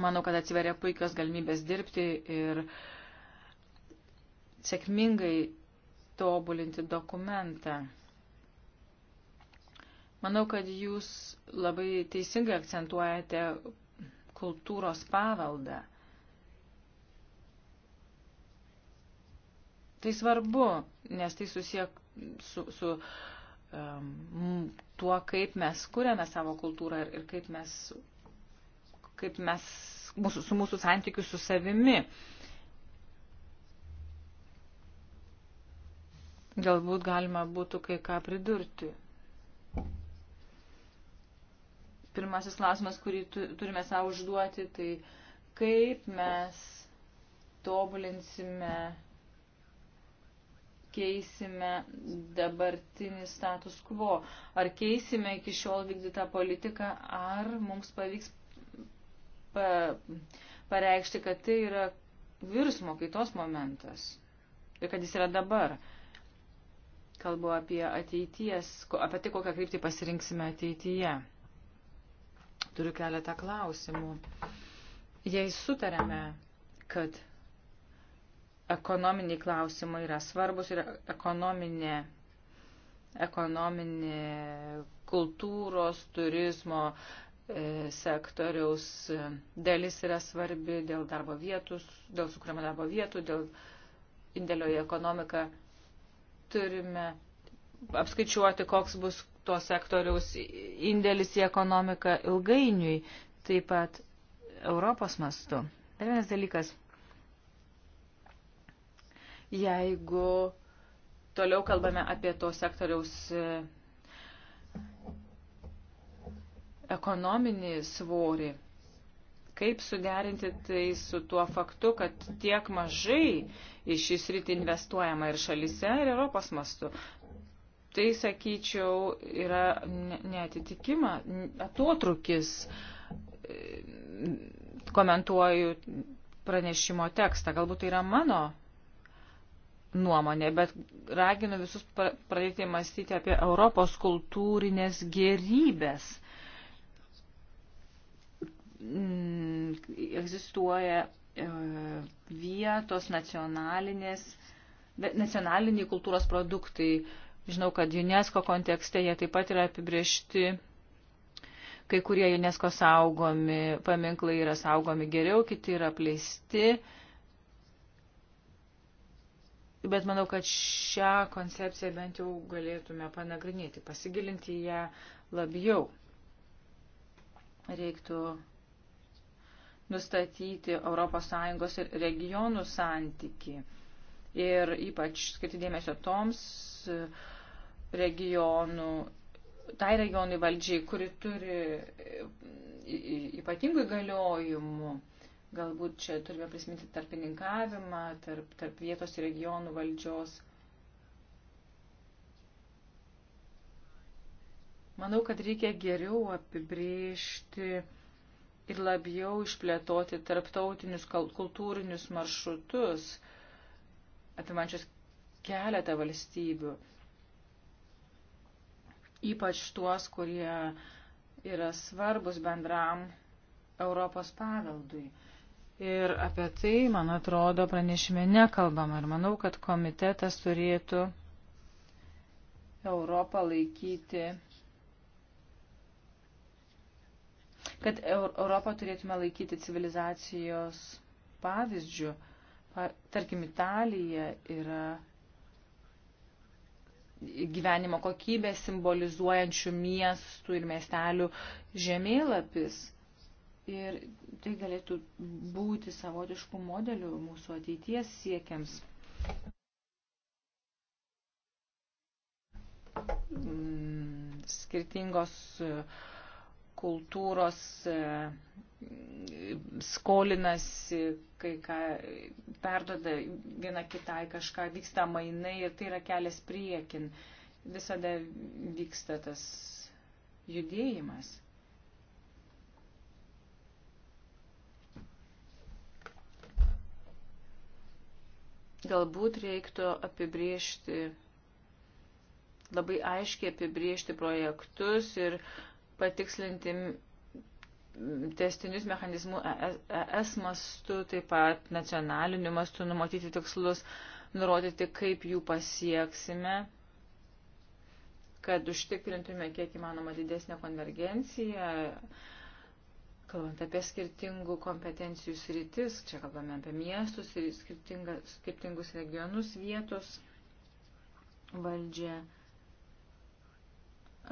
Manau, kad atsiveria puikios galimybės dirbti ir sėkmingai tobulinti dokumentą. Manau, kad jūs labai teisingai akcentuojate kultūros paveldą. Tai svarbu, nes tai susiek su, su um, tuo, kaip mes kuriame savo kultūrą ir, ir kaip mes, kaip mes mūsų, su mūsų santykiu su savimi. Galbūt galima būtų kai ką pridurti. Pirmasis klausimas, kurį tu, turime savo užduoti, tai kaip mes tobulinsime keisime dabartinį status quo, ar keisime iki šiol vykdytą politiką, ar mums pavyks pa, pareikšti, kad tai yra virsmo kaitos momentas ir kad jis yra dabar. Kalbu apie ateities, apie tai, kokią kryptį pasirinksime ateityje. Turiu keletą klausimų. Jei sutarėme, kad ekonominiai klausimai yra svarbus ir ekonominė, ekonominė kultūros, turizmo e, sektoriaus e, dalis yra svarbi dėl darbo vietų, dėl sukūrimo darbo vietų, dėl indėlio į ekonomiką. Turime apskaičiuoti, koks bus to sektoriaus indėlis į ekonomiką ilgainiui, taip pat Europos mastu. Dar vienas dalykas jeigu toliau kalbame apie to sektoriaus e, ekonominį svorį. Kaip suderinti tai su tuo faktu, kad tiek mažai iš šį sritį investuojama ir šalise, ir Europos mastu. Tai, sakyčiau, yra netitikima, atotrukis, e, komentuoju pranešimo tekstą. Galbūt tai yra mano nuomonė, bet raginu visus pradėti mąstyti apie Europos kultūrinės gerybės. Mm, egzistuoja e, vietos nacionalinės, nacionaliniai kultūros produktai. Žinau, kad UNESCO kontekste jie taip pat yra apibriešti. Kai kurie UNESCO saugomi paminklai yra saugomi geriau, kiti yra plėsti bet manau, kad šią koncepciją bent jau galėtume panagrinėti, pasigilinti ją labiau. Reiktų nustatyti ES ir regionų santyki ir ypač skirti dėmesio toms regionų, tai regionai valdžiai, kuri turi ypatingų įgaliojimų Galbūt čia turime prisiminti tarpininkavimą tarp, tarp vietos ir regionų valdžios. Manau, kad reikia geriau apibriežti ir labiau išplėtoti tarptautinius kultūrinius maršrutus, apimančius keletą valstybių. Ypač tuos, kurie yra svarbus bendram Europos paveldui. Ir apie tai, man atrodo, pranešime nekalbama. Ir manau, kad komitetas turėtų Europą laikyti. Kad Europą turėtume laikyti civilizacijos pavyzdžių. Tarkim, Italija yra gyvenimo kokybę simbolizuojančių miestų ir miestelių žemėlapis. Ir tai galėtų būti savotiškų modelių mūsų ateities siekiams. Mm, skirtingos e, kultūros e, skolinasi, kai ką perdoda viena kitai kažką, vyksta mainai ir tai yra kelias priekin. Visada vyksta tas judėjimas. Galbūt reiktų apibriežti, labai aiškiai apibriežti projektus ir patikslinti testinius mechanizmų ES e mastu, taip pat nacionaliniu mastu numatyti tikslus, nurodyti, kaip jų pasieksime, kad užtikrintume kiek įmanoma didesnę konvergenciją Kalbant apie skirtingų kompetencijų sritis, čia kalbame apie miestus ir skirtingus regionus, vietos valdžią.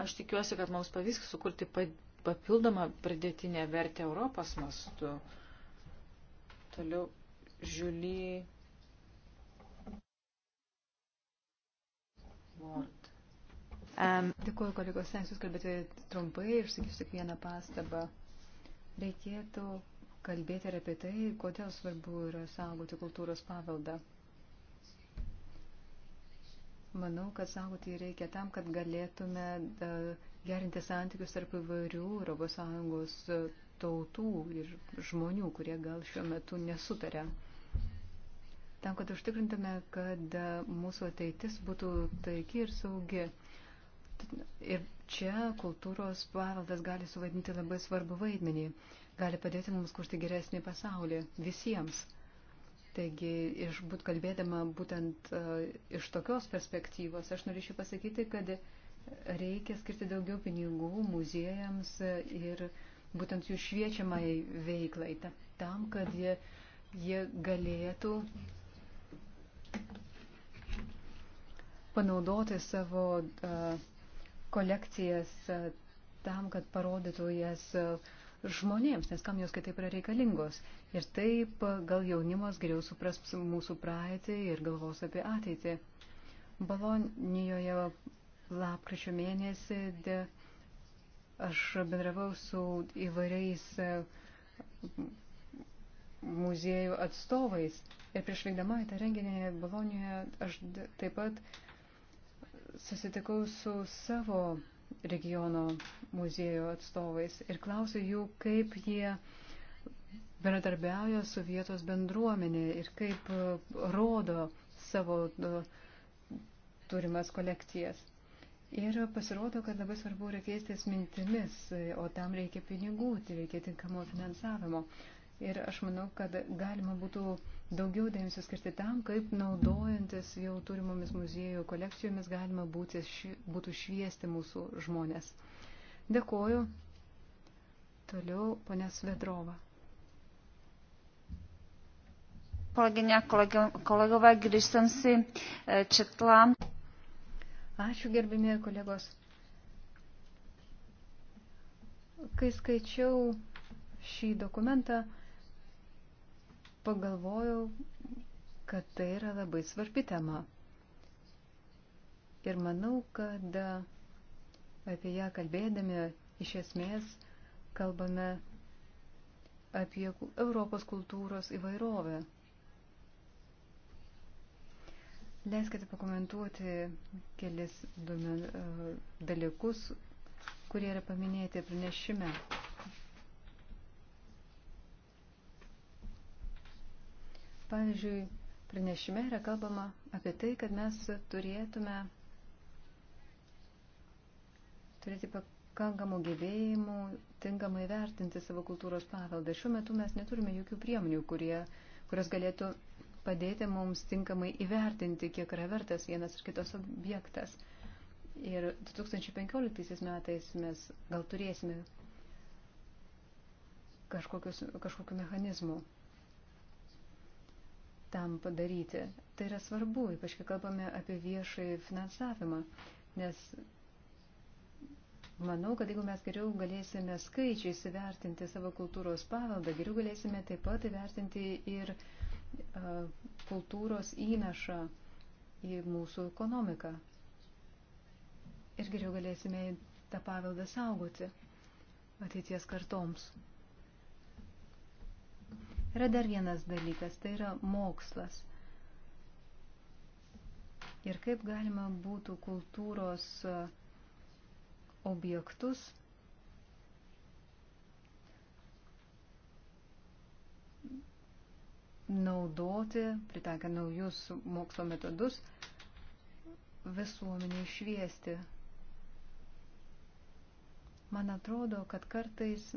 Aš tikiuosi, kad mums pavyks sukurti papildomą pridėtinę vertę Europos mastu. Toliau žiūly. Word. Um, Dėkuoju, kolegos, stengsiu kalbėti trumpai ir sakysiu tik vieną pastabą reikėtų kalbėti ir apie tai, kodėl svarbu yra saugoti kultūros paveldą. Manau, kad saugoti reikia tam, kad galėtume gerinti santykius tarp įvairių ES e, tautų ir žmonių, kurie gal šiuo metu nesutaria. Tam, kad užtikrintume, kad e, mūsų ateitis būtų taiki ir saugi. Ir čia kultūros paveldas gali suvaidinti labai svarbu vaidmenį, gali padėti mums kurti geresnį pasaulį visiems. Taigi, iš būt kalbėdama būtent uh, iš tokios perspektyvos, aš norėčiau pasakyti, kad reikia skirti daugiau pinigų muziejams ir būtent jų šviečiamai veiklai, ta, tam, kad jie, jie galėtų panaudoti savo uh, kolekcijas e, tam, kad parodytų jas e, žmonėms, nes kam jos kitaip yra reikalingos. Ir taip e, gal jaunimas geriau supras mūsų praeitį ir galvos apie ateitį. Balonijoje lapkričio mėnesį de, aš bendravau su įvairiais muziejų atstovais. Ir prieš vykdama į tą renginį Bolonijoje aš taip pat susitikau su savo regiono muziejų atstovais ir klausiu jų, kaip jie bendradarbiauja su vietos bendruomenė ir kaip uh, rodo savo uh, turimas kolekcijas. Ir pasirodo, kad labai svarbu yra keistis mintimis, o tam reikia pinigų, tai reikia tinkamo finansavimo. Ir aš manau, kad galima būtų daugiau dėmesio skirti tam, kaip naudojantis jau turimomis muziejų kolekcijomis galima būti, ši, būtų šviesti mūsų žmonės. Dėkoju. Toliau ponia Svedrova. Kolegyně a kolegové, když jsem si e, četla. Ačiū, gerbimie kolegos. Kai skaičiau šį dokumentą, pagalvojau, kad tai yra labai svarbi tema. Ir manau, kad apie ją kalbėdami iš esmės kalbame apie Europos kultūros įvairovę. Leiskite pakomentuoti kelis e, dalykus, kurie yra paminėti pranešime. Pavyzdžiui, pranešime yra kalbama apie tai, kad mes turėtume turėti pakankamų gyvėjimų, tinkamai vertinti savo kultūros paveldą. Šiuo metu mes neturime jokių priemonių, kurie, kurios galėtų padėti mums tinkamai įvertinti, kiek yra vertas vienas ar kitas objektas. Ir 2015 metais mes gal turėsime kažkokių mechanizmų tam padaryti. Tai yra svarbu, ypač kai kalbame apie viešai finansavimą, nes manau, kad jeigu mes geriau galėsime skaičiais įvertinti savo kultūros paveldą, geriau galėsime taip pat įvertinti ir uh, kultūros įnašą į mūsų ekonomiką. Ir geriau galėsime tą paveldą saugoti ateities kartoms. Yra dar vienas dalykas, tai yra mokslas. Ir kaip galima būtų kultūros e, objektus naudoti, pritaikę naujus mokslo metodus, visuomeniai šviesti. Man atrodo, kad kartais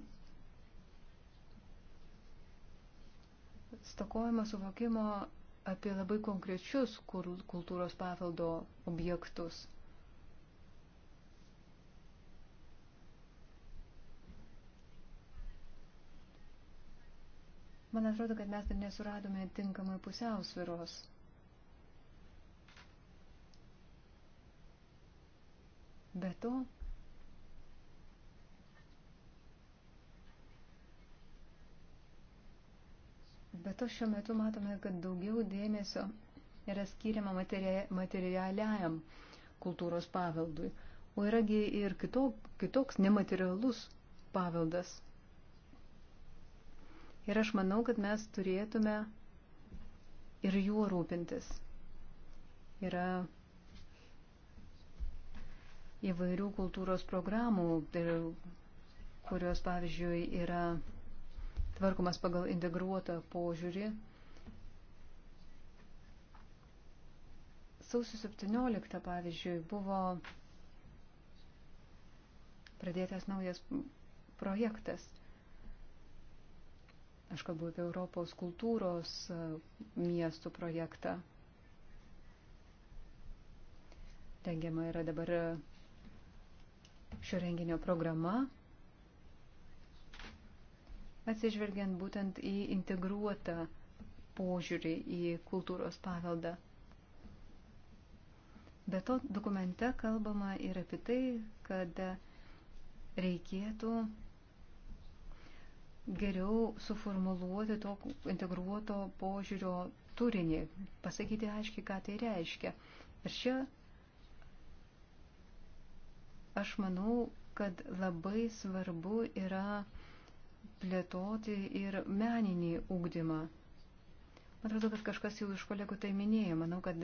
stokojama suvokimo apie labai konkrečius kultūros paveldo objektus. Man atrodo, kad mes dar nesuradome tinkamai pusiausviros. Be to, Bet to šiuo metu matome, kad daugiau dėmesio yra skiriama materialiajam kultūros paveldui. O yragi ir kitok, kitoks nematerialus paveldas. Ir aš manau, kad mes turėtume ir juo rūpintis. Yra įvairių kultūros programų, kurios, pavyzdžiui, yra tvarkomas pagal integruotą požiūrį. Sausio 17, pavyzdžiui, buvo pradėtas naujas projektas. Aš kalbu apie Europos kultūros e, miestų projektą. Dengiama yra dabar e, šio renginio programa, atsižvelgiant būtent į integruotą požiūrį į kultūros paveldą. Be to dokumente kalbama ir apie tai, kad reikėtų geriau suformuluoti to integruoto požiūrio turinį, pasakyti aiškiai, ką tai reiškia. Ir čia aš manau, kad labai svarbu yra plėtoti ir meninį ūkdymą. Man atrodo, kad kažkas jau iš kolegų tai minėjo. Manau, kad,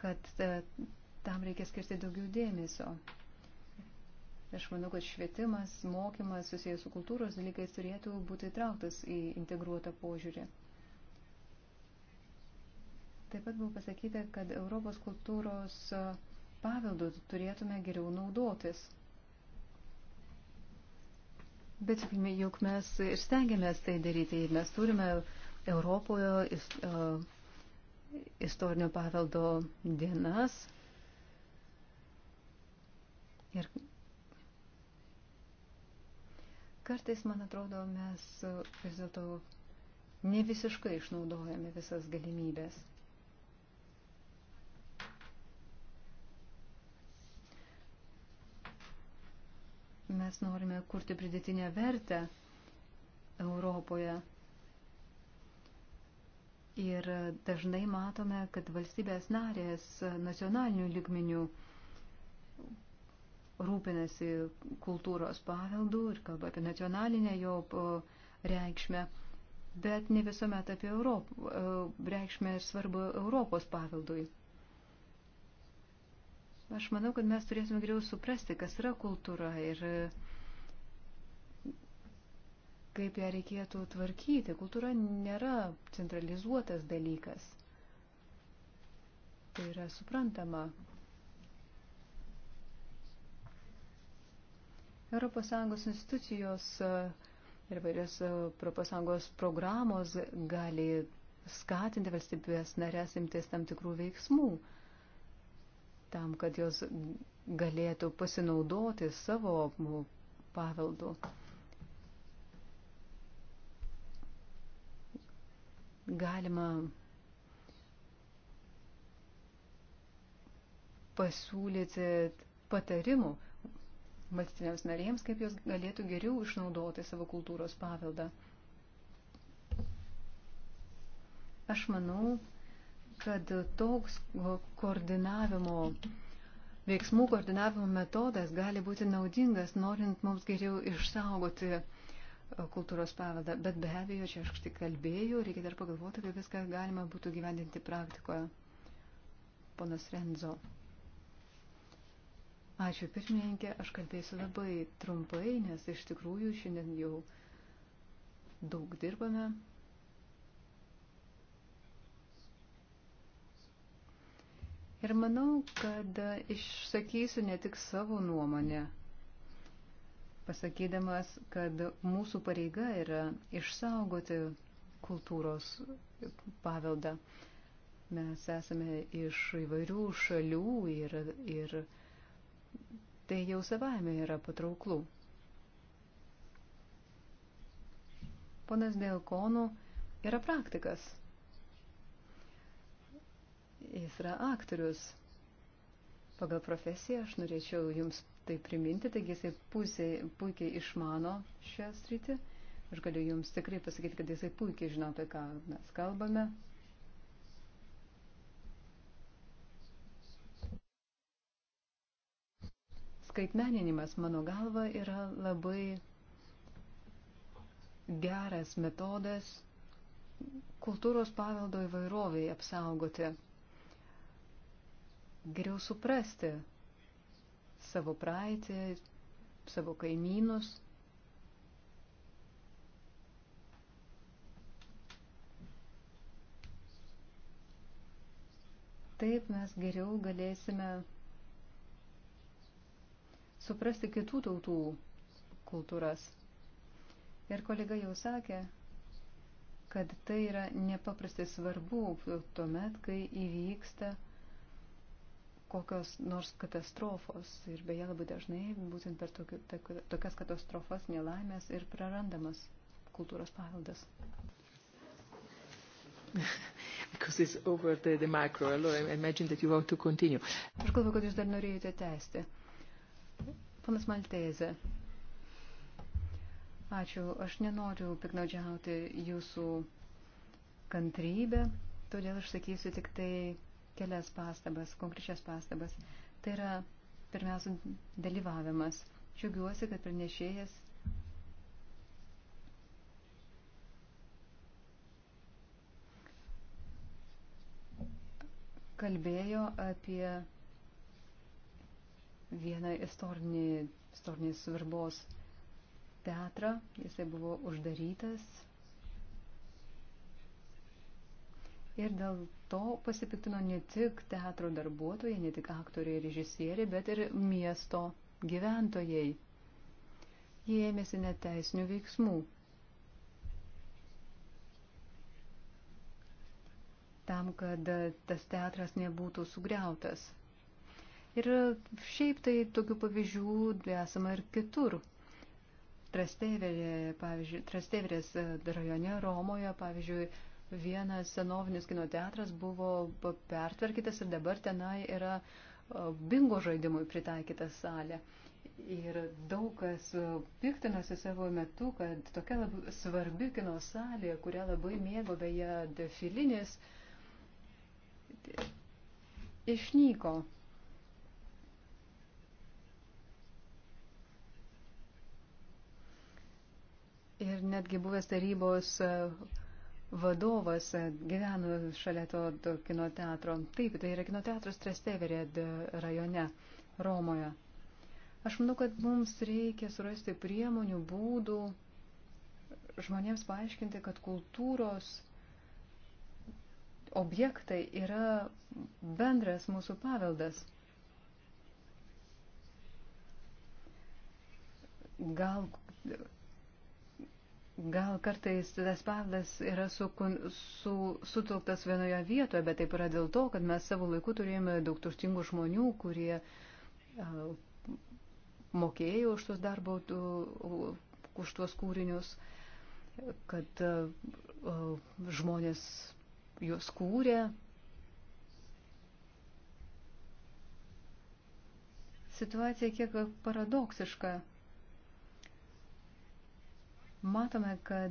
kad e, tam reikia skirti daugiau dėmesio. Aš manau, kad švietimas, mokymas susijęs su kultūros dalykais turėtų būti įtrauktas į integruotą požiūrį. Taip pat buvo pasakyta, kad Europos kultūros e, paveldų turėtume geriau naudotis. Bet, sakykime, juk mes ir stengiamės tai daryti. Mes turime Europoje ist, uh, e, istorinio paveldo dienas. Ir kartais, man atrodo, mes vis dėlto ne visiškai išnaudojame visas galimybės. Mes norime kurti pridėtinę vertę Europoje. Ir dažnai matome, kad valstybės narės nacionalinių ligminių rūpinasi kultūros paveldų ir kalba apie nacionalinę jo reikšmę, bet ne visuomet apie Europą, e, reikšmę ir svarbu Europos paveldui. Aš manau, kad mes turėsime geriau suprasti, kas yra kultūra ir kaip ją reikėtų tvarkyti. Kultūra nėra centralizuotas dalykas. Tai yra suprantama. ES institucijos e, ir vairios ES programos gali skatinti valstybės narės imtis tam tikrų veiksmų tam, kad jos galėtų pasinaudoti savo paveldu. Galima pasiūlyti patarimų valstybėms narėms, kaip jos galėtų geriau išnaudoti savo kultūros paveldą. Aš manau, kad toks koordinavimo, veiksmų koordinavimo metodas gali būti naudingas, norint mums geriau išsaugoti kultūros paveldą. Bet be abejo, čia aš tik kalbėjau, reikia dar pagalvoti, kaip viską galima būtų gyvendinti praktikoje. Ponas Renzo. Ačiū pirmininkė, aš kalbėsiu labai trumpai, nes iš tikrųjų šiandien jau daug dirbame. Ir manau, kad išsakysiu ne tik savo nuomonę, pasakydamas, kad mūsų pareiga yra išsaugoti kultūros paveldą. Mes esame iš įvairių šalių ir, ir tai jau savaime yra patrauklų. Ponas Dėlkonų yra praktikas Jis yra aktorius. Pagal profesiją aš norėčiau jums tai priminti, taigi jisai pusė, puikiai išmano šią sritį. Aš galiu jums tikrai pasakyti, kad jisai puikiai žino, apie ką mes kalbame. Skaitmeninimas, mano galva, yra labai geras metodas kultūros paveldo įvairoviai apsaugoti geriau suprasti savo praeitį, savo kaimynus. Taip mes geriau galėsime suprasti kitų tautų kultūras. Ir kolega jau sakė, kad tai yra nepaprastai svarbu tuomet, kai įvyksta kokios nors katastrofos. Ir beje, labai dažnai būtent per tokiu, tokias katastrofas nelaimės ir prarandamas kultūros paveldas. Because it's over the, the micro. I imagine that you want to continue. Aš galvoju, kad jūs dar norėjote tęsti. Panas Malteze, ačiū. Aš nenoriu piknaudžiauti jūsų kantrybę, todėl aš sakysiu tik tai kelias pastabas, konkrečias pastabas. Tai yra pirmiausia dalyvavimas. Džiaugiuosi, kad pranešėjas kalbėjo apie vieną istorinį, istorinį svarbos teatrą. Jisai buvo uždarytas Ir dėl to pasipiktino ne tik teatro darbuotojai, ne tik aktoriai ir režisieriai, bet ir miesto gyventojai. Jie ėmėsi neteisinių veiksmų. Tam, kad tas teatras nebūtų sugriautas. Ir šiaip tai tokių pavyzdžių esama ir kitur. Trasteverė, pavyzdžiui, Trasteverės rajone Romoje, pavyzdžiui, vienas senovinis kino teatras buvo pertvarkytas ir dabar tenai yra bingo žaidimui pritaikyta salė. Ir daug kas piktinosi savo metu, kad tokia labai svarbi kino salė, kurią labai mėgo beje defilinis, išnyko. Ir netgi buvęs tarybos vadovas gyveno šalia to, to kino teatro. Taip, tai yra kino teatras Tresteverė rajone, Romoje. Aš manau, kad mums reikia surasti priemonių, būdų žmonėms paaiškinti, kad kultūros objektai yra bendras mūsų paveldas. Gal Gal kartais tas paveldas yra su, su, sutilktas vienoje vietoje, bet taip yra dėl to, kad mes savo laiku turėjome daug turtingų žmonių, kurie uh, mokėjo už tuos darbo, uh, už tuos kūrinius, kad uh, žmonės juos kūrė. Situacija kiek paradoksiška matome, kad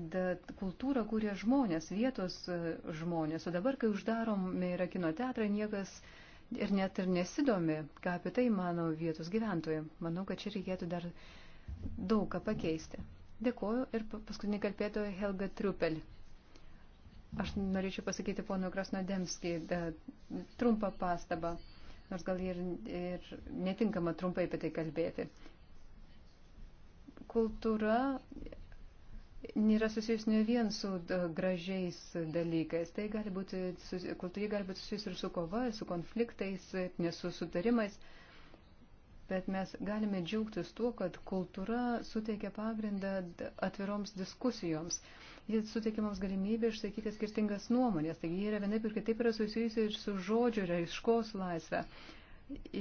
kultūrą kūrė žmonės, vietos e, žmonės, o dabar, kai uždaromi yra kino teatrai, niekas ir net ir nesidomi, ką apie tai mano vietos gyventojai. Manau, kad čia reikėtų dar daug ką pakeisti. Dėkuoju ir paskutinį kalbėtoją Helga Triupel. Aš norėčiau pasakyti ponui Krasnodemskį trumpą pastabą, nors gal ir, ir netinkama trumpai apie tai kalbėti kultūra nėra susijus ne vien su e, gražiais dalykais. Tai gali būti, kultūra gali būti susijus ir su kova, su konfliktais, nesusutarimais. Bet mes galime džiaugtis tuo, kad kultūra suteikia pagrindą atviroms diskusijoms. Jis suteikia mums galimybę išsakyti skirtingas nuomonės. Taigi jie yra vienaip ir kitaip yra susijusi ir su žodžio raiškos laisvė.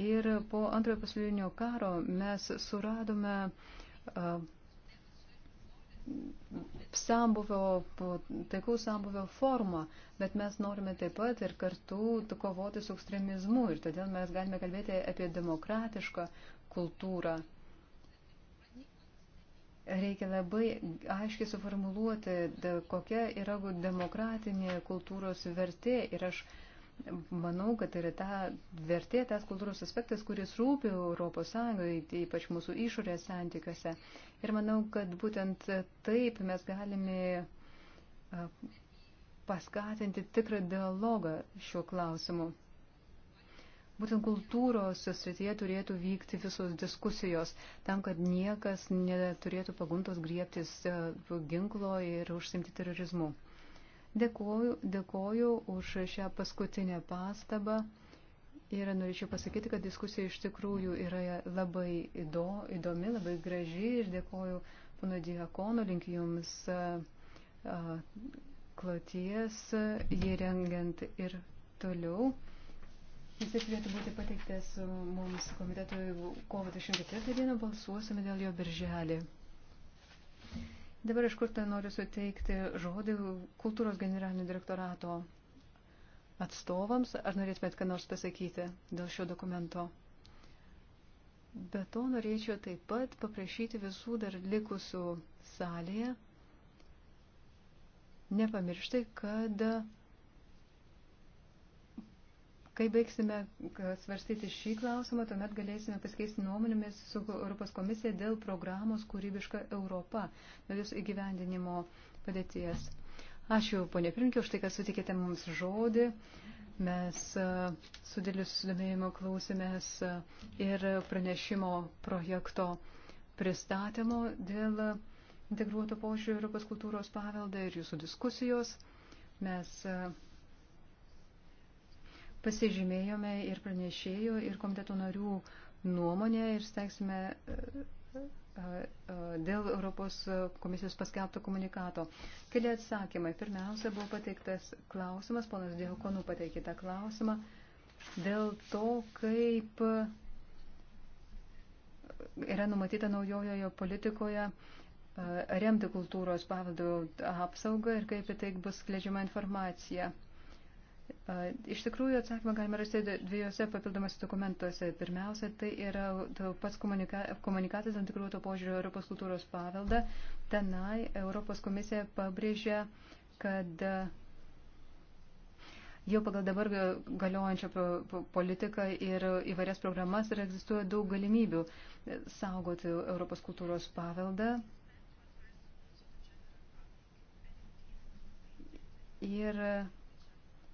Ir po antrojo pasaulinio karo mes suradome uh, sambuvio, taikų sambuvio formą, bet mes norime taip pat ir kartu kovoti su ekstremizmu ir todėl mes galime kalbėti apie demokratišką kultūrą. Reikia labai aiškiai suformuluoti, kokia yra demokratinė kultūros vertė ir aš uh, manau, kad yra ta vertė, tas kultūros aspektas, kuris rūpi Europos Sąjungoje, ypač mūsų išorės santykiuose. Ir manau, kad būtent taip mes galime paskatinti tikrą dialogą šiuo klausimu. Būtent kultūros srityje turėtų vykti visos diskusijos, tam, kad niekas neturėtų paguntos griebtis ginklo ir užsimti terorizmu. Dėkoju, dėkoju už šią paskutinę pastabą ir norėčiau pasakyti, kad diskusija iš tikrųjų yra labai įdomi, labai graži ir dėkoju pono Diakonu, linkiu Jums kloties, jį rengiant ir toliau. Jis turėtų būti pateiktas mums komitetui kovo 24 dieną, balsuosime dėl jo birželį. Dabar iš kur tai noriu suteikti žodį kultūros generalinio direktorato atstovams. Ar norėtumėt ką nors pasakyti dėl šio dokumento? Be to norėčiau taip pat paprašyti visų dar likusių salėje nepamiršti, kad Kai baigsime svarstyti šį klausimą, tuomet galėsime pasikeisti nuomonėmis su Europos komisija dėl programos Kūrybiška Europa, dėl jūsų įgyvendinimo padėties. Ačiū, ponė Pirinkė, už tai, kad sutikėte mums žodį. Mes e, su dėliu susidomėjimu klausėmės e, ir pranešimo projekto pristatymo dėl integruoto požiūrio Europos kultūros paveldą ir jūsų diskusijos. Mes e, pasižymėjome ir pranešėjų, ir komiteto narių nuomonę ir stengsime e, e, e, dėl Europos komisijos paskelbto komunikato. Keli atsakymai. Pirmiausia, buvo pateiktas klausimas, ponas Dėhukonų pateikė tą klausimą, dėl to, kaip yra numatyta naujojoje politikoje remti kultūros paveldo apsaugą ir kaip į tai bus skleidžiama informacija. Iš tikrųjų, atsakymą galime rasti dviejose papildomose dokumentuose. Pirmiausia, tai yra pats komunika, komunikatas tam tikrų to požiūrio Europos kultūros paveldą. Tenai Europos komisija pabrėžia, kad jau pagal dabar galiojančią politiką ir įvairias programas ir egzistuoja daug galimybių saugoti Europos kultūros paveldą. Ir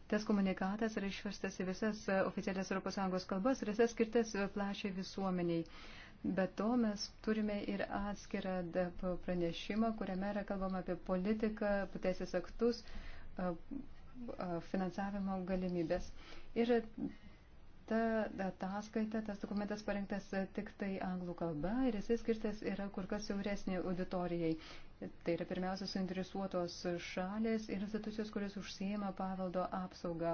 Tas komunikatas yra išverstas į visas oficialias ES kalbas ir jis skirtas plačiai visuomeniai. Be to mes turime ir atskirą pranešimą, kuriame yra kalbama apie politiką, teisės aktus, finansavimo galimybės. Ir ta ataskaita, tas dokumentas parengtas tik tai anglų kalba ir jisai skirtas yra kur kas siauresnė auditorijai. Tai yra pirmiausia suinteresuotos šalės ir institucijos, kurios užsijima paveldo apsaugą.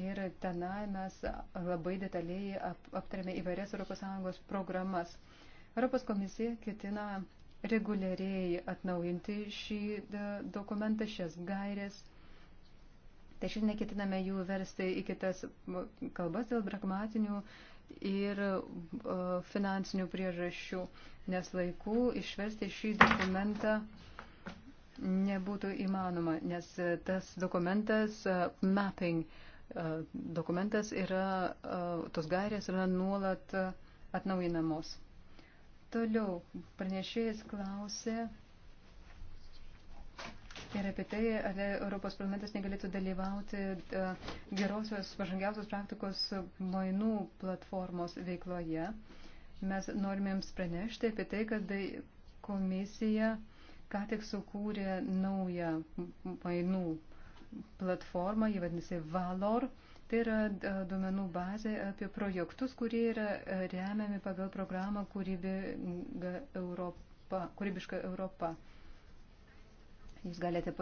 Ir tenai mes labai detaliai ap, aptarėme įvairias ES programas. Europos komisija ketina reguliariai atnaujinti šį e, dokumentą, šias gairės. Tai šiandien ketiname jų versti į kitas kalbas dėl pragmatinių ir e, finansinių priežasčių, nes laikų išversti šį dokumentą nebūtų įmanoma, nes e, tas dokumentas, e, mapping dokumentas yra, tos gairės yra nuolat atnaujinamos. Toliau pranešėjas klausė ir apie tai, ar Europos parlamentas negalėtų dalyvauti e, gerosios, pažangiausios praktikos mainų platformos veikloje. Mes norime jums pranešti apie tai, kad komisija ką tik sukūrė naują mainų platformą, jį vadinasi Valor. Tai yra e, duomenų bazė apie projektus, kurie yra e, remiami pagal programą Kūrybė Europa, Kūrybiška Europa. Jūs galite,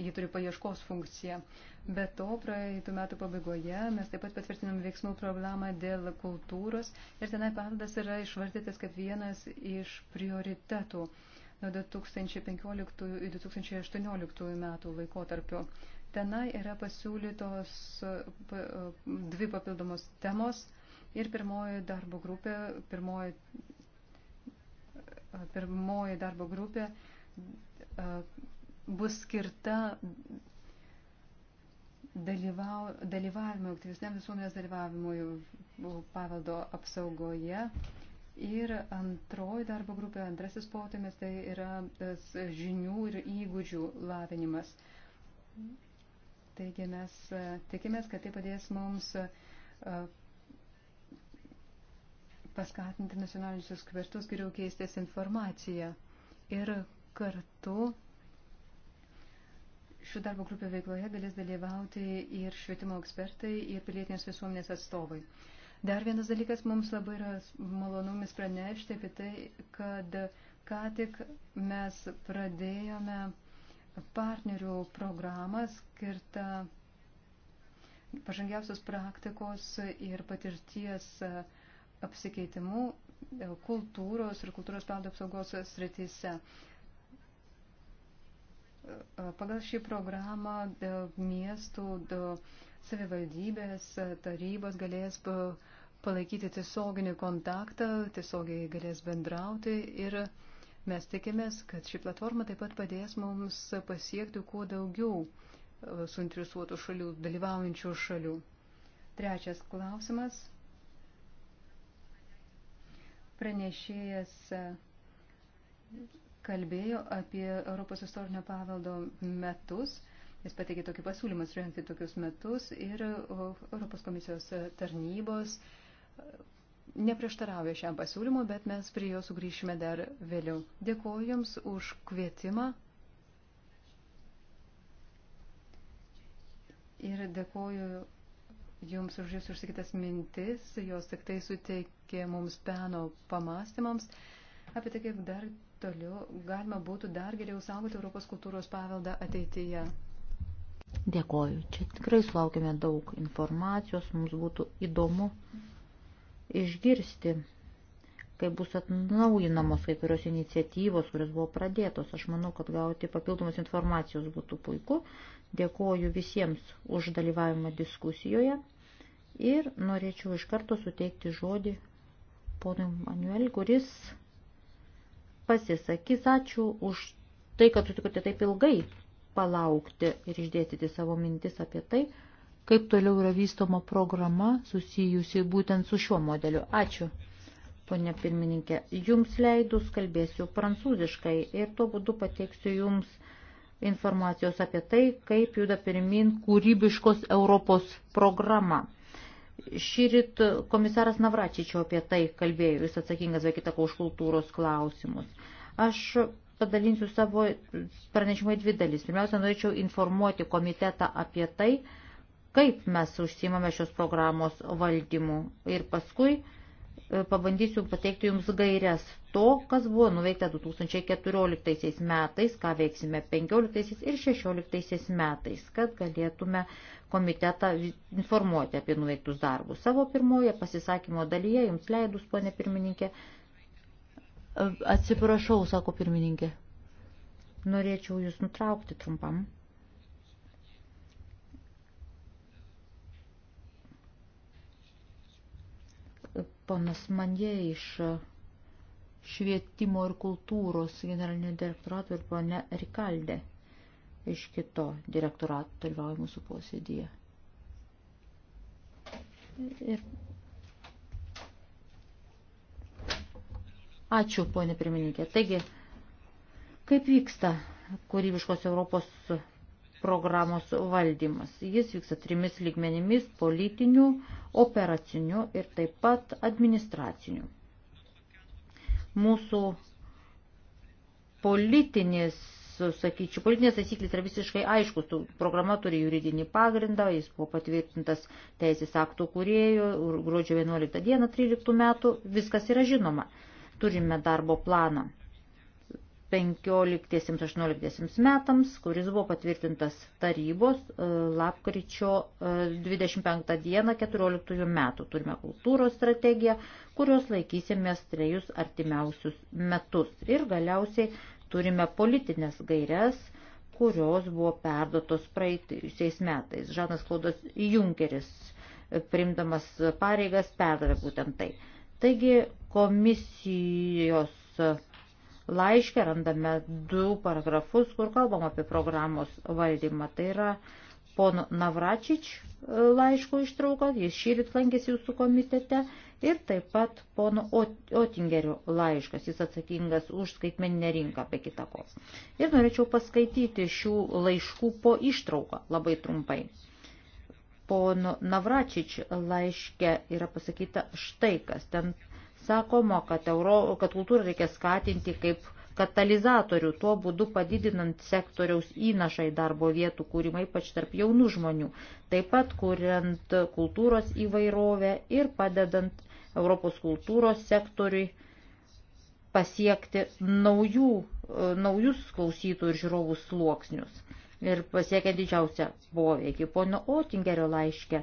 ji turi paieškos funkciją. Be to, praeitų metų pabaigoje mes taip pat patvirtinom veiksmų programą dėl kultūros ir tenai paveldas yra išvardytas kaip vienas iš prioritetų nuo 2015-2018 metų laikotarpio. Tenai yra pasiūlytos dvi papildomos temos ir pirmoji darbo grupė, pirmoji, pirmoji darbo grupė bus skirta dalyvau, dalyvavimui, aktyvesniam visuomenės dalyvavimui paveldo apsaugoje. Ir antroji darbo grupė, antrasis potėmis, tai yra tas žinių ir įgūdžių lavinimas. Taigi mes e, tikimės, kad tai padės mums e, paskatinti nacionalinius ekspertus geriau keistis informaciją ir kartu Šių darbo grupių veikloje galės dalyvauti ir švietimo ekspertai, ir pilietinės visuomenės atstovai. Dar vienas dalykas mums labai yra malonumis pranešti apie tai, kad ką tik mes pradėjome partnerių programą skirtą pažangiausios praktikos ir patirties apsikeitimu kultūros ir kultūros paveldo apsaugos srityse pagal šį programą miestų savivaldybės tarybos galės palaikyti tiesioginį kontaktą, tiesiogiai galės bendrauti ir mes tikimės, kad ši platforma taip pat padės mums pasiekti kuo daugiau e, suinteresuotų šalių, dalyvaujančių šalių. Trečias klausimas. Pranešėjas kalbėjo apie Europos istorinio paveldo metus. Jis pateikė tokį pasiūlymą rengti tokius metus ir Europos komisijos tarnybos e, neprieštarauja šiam pasiūlymu, bet mes prie jo sugrįšime dar vėliau. Dėkuoju Jums už kvietimą ir dėkuoju Jums už Jūsų užsikytas mintis, jos tik tai suteikė mums peno pamastymams apie tai, kaip dar toliau galima būtų dar geriau saugoti Europos kultūros paveldą ateityje. Dėkoju. Čia tikrai sulaukime daug informacijos, mums būtų įdomu išgirsti, kaip bus atnaujinamos kai kurios iniciatyvos, kurios buvo pradėtos. Aš manau, kad gauti papildomos informacijos būtų puiku. Dėkoju visiems už dalyvavimą diskusijoje ir norėčiau iš karto suteikti žodį ponui Manuel, kuris pasisakys. Ačiū už tai, kad sutikote taip ilgai palaukti ir išdėstyti savo mintis apie tai, kaip toliau yra vystoma programa susijusi būtent su šiuo modeliu. Ačiū, ponia pirmininkė. Jums leidus kalbėsiu prancūziškai ir tuo būdu pateiksiu jums informacijos apie tai, kaip juda pirmin kūrybiškos Europos programa. Šįryt komisaras Navračičio apie tai kalbėjo, jis atsakingas be kitako už kultūros klausimus. Aš padalinsiu savo pranešimą į dvi dalis. Pirmiausia, norėčiau informuoti komitetą apie tai, kaip mes užsimame šios programos valdymu. Ir paskui uh, pabandysiu pateikti Jums gairias to, kas buvo nuveikta 2014 metais, ką veiksime 2015 ir 2016 metais, kad galėtume komitetą informuoti apie nuveiktus darbus. Savo pirmoje pasisakymo dalyje Jums leidus, ponė pirmininkė. Atsiprašau, sako pirmininkė. Norėčiau Jūs nutraukti trumpam. Ponas Manje iš švietimo ir kultūros generalinio direktorato ir ponia Rikaldė iš kito direktorato dalyvauja mūsų posėdėje. Ir... Ačiū, ponė pirmininkė. Taigi, kaip vyksta kūrybiškos Europos programos valdymas. Jis vyksta trimis lygmenimis - politiniu, operaciniu ir taip pat administraciniu. Mūsų politinės, sakyčiau, politinės taisyklės yra visiškai aiškus. Programa turi juridinį pagrindą, jis buvo patvirtintas teisės aktų kuriejų gruodžio 11 dieną 13 metų, viskas yra žinoma. Turime darbo planą 15-18 metams, kuris buvo patvirtintas tarybos e, lapkričio 25 e, dieną 14 metų. Turime kultūros strategiją, kurios laikysimės trejus artimiausius metus. Ir galiausiai turime politinės gairias, kurios buvo perdotos praeisiais metais. Žanas Klaudas Junkeris, e, primdamas pareigas, perdavė būtent tai. Taigi komisijos laiške randame du paragrafus, kur kalbam apie programos valdymą. Tai yra pono Navračič e, laiško ištrauka, jis šyrit lankėsi jūsų komitete, ir taip pat pono Otingerio laiškas, jis atsakingas už skaitmeninę rinką, be kita ko. Ir norėčiau paskaityti šių laiškų po ištrauką labai trumpai. Pono Navračič laiške yra pasakyta štai kas, ten Sakoma, kad, euro, kad kultūrą reikia skatinti kaip katalizatorių, tuo būdu padidinant sektoriaus įnašai darbo vietų kūrimą, ypač tarp jaunų žmonių, taip pat kuriant kultūros įvairovę ir padedant Europos kultūros sektoriui pasiekti naujų, naujus klausytojų ir žiūrovų sluoksnius ir pasiekia didžiausią poveikį. Pono Otingerio laiškė,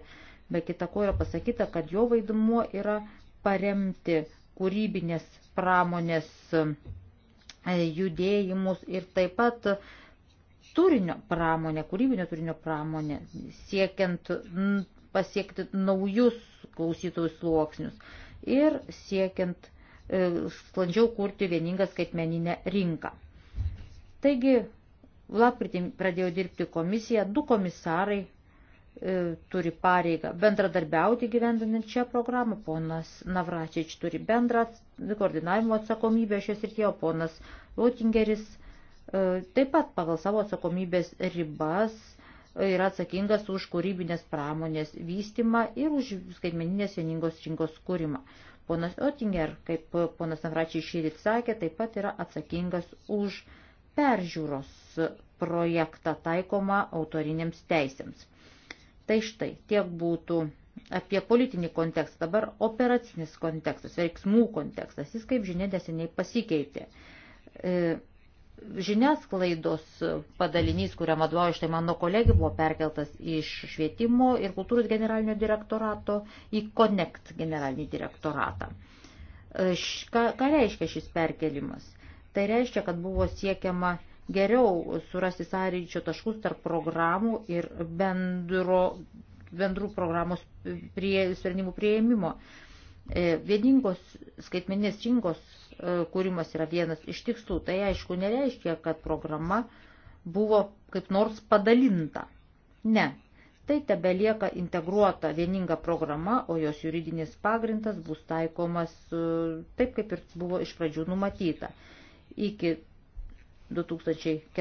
be kita ko yra pasakyta, kad jo vaidmuo yra paremti kūrybinės pramonės e, judėjimus ir taip pat turinio pramonę, kūrybinio turinio pramonę, siekiant pasiekti naujus klausytojų sluoksnius ir siekiant e, sklandžiau kurti vieningą skaitmeninę rinką. Taigi, lapkritį pradėjo dirbti komisija, du komisarai E, turi pareigą bendradarbiauti gyvendinant šią programą, ponas Navračič turi bendrą koordinavimo atsakomybę šios ir jo ponas Rotingeris e, taip pat pagal savo atsakomybės ribas yra atsakingas už kūrybinės pramonės vystimą ir už skaitmeninės vieningos rinkos kūrimą. Ponas Otinger, kaip ponas Navračiai šįryt sakė, taip pat yra atsakingas už peržiūros projektą taikomą autoriniams teisėms. Tai štai tiek būtų apie politinį kontekstą, dabar operacinis kontekstas, veiksmų kontekstas, jis kaip žinia deseniai pasikeitė. E, žiniasklaidos padalinys, kuriam vadovauja štai mano kolegė, buvo perkeltas iš švietimo ir kultūros generalinio direktorato į Connect generalinį direktoratą. E, ką, ką reiškia šis perkelimas? Tai reiškia, kad buvo siekiama geriau surasti sąryčio taškus tarp programų ir bendro, bendrų programos prie, sprendimų prieimimo. E, vieningos skaitmeninės rinkos e, kūrimas yra vienas iš tikslų. Tai aišku nereiškia, kad programa buvo kaip nors padalinta. Ne. Tai tebe lieka integruota vieninga programa, o jos juridinis pagrindas bus taikomas e, taip, kaip ir buvo iš pradžių numatyta. Iki 2014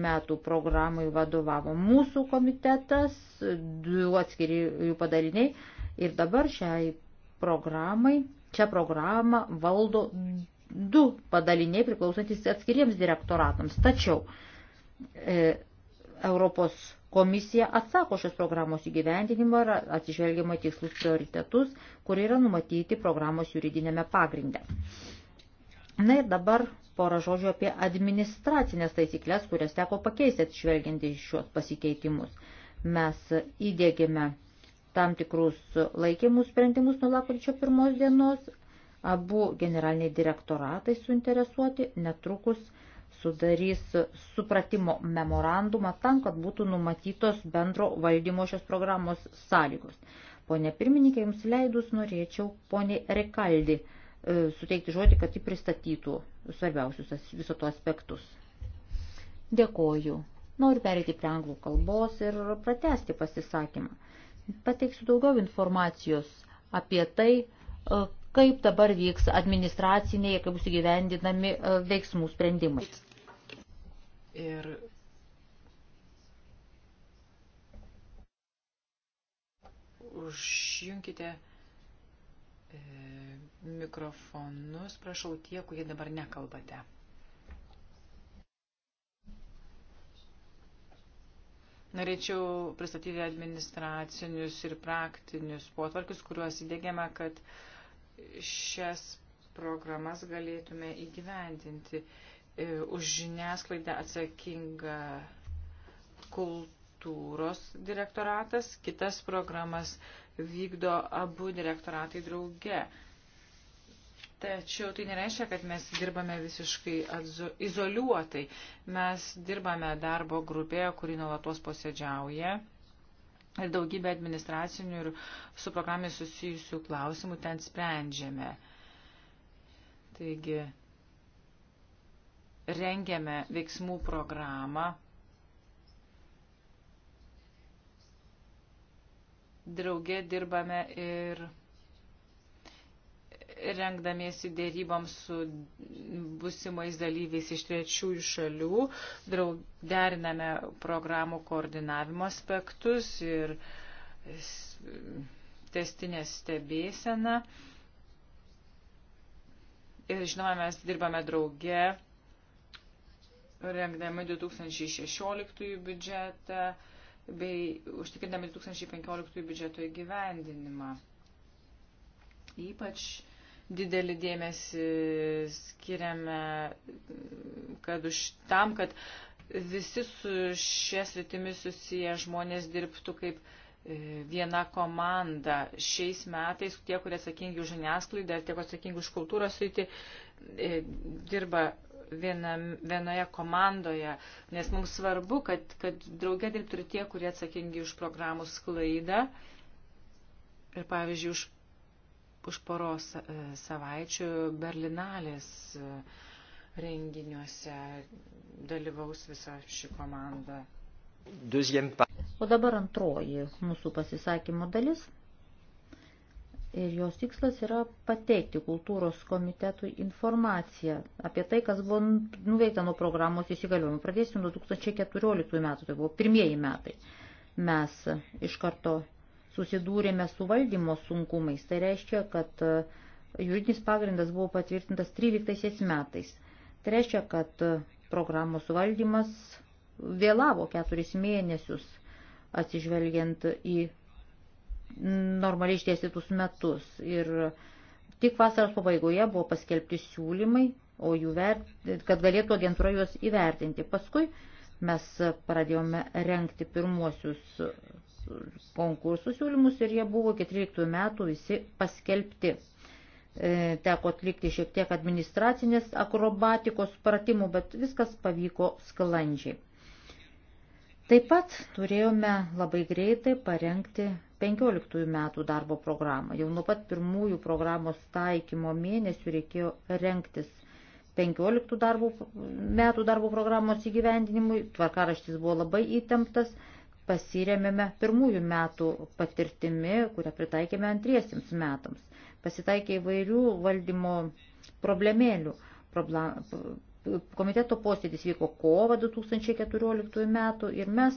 metų programai vadovavo mūsų komitetas, du atskiri jų padaliniai ir dabar šiai programai, šią programą valdo du padaliniai priklausantis atskiriems direktoratams. Tačiau e, Europos komisija atsako šios programos įgyvendinimą ir atsižvelgiama tikslus prioritetus, kurie yra numatyti programos juridinėme pagrindė. E, Na ir dabar porą žodžių apie administracinės taisyklės, kurias teko pakeisti atšvelgiant į šios pasikeitimus. Mes įdėgėme tam tikrus laikymus sprendimus nuo lapkričio pirmos dienos. Abu generaliniai direktoratai suinteresuoti netrukus sudarys supratimo memorandumą tam, kad būtų numatytos bendro valdymo šios programos sąlygos. Pone pirmininkė, jums leidus norėčiau, pone Rekaldi, E, suteikti žodį, kad ji pristatytų svarbiausius viso to aspektus. Dėkoju. Noriu perėti prie anglų kalbos ir pratesti pasisakymą. Pateiksiu daugiau informacijos apie tai, e, kaip dabar vyks administraciniai, kaip bus įgyvendinami e, veiksmų sprendimai. Ir užjunkite e mikrofonus, prašau tie, kurie dabar nekalbate. Norėčiau pristatyti administracinius ir praktinius potvarkius, kuriuos įdėgiame, kad šias programas galėtume įgyvendinti. E, už žiniasklaidą atsakinga kultūros direktoratas, kitas programas vykdo abu direktoratai drauge. Tačiau tai nereiškia, kad mes dirbame visiškai izoliuotai. Mes dirbame darbo grupėje, kuri nuolatos posėdžiauja. Ir daugybę administracinių ir su programai susijusių klausimų ten sprendžiame. Taigi, rengiame veiksmų programą. Drauge dirbame ir rengdamiesi dėryboms su busimais dalyviais iš trečiųjų šalių, draug, deriname programų koordinavimo aspektus ir testinę stebėseną. Ir žinoma, mes dirbame drauge, rengdami 2016 biudžetą bei užtikrindami 2015 biudžeto įgyvendinimą. Ypač didelį dėmesį skiriame kad už, tam, kad visi su šia sritimi susiję žmonės dirbtų kaip e, viena komanda. Šiais metais tie, kurie atsakingi už žiniasklaidą ir tie, kurie atsakingi už kultūros sritį, e, dirba viena, vienoje komandoje, nes mums svarbu, kad, kad draugė dirbtų ir tie, kurie atsakingi už programų sklaidą ir, pavyzdžiui, už už poros e, savaičių Berlinalės e, renginiuose dalyvaus visa ši komanda. O dabar antroji mūsų pasisakymo dalis. Ir jos tikslas yra pateikti kultūros komitetui informaciją apie tai, kas buvo nuveikta nuo programos įsigaliojimo. Pradėsim nuo 2014 metų, tai buvo pirmieji metai. Mes iš karto susidūrėme su valdymo sunkumais. Tai reiškia, kad e, juridinis pagrindas buvo patvirtintas 13 metais. Tai reiškia, kad e, programos valdymas vėlavo keturis mėnesius atsižvelgiant į normaliai išdėstytus metus. Ir tik vasaros pabaigoje buvo paskelbti siūlymai, o jų vert, kad galėtų agentūra juos įvertinti. Paskui mes pradėjome renkti pirmuosius konkursų siūlymus ir jie buvo 14 metų visi paskelbti. E, teko atlikti šiek tiek administracinės akrobatikos pratimų, bet viskas pavyko sklandžiai. Taip pat turėjome labai greitai parengti 15 metų darbo programą. Jau nuo pat pirmųjų programos taikymo mėnesių reikėjo renktis 15 darbo, metų darbo programos įgyvendinimui. Tvarkaraštis buvo labai įtemptas pasiremėme pirmųjų metų patirtimi, kurią pritaikėme antriesiams metams. Pasitaikė įvairių valdymo problemėlių. Probla... Komiteto posėdis vyko kovo 2014 metų ir mes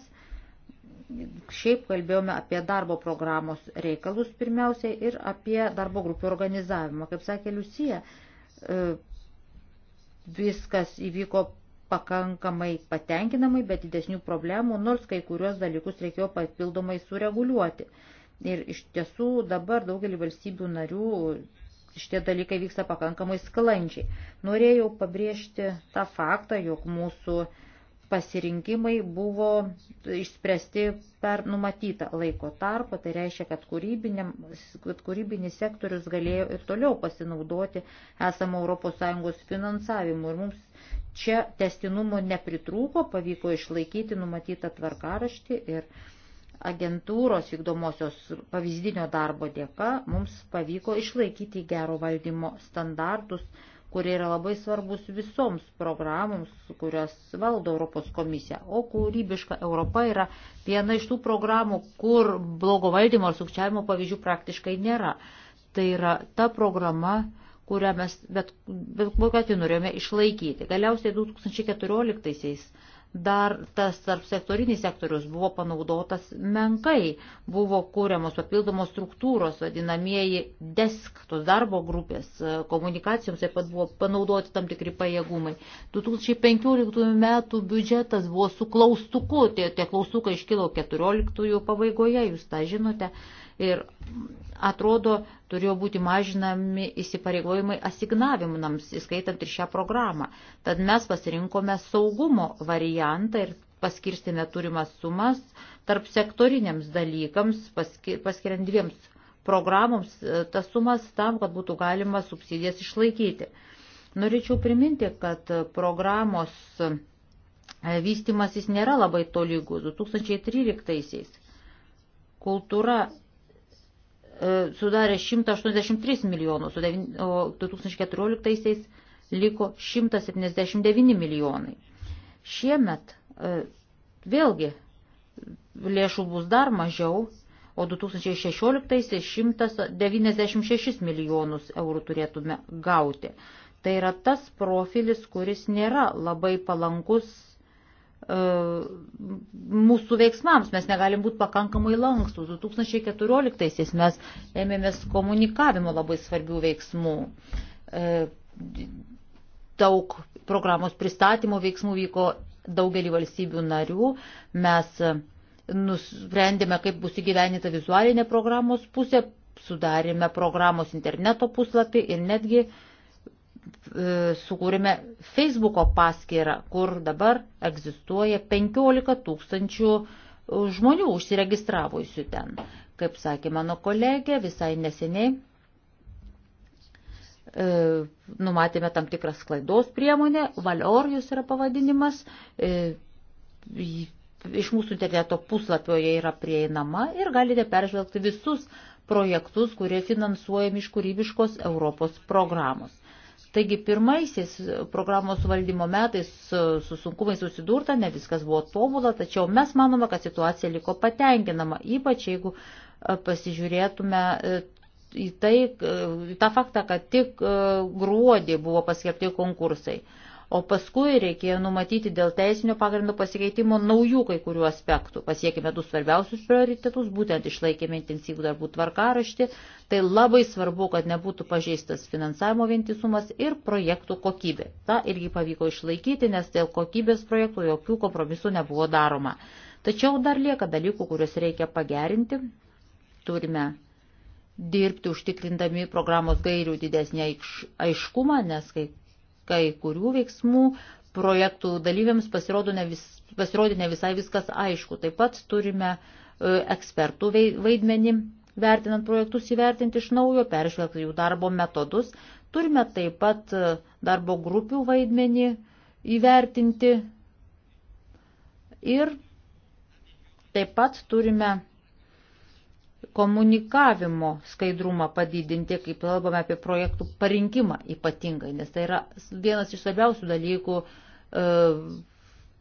šiaip kalbėjome apie darbo programos reikalus pirmiausiai ir apie darbo grupių organizavimą. Kaip sakė Liusija, e, viskas įvyko pakankamai patenkinamai, bet didesnių problemų, nors kai kuriuos dalykus reikėjo papildomai sureguliuoti. Ir iš tiesų dabar daugelį valstybių narių šitie dalykai vyksta pakankamai sklandžiai. Norėjau pabrėžti tą faktą, jog mūsų pasirinkimai buvo išspręsti per numatytą laiko tarpą, tai reiškia, kad, kad kūrybinis sektorius galėjo ir toliau pasinaudoti esamą ES finansavimu. Ir mums čia testinumo nepritrūko, pavyko išlaikyti numatytą tvarkaraštį ir agentūros vykdomosios pavyzdinio darbo dėka mums pavyko išlaikyti gero valdymo standartus, kurie yra labai svarbus visoms programoms, kurias valdo Europos komisija. O kūrybiška Europa yra viena iš tų programų, kur blogo valdymo ar sukčiavimo pavyzdžių praktiškai nėra. Tai yra ta programa, kurią mes bet, bet kokiu atveju norėjome išlaikyti. Galiausiai 2014-aisiais dar tas tarp sektorinis sektorius buvo panaudotas menkai, buvo kūriamos papildomos struktūros, vadinamieji desk, tos darbo grupės, komunikacijoms taip pat buvo panaudoti tam tikri pajėgumai. 2015 metų biudžetas buvo su klaustuku, tie, tie klaustukai iškilo 14 pabaigoje, jūs tą žinote ir atrodo turėjo būti mažinami įsipareigojimai asignavimams, įskaitant ir šią programą. Tad mes pasirinkome saugumo variantą ir paskirstėme turimas sumas tarp sektoriniams dalykams, paskiriant dviems programoms e, tas sumas tam, kad būtų galima subsidijas išlaikyti. Norėčiau priminti, kad programos e, vystimas jis nėra labai tolygus. 2013-aisiais kultūra E, sudarė 183 milijonus, o 2014-aisiais liko 179 milijonai. Šiemet e, vėlgi lėšų bus dar mažiau, o 2016-aisiais 196 milijonus eurų turėtume gauti. Tai yra tas profilis, kuris nėra labai palankus E, mūsų veiksmams. Mes negalim būti pakankamai lankstus. 2014 mes ėmėmės komunikavimo labai svarbių veiksmų. E, daug programos pristatymo veiksmų vyko daugelį valstybių narių. Mes nusprendėme, kaip bus įgyveninta vizualinė programos pusė, sudarėme programos interneto puslapį ir netgi uh, E, sukūrėme Facebooko paskyrą, kur dabar egzistuoja 15 tūkstančių e, žmonių užsiregistravusių ten. Kaip sakė mano kolegė, visai neseniai e, numatėme tam tikrą sklaidos priemonę, Valiorjus yra pavadinimas, e, iš mūsų interneto puslapio jie yra prieinama ir galite peržvelgti visus projektus, kurie finansuojami iš kūrybiškos Europos programos. Taigi pirmaisiais programos valdymo metais su sunkumai susidurta, ne viskas buvo tobula, tačiau mes manome, kad situacija liko patenkinama, ypač jeigu e, pasižiūrėtume e, į tai, e, į tą faktą, kad tik gruodį buvo paskelbti konkursai o paskui reikėjo numatyti dėl teisinio pagrindo pasikeitimo naujų kai kurių aspektų. Pasiekime du svarbiausius prioritetus, būtent išlaikėme intensyvų darbų tvarkaraštį, tai labai svarbu, kad nebūtų pažeistas finansavimo vientisumas ir projektų kokybė. Ta irgi pavyko išlaikyti, nes dėl kokybės projektų jokių kompromisų nebuvo daroma. Tačiau dar lieka dalykų, kuriuos reikia pagerinti. Turime dirbti užtikrindami programos gairių didesnį aiškumą, nes kai kai kurių veiksmų projektų dalyviams pasirodė ne, vis, pasirodė ne visai viskas aišku. Taip pat turime e, ekspertų vaidmenį, vertinant projektus įvertinti iš naujo, peržvelgti jų darbo metodus. Turime taip pat e, darbo grupių vaidmenį įvertinti ir taip pat turime komunikavimo skaidrumą padidinti, kaip kalbame apie projektų parinkimą ypatingai, nes tai yra vienas iš svarbiausių dalykų e,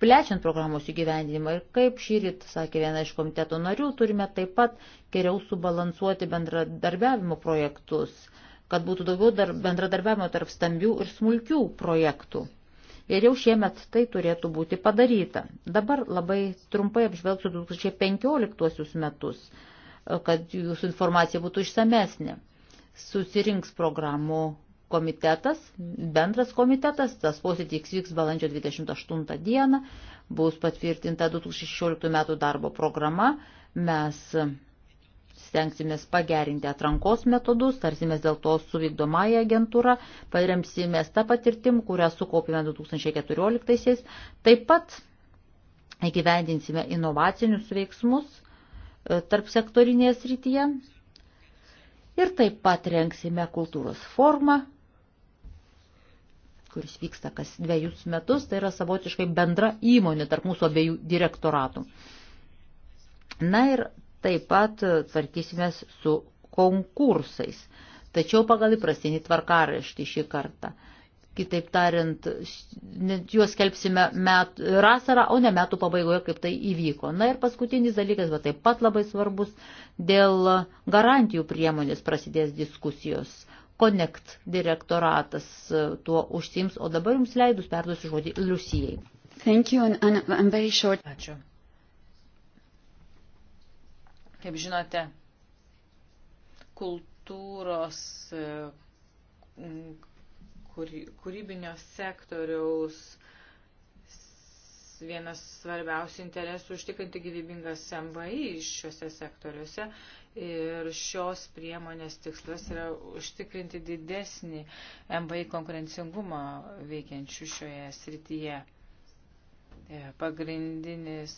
plečiant programos įgyvendinimą. Ir kaip šį rytą sakė viena iš komiteto narių, turime taip pat geriau subalansuoti bendradarbiavimo projektus, kad būtų daugiau dar, bendradarbiavimo tarp stambių ir smulkių projektų. Ir jau šiemet tai turėtų būti padaryta. Dabar labai trumpai apžvelgsiu 2015 metus kad jūsų informacija būtų išsamesnė. Susirinks programų komitetas, bendras komitetas, tas posėdys vyks balandžio 28 dieną, bus patvirtinta 2016 metų darbo programa, mes stengsimės pagerinti atrankos metodus, tarsimės dėl to su vykdomąją agentūrą, paremsimės tą patirtim, kurią sukopime 2014-aisiais, taip pat įgyvendinsime inovacinius veiksmus, tarp sektorinėje srityje. Ir taip pat renksime kultūros formą, kuris vyksta kas dviejus metus, tai yra savotiškai bendra įmonė tarp mūsų abiejų direktoratų. Na ir taip pat tvarkysimės su konkursais, tačiau pagal įprastinį tvarkaraštį šį kartą. Kitaip tariant, juos kelpsime met, rasarą, o ne metų pabaigoje, kaip tai įvyko. Na ir paskutinis dalykas, bet taip pat labai svarbus, dėl garantijų priemonės prasidės diskusijos. Connect direktoratas tuo užsims, o dabar jums leidus perduosiu žodį Liusijai. Ačiū. Kaip žinote, kultūros kūrybinio sektoriaus vienas svarbiausių interesų užtikrinti gyvybingas MVI šiuose sektoriuose ir šios priemonės tikslas yra užtikrinti didesnį MVI konkurencingumą veikiančių šioje srityje. E, pagrindinis,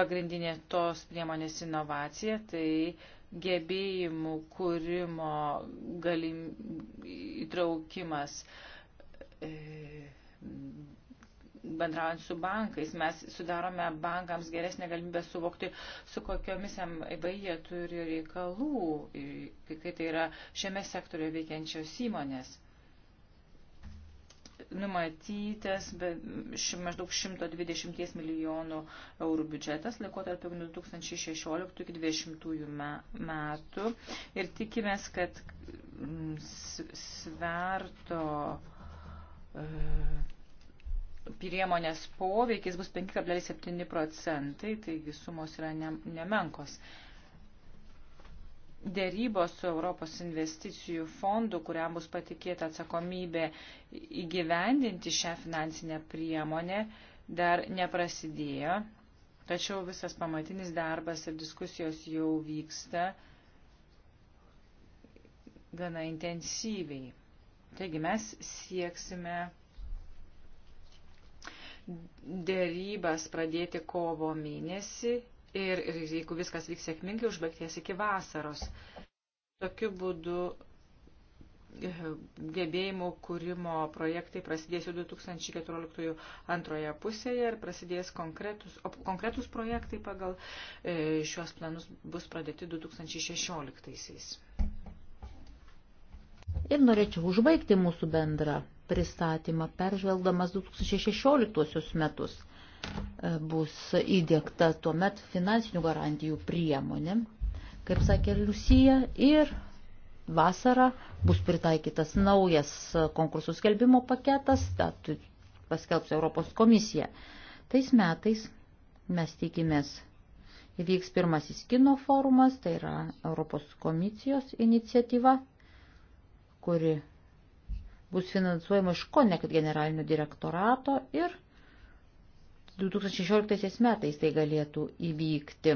pagrindinė tos priemonės inovacija tai gebėjimų kūrimo galim, įtraukimas. E, bendraujant su bankais, mes sudarome bankams geresnę galimybę suvokti, su kokiomis MVI jie turi reikalų, e, kai tai yra šiame sektoriuje veikiančios įmonės numatytas maždaug 120 milijonų eurų biudžetas laikotarpiu 2016-2020 metų ir tikimės, kad mm, sverto e, priemonės poveikis bus 5,7 procentai, taigi sumos yra nemenkos. Ne dėrybos su Europos investicijų fondu, kuriam bus patikėta atsakomybė įgyvendinti šią finansinę priemonę, dar neprasidėjo. Tačiau visas pamatinis darbas ir diskusijos jau vyksta gana intensyviai. Taigi mes sieksime dėrybas pradėti kovo mėnesį ir, ir jeigu viskas vyks sėkmingai, užbaigties iki vasaros. Tokiu būdu e, gebėjimų kūrimo projektai prasidės jau 2014 antroje pusėje ir prasidės konkretus, o konkretus projektai pagal e, šiuos planus bus pradėti 2016-aisiais. Ir norėčiau užbaigti mūsų bendrą pristatymą, peržvelgdamas 2016 metus. E, bus įdėkta tuomet finansinių garantijų priemonė, kaip sakė Liusija, ir vasarą bus pritaikytas naujas konkursų skelbimo paketas, paskelbs Europos komisija. Tais metais mes tikimės įvyks pirmasis kino forumas, tai yra Europos komisijos iniciatyva, kuri bus finansuojama iš Konek generalinio direktorato ir 2016 metais tai galėtų įvykti.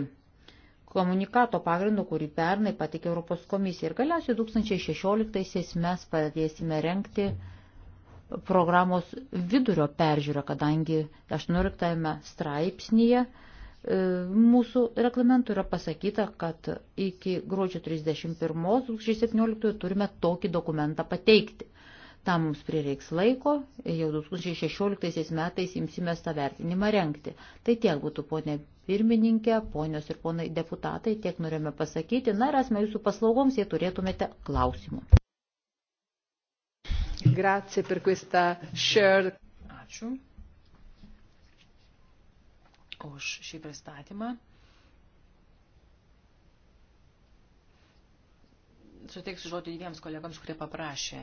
Komunikato pagrindu, kurį pernai patikė Europos komisija ir galiausiai 2016 mes pradėsime renkti programos vidurio peržiūrą, kadangi 18 straipsnėje e, mūsų reglamentų yra pasakyta, kad iki gruodžio 31 2017 turime tokį dokumentą pateikti. Tam mums prireiks laiko, jau 2016 metais imsimės tą vertinimą renkti. Tai tiek būtų, ponė pirmininkė, ponios ir ponai deputatai, tiek norėjome pasakyti. Na ir esame jūsų paslaugoms, jei turėtumėte klausimų. Grazie per questa shared. Ačiū už šį pristatymą. Suteiksiu žodį dviems kolegams, kurie paprašė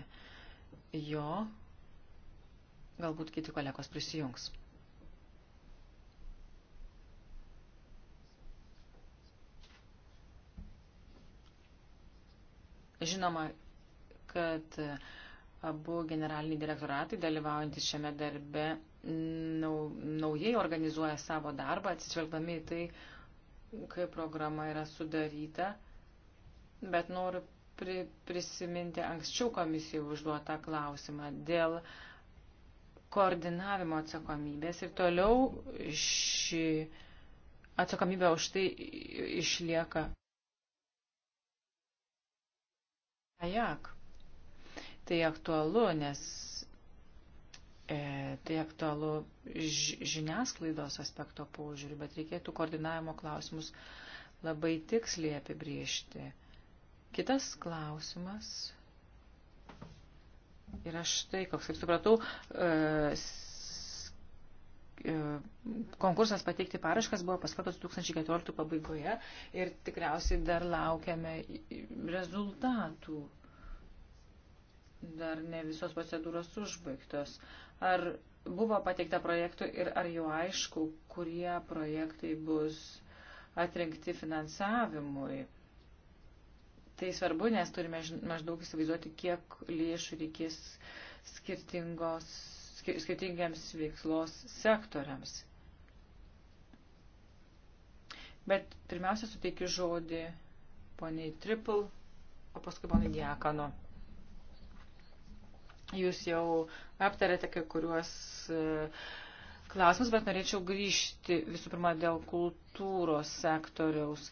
jo galbūt kiti kolegos prisijungs. Žinoma, kad abu generaliniai direktoratai dalyvaujantis šiame darbe naujai organizuoja savo darbą, atsižvelgdami į tai, kaip programa yra sudaryta, bet noriu pri, prisiminti anksčiau komisijų užduotą klausimą dėl koordinavimo atsakomybės ir toliau ši atsakomybė už tai išlieka. Ajak. Tai aktualu, nes e, tai aktualu žiniasklaidos aspekto požiūriu, bet reikėtų koordinavimo klausimus labai tiksliai apibriežti Kitas klausimas yra štai, koks, kaip supratau, e, e, konkursas pateikti paraškas buvo paskaltas 2014 pabaigoje ir tikriausiai dar laukiame rezultatų. Dar ne visos procedūros užbaigtos. Ar buvo pateikta projektų ir ar jau aišku, kurie projektai bus atrinkti finansavimui? Tai svarbu, nes turime maždaug įsivaizduoti, kiek lėšų reikės skirtingos, skirtingiams veiklos sektoriams. Bet pirmiausia, suteikiu žodį poniai Triple, o paskui poniai Diakano. Jūs jau aptarėte kai kuriuos e, klausimus, bet norėčiau grįžti visų pirma dėl kultūros sektoriaus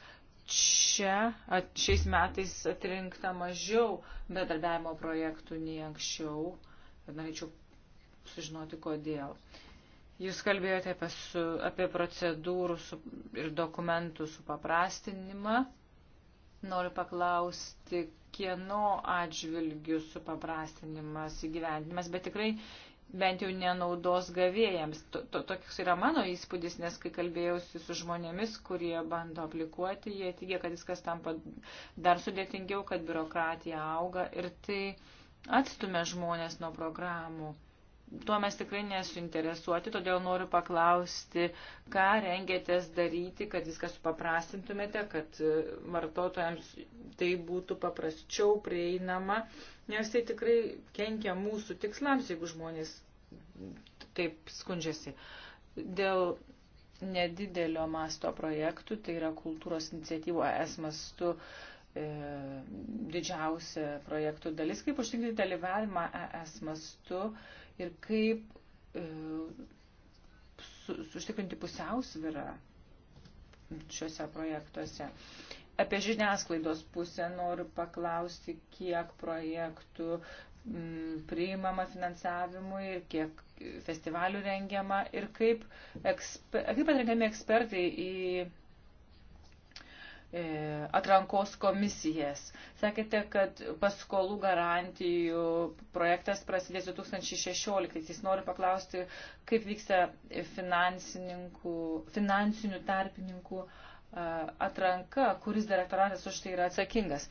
čia at, šiais metais atrinkta mažiau bedarbiavimo projektų nei anksčiau. Ir norėčiau sužinoti, kodėl. Jūs kalbėjote apie, su, apie procedūrų su, ir dokumentų supaprastinimą. Noriu paklausti, kieno atžvilgių supaprastinimas įgyvendinimas, bet tikrai bent jau nenaudos gavėjams. To, to, toks yra mano įspūdis, nes kai kalbėjausi su žmonėmis, kurie bando aplikuoti, jie teigia, kad viskas tampa dar sudėtingiau, kad biurokratija auga ir tai atstumia žmonės nuo programų tuo mes tikrai nesuinteresuoti, todėl noriu paklausti, ką rengėtės daryti, kad viską supaprastintumėte, kad e, vartotojams tai būtų paprasčiau prieinama, nes tai tikrai kenkia mūsų tikslams, jeigu žmonės taip skundžiasi. Dėl nedidelio masto projektų, tai yra kultūros iniciatyvo es mastu, e, didžiausia projektų dalis, kaip užtikrinti dalyvavimą ES mastu ir kaip e, su, suštikrinti pusiausvirą šiuose projektuose. Apie žiniasklaidos pusę noriu paklausti, kiek projektų m, mm, priimama finansavimui ir kiek festivalių rengiama ir kaip, eksper, kaip atrenkami ekspertai į E, atrankos komisijas. Sakėte, kad paskolų garantijų projektas prasidės 2016. Noriu paklausti, kaip vyksta finansinių tarpininkų e, atranka, kuris direktoratas už tai yra atsakingas.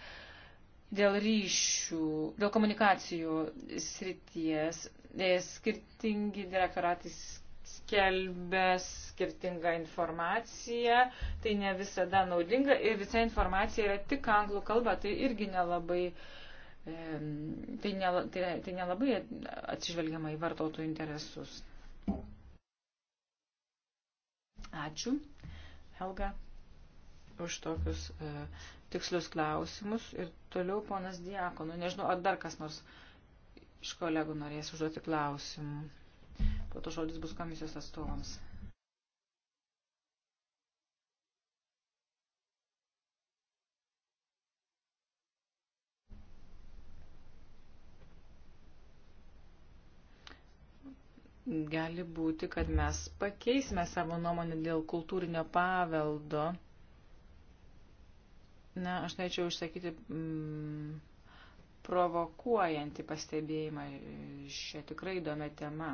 Dėl ryšių, dėl komunikacijų srities e, skirtingi direktoratai skelbia skirtingą informaciją, tai ne visada naudinga ir visa informacija yra tik anglų kalba, tai irgi nelabai, tai ne, tai, tai nelabai atsižvelgiama į vartotojų interesus. Ačiū, Helga, už tokius e, tikslius klausimus. Ir toliau ponas Diakonu, nežinau, ar dar kas nors iš kolegų norės užduoti klausimų po to žodis bus komisijos atstovams. Gali būti, kad mes pakeisime savo nuomonę dėl kultūrinio paveldo. Na, aš norėčiau išsakyti mm, provokuojantį pastebėjimą šią tikrai įdomią temą.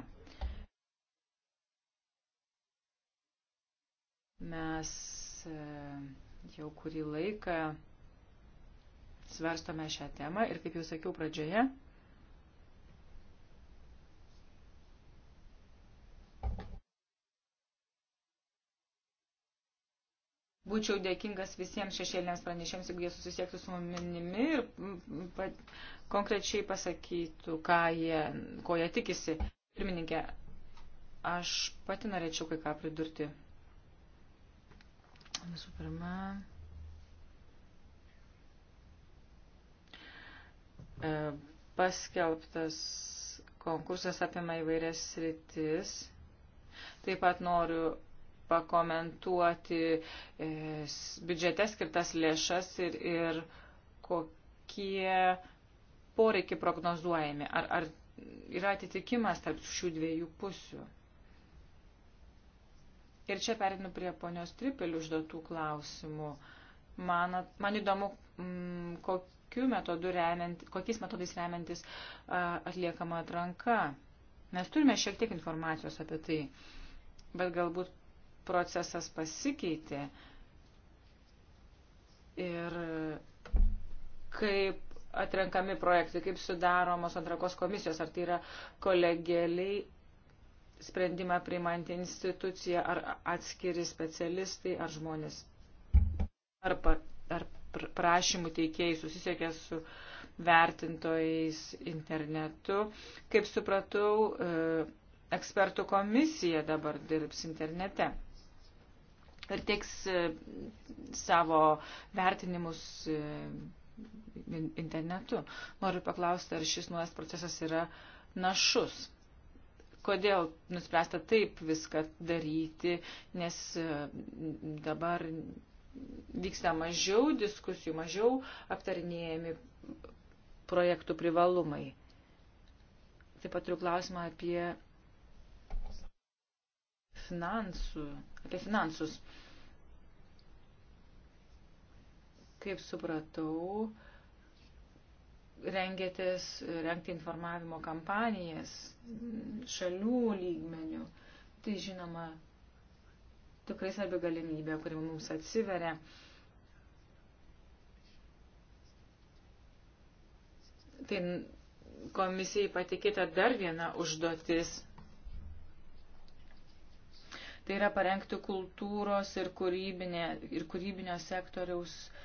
Mes e, jau kurį laiką svarstome šią temą ir, kaip jau sakiau pradžioje, būčiau dėkingas visiems šešėliniams pranešėms, jeigu jie susisiektų su manimi ir pat, konkrečiai pasakytų, ką jie, ko jie tikisi. Pirmininkė, aš pati norėčiau kai ką pridurti. Visų pirma, e, paskelbtas konkursas apima įvairias sritis. Taip pat noriu pakomentuoti e, biudžete skirtas lėšas ir, ir kokie poreikiai prognozuojami. Ar, ar yra atitikimas tarp šių dviejų pusių? Ir čia perinu prie ponios Tripelių užduotų klausimų. Man, man įdomu, m, mm, kokiu metodu remiant, kokiais metodais remiantis a, atliekama atranka. Mes turime šiek tiek informacijos apie tai, bet galbūt procesas pasikeitė ir kaip atrenkami projektai, kaip sudaromos atrankos komisijos, ar tai yra kolegialiai sprendimą priimanti institucija, ar atskiri specialistai, ar žmonės, ar, pa, ar prašymų teikėjai susisiekė su vertintojais internetu. Kaip supratau, e, ekspertų komisija dabar dirbs internete ir teiks e, savo vertinimus e, internetu. Noriu paklausti, ar šis nuojas procesas yra našus. Kodėl nuspręsta taip viską daryti, nes e, dabar vyksta mažiau diskusijų, mažiau aptarinėjami projektų privalumai. Taip pat turiu klausimą apie finansų, apie finansus. Kaip supratau, rengėtės renkti informavimo kampanijas šalių lygmenių. Tai žinoma, tikrai svarbi galimybė, kuri mums atsiveria. Tai komisijai patikėta dar viena užduotis. Tai yra parengti kultūros ir, kūrybinė, ir kūrybinio sektoriaus uh,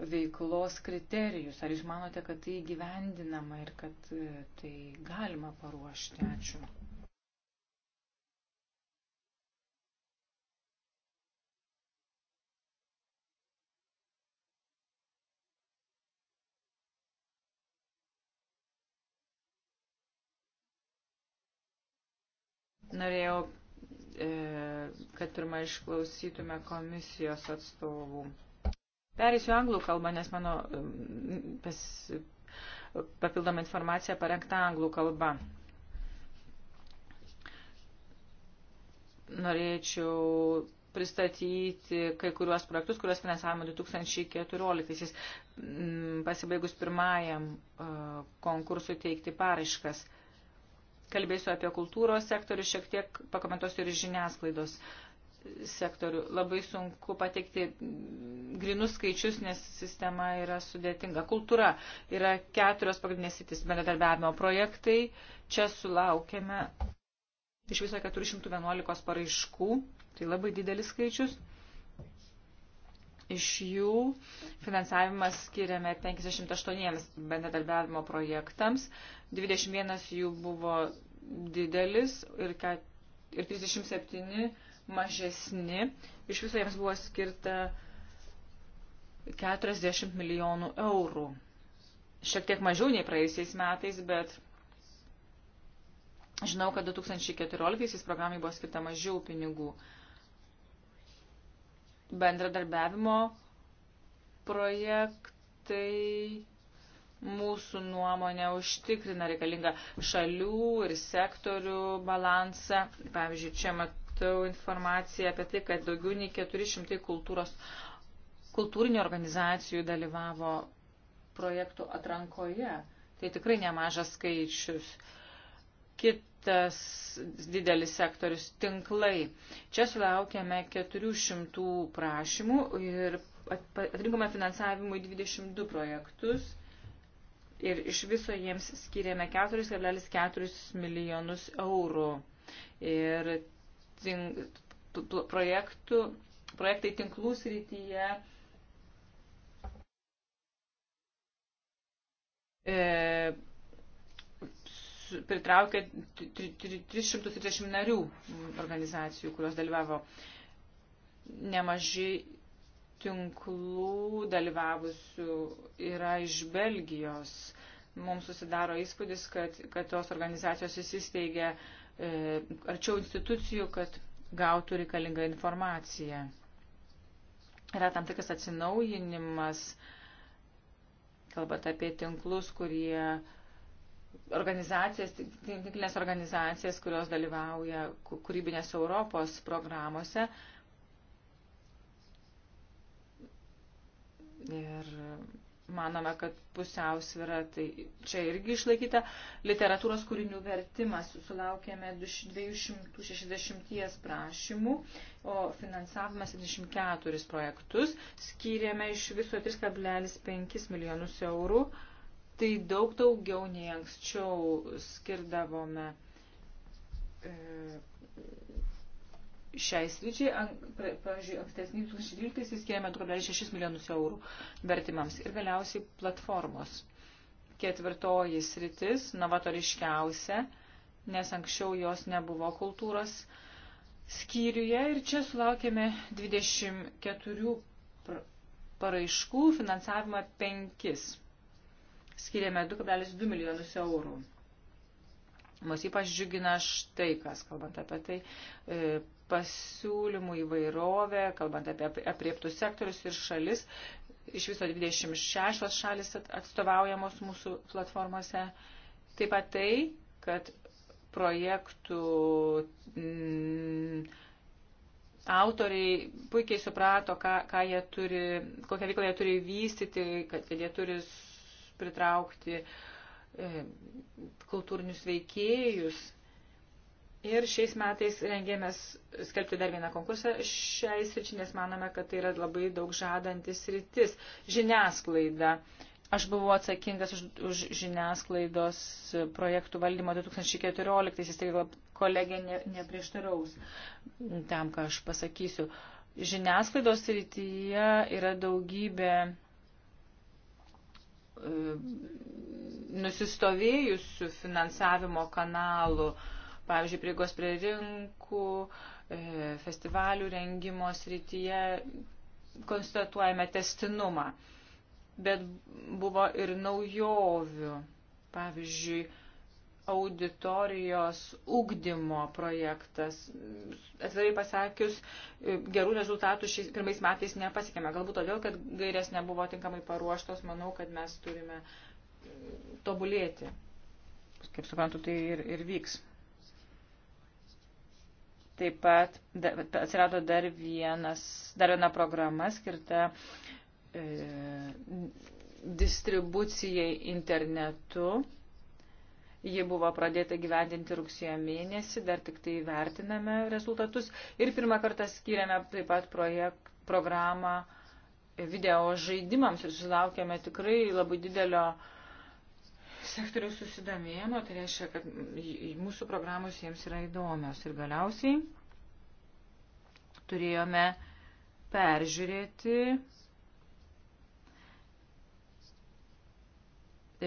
veiklos kriterijus. Ar išmanote, kad tai gyvendinama ir kad e, tai galima paruošti? Ačiū. Norėjau, e, kad pirmą išklausytume komisijos atstovų. Perėsiu anglų kalbą, nes mano pas, papildoma informacija parengta anglų kalba. Norėčiau pristatyti kai kuriuos projektus, kuriuos finansavome 2014-aisiais, pasibaigus pirmajam e, konkursui teikti paraiškas. Kalbėsiu apie kultūros sektorių, šiek tiek pakomentuosiu ir žiniasklaidos sektorių. Labai sunku pateikti grinus skaičius, nes sistema yra sudėtinga. Kultūra yra keturios pagrindinės sitis bendradarbiavimo projektai. Čia sulaukėme iš viso 411 paraiškų. Tai labai didelis skaičius. Iš jų finansavimas skiriame 58 bendradarbiavimo projektams. 21 jų buvo didelis ir, ir 37 mažesni. Iš viso jiems buvo skirta 40 milijonų eurų. Šiek tiek mažiau nei praėjusiais metais, bet žinau, kad 2014 programai buvo skirta mažiau pinigų. Bendradarbiavimo projektai mūsų nuomonė užtikrina reikalingą šalių ir sektorių balansą. Pavyzdžiui, čia mat, matau informaciją apie tai, kad daugiau nei 400 kultūros, kultūrinių organizacijų dalyvavo projektų atrankoje. Tai tikrai nemažas skaičius. Kitas didelis sektorius - tinklai. Čia sulaukėme 400 prašymų ir atrinkome finansavimui 22 projektus ir iš viso jiems skiriame 4,4 milijonus eurų. Ir projektų, projektai tinklų srityje. E, pritraukė 330 narių organizacijų, kurios dalyvavo nemažai tinklų dalyvavusių yra iš Belgijos. Mums susidaro įspūdis, kad, kad tos organizacijos įsisteigė E, arčiau institucijų, kad gautų reikalingą informaciją. Yra tam tikras atsinaujinimas, kalbant apie tinklus, kurie organizacijas, tinklinės organizacijas, kurios dalyvauja kūrybinės Europos programuose. Ir manome, kad pusiausvyrą, tai čia irgi išlaikyta. Literatūros kūrinių vertimas sulaukėme 260 prašymų, o finansavimas 74 projektus. Skyrėme iš viso 3,5 milijonus eurų. Tai daug daugiau nei anksčiau skirdavome. E, šiai sričiai, pavyzdžiui, ankstesnį 2012 skiriame 2,6 milijonus eurų vertimams ir galiausiai platformos. Ketvirtoji sritis, novatoriškiausia, nes anksčiau jos nebuvo kultūros skyriuje ir čia sulaukėme 24 paraiškų, finansavimą 5. Skiriame 2,2 milijonus eurų. Mus ypač džiugina štai kas, kalbant apie tai, e, pasiūlymų įvairovė, kalbant apie apriektus sektorius ir šalis. Iš viso 26 šalis atstovaujamos mūsų platformose. Taip pat tai, kad projektų m, mm, autoriai puikiai suprato, ką, ką jie turi, kokią veiklą jie turi vystyti, kad jie turi pritraukti e, kultūrinius veikėjus Ir šiais metais rengėmės skelbti dar vieną konkursą šiai sričiai, nes manome, kad tai yra labai daug žadantis rytis. Žiniasklaida. Aš buvau atsakingas už, už žiniasklaidos projektų valdymo 2014, tai kolegė ne, neprieštaraus tam, ką aš pasakysiu. Žiniasklaidos srityje yra daugybė e, nusistovėjusių finansavimo kanalų. Uh, pavyzdžiui, prieigos prie rinkų, e, festivalių rengimo srityje konstatuojame testinumą. Bet buvo ir naujovių, pavyzdžiui, auditorijos ugdymo projektas. Atvirai pasakius, e, gerų rezultatų šiais pirmais metais nepasiekėme. Galbūt todėl, kad gairės nebuvo tinkamai paruoštos, manau, kad mes turime e, tobulėti. Kaip suprantu, tai ir, ir vyks. Taip pat atsirado dar, vienas, dar viena programa skirta e, distribucijai internetu. Ji buvo pradėta gyvendinti rugsėjo mėnesį, dar tik tai vertiname rezultatus. Ir pirmą kartą skiriame taip pat projekt, programą video žaidimams ir sulaukėme tikrai labai didelio e, sektorių susidomėjimo, tai reiškia, kad mūsų programos jiems yra įdomios. Ir galiausiai turėjome peržiūrėti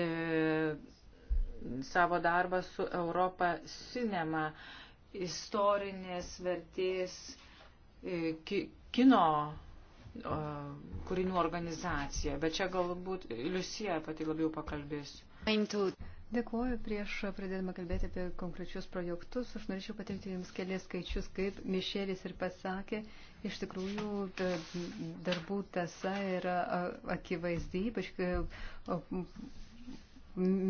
e, savo darbą su Europa Cinema, istorinės vertės e, ki, kino e, kūrinių organizacija. Bet čia galbūt Liusija pati labiau pakalbės. Dėkuoju, prieš pradėdama kalbėti apie konkrečius projektus, aš norėčiau pateikti Jums kelias skaičius, kaip Mišelis ir pasakė, iš tikrųjų darbų tasa yra akivaizdi, ypač e,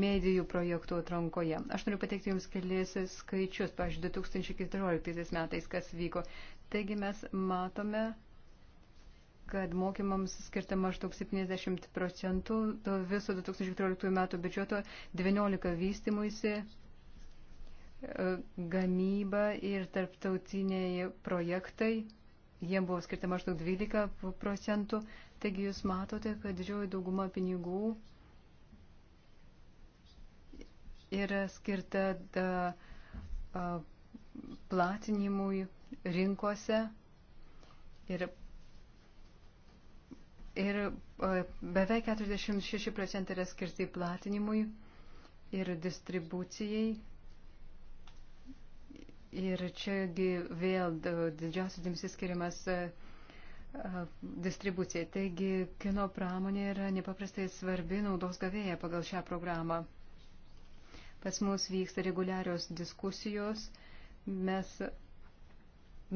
medijų projektų atrankoje. Aš noriu pateikti Jums kelias skaičius, pavyzdžiui, 2014 metais, kas vyko. Taigi mes matome kad mokymams skirta maždaug 70 procentų viso 2014 metų biudžeto 19 vystimuisi e, gamyba ir tarptautiniai projektai. Jiem buvo skirta maždaug 12 procentų. Taigi jūs matote, kad didžioji dauguma pinigų yra skirta da, a, platinimui rinkose ir ir e, beveik 46 procentai yra skirti platinimui ir distribucijai. Ir čiagi vėl didžiausias dėmesys skiriamas e, e, distribucijai. Taigi kino pramonė yra nepaprastai svarbi naudos gavėja pagal šią programą. Pas mus vyksta reguliarios diskusijos. Mes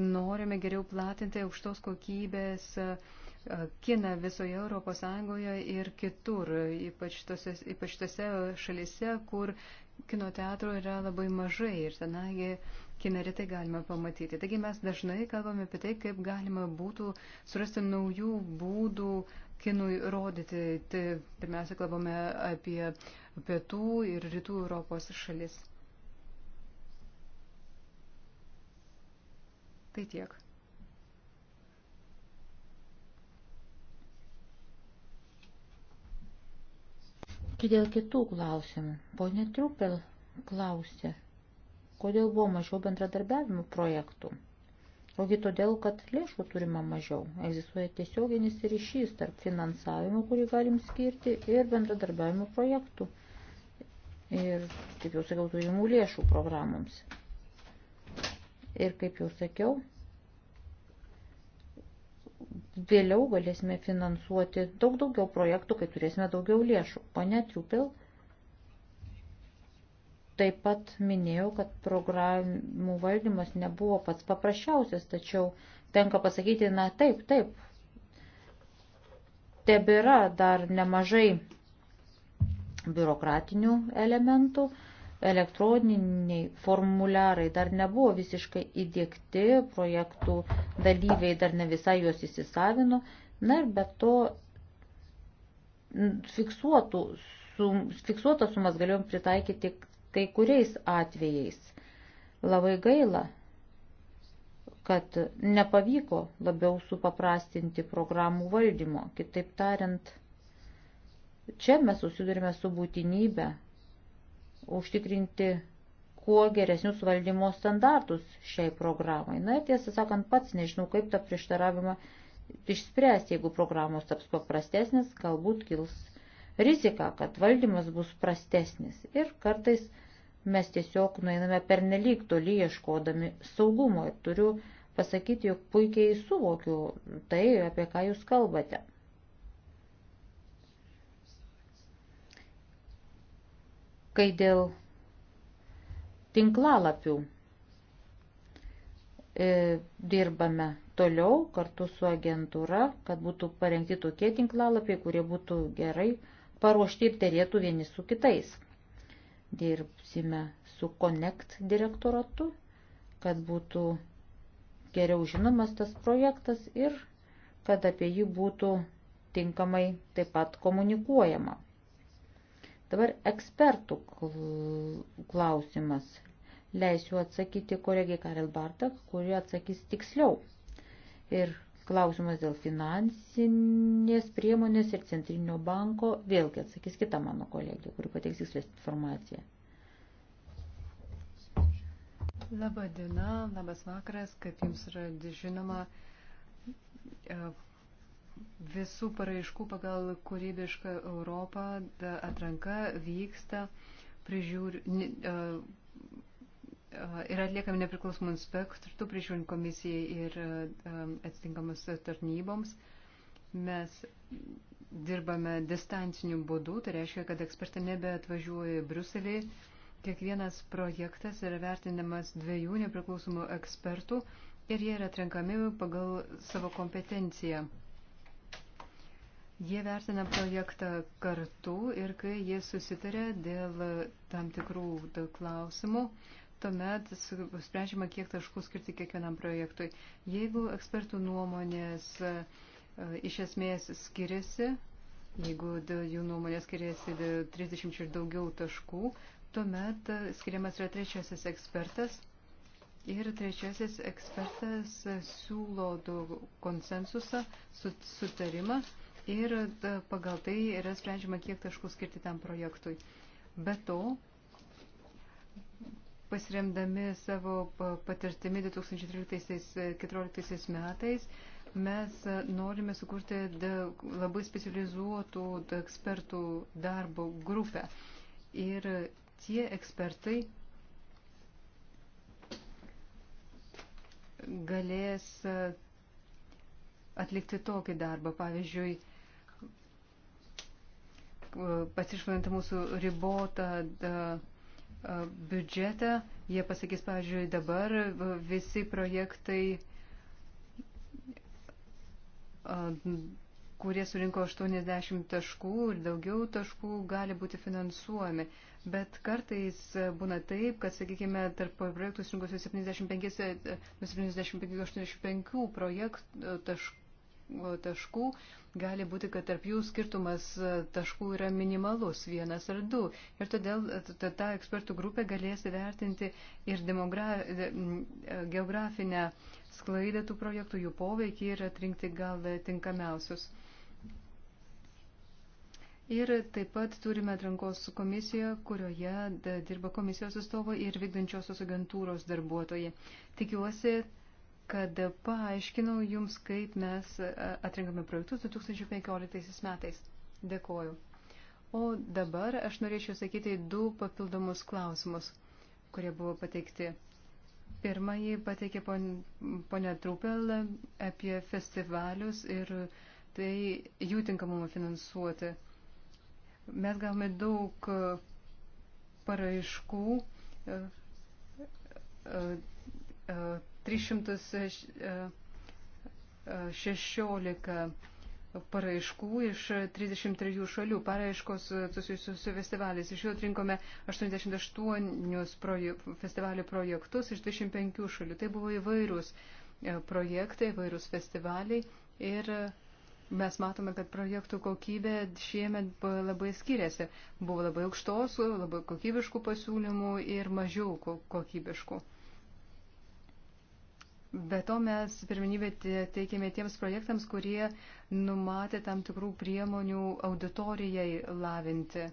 norime geriau platinti aukštos kokybės uh, kiną visoje Europos Sąjungoje ir kitur, ypač tose, ypač tose šalise, kur kino teatro yra labai mažai ir tenai kiną retai galima pamatyti. Taigi mes dažnai kalbame apie tai, kaip galima būtų surasti naujų būdų kinui rodyti. Tai pirmiausia, kalbame apie pietų ir rytų Europos šalis. Tai tiek. Kai dėl kitų klausimų, ponė Triupel klausė, kodėl buvo mažiau bendradarbiavimo projektų. Ogi todėl, kad lėšų turima mažiau. Egzistuoja tiesioginis ryšys tarp finansavimo, kurį galim skirti, ir bendradarbiavimo projektų. Ir, kaip jau sakiau, turimų lėšų programoms. Ir, kaip jau sakiau, vėliau galėsime finansuoti daug daugiau projektų, kai turėsime daugiau lėšų. Pane Triupil taip pat minėjau, kad programų valdymas nebuvo pats paprasčiausias, tačiau tenka pasakyti, na taip, taip, tebėra dar nemažai biurokratinių elementų, elektroniniai formularai dar nebuvo visiškai įdėkti, projektų dalyviai dar ne visai juos įsisavino, na ir be to fiksuotų, sum, fiksuotas sumas galėjom pritaikyti kai kuriais atvejais. Labai gaila, kad nepavyko labiau supaprastinti programų valdymo. Kitaip tariant, čia mes susidurime su būtinybė užtikrinti kuo geresnius valdymo standartus šiai programai. Na ir tiesą sakant, pats nežinau, kaip tą prieštaravimą išspręsti, jeigu programos taps paprastesnės, galbūt kils rizika, kad valdymas bus prastesnis. Ir kartais mes tiesiog nueiname per nelik toli ieškodami saugumo. Ir turiu pasakyti, jog puikiai suvokiu tai, apie ką jūs kalbate. Kai dėl tinklalapių e, dirbame toliau kartu su agentūra, kad būtų parengti tokie tinklalapiai, kurie būtų gerai paruošti ir terėtų vieni su kitais. Dirbsime su Connect direktoratu, kad būtų geriau žinomas tas projektas ir kad apie jį būtų tinkamai taip pat komunikuojama. Dabar ekspertų klausimas. Leisiu atsakyti kolegiai Karel Bartak, kuri atsakys tiksliau. Ir klausimas dėl finansinės priemonės ir centrinio banko vėlgi atsakys kita mano kolegė, kuri pateiks tikslės informaciją. Labą dieną, labas vakaras, kaip jums yra žinoma, e, visų paraiškų pagal kūrybišką Europą atranka vyksta, prižiūri, yra atliekami nepriklausomų inspektorių, prižiūrint komisijai ir atitinkamus tarnyboms. Mes dirbame distanciniu būdu, tai reiškia, kad ekspertai nebeatvažiuoja į Bruselį. Kiekvienas projektas yra vertinamas dviejų nepriklausomų ekspertų ir jie yra atrenkami pagal savo kompetenciją. Jie vertina projektą kartu ir kai jie susitarė dėl tam tikrų klausimų, tuomet sprendžiama, kiek taškų skirti kiekvienam projektui. Jeigu ekspertų nuomonės e, iš esmės skiriasi, jeigu jų nuomonės skiriasi 30 ir daugiau taškų, tuomet e, skiriamas yra trečiasis ekspertas. Ir trečiasis ekspertas siūlo konsensusą, sutarimą. Su ir e, pagal tai yra sprendžiama, kiek taškų skirti tam projektui. Be to, pasiremdami savo patirtimi 2013-2014 e, metais, mes e, norime sukurti labai specializuotų ekspertų darbo grupę. Ir tie ekspertai galės atlikti tokį darbą. Pavyzdžiui, pasišvalinti mūsų ribotą biudžetą, jie pasakys, pavyzdžiui, dabar visi projektai, kurie surinko 80 taškų ir daugiau taškų, gali būti finansuojami. Bet kartais būna taip, kad, sakykime, tarp projektų surinkusių 75-85 projekt, tašk, taškų, gali būti, kad tarp jų skirtumas e, taškų yra minimalus, vienas ar du. Ir todėl e, ta ekspertų grupė galės įvertinti ir e, geografinę sklaidą tų projektų, jų poveikį ir atrinkti gal tinkamiausius. Ir taip pat turime atrankos komisiją, kurioje dirba komisijos atstovai ir vykdančiosios agentūros darbuotojai. Tikiuosi, kad paaiškinau jums, kaip mes e, atrinkame projektus 2015 metais. Dėkoju. O dabar aš norėčiau sakyti du papildomus klausimus, kurie buvo pateikti. Pirmąjį pateikė ponia Trupel apie festivalius ir tai jų tinkamumą finansuoti. Mes gavome daug e, paraiškų e, 316 e, e, paraiškų iš 33 šalių paraiškos susijusius su festivaliais. Iš jų atrinkome 88 proje, festivalių projektus iš 25 šalių. Tai buvo įvairūs e, projektai, įvairūs festivaliai ir mes matome, kad projektų kokybė šiemet labai skiriasi. Buvo labai aukštos, labai kokybiškų pasiūlymų ir mažiau kokybiškų. Be to mes pirmenybę teikėme tiems projektams, kurie numatė tam tikrų priemonių auditorijai lavinti.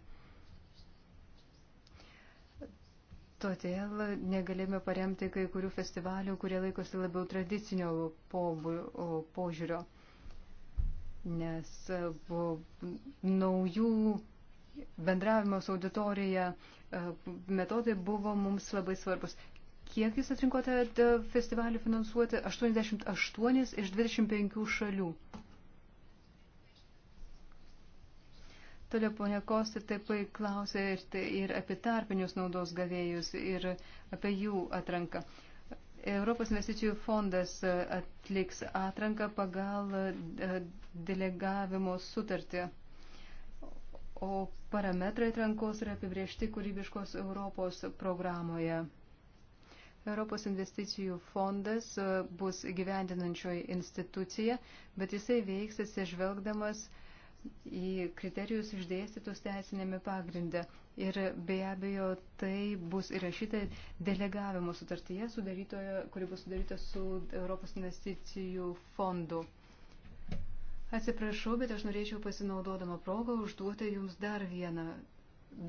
Todėl negalėjome paremti kai kurių festivalių, kurie laikosi labiau tradicinio požiūrio, nes naujų bendravimo su auditorija e, metodai buvo mums labai svarbus. Kiek jūs atrinkote festivalį finansuoti? 88 iš 25 šalių. Toliau ponia Kosti taip pat klausė ir, tai, ir apie tarpinius naudos gavėjus ir apie jų atranką. Europos investicijų fondas e, atliks atranką pagal e, delegavimo sutartį. O parametrai atrankos yra apibriešti kūrybiškos Europos programoje. Europos investicijų fondas e, bus gyvendinančioji institucija, bet jisai veiks atsižvelgdamas į kriterijus išdėstytus teisinėme pagrindę. Ir be abejo, tai bus įrašyta delegavimo sutartyje, kuri bus sudaryta su Europos investicijų fondu. Atsiprašau, bet aš norėčiau pasinaudodama progą užduoti Jums dar vieną,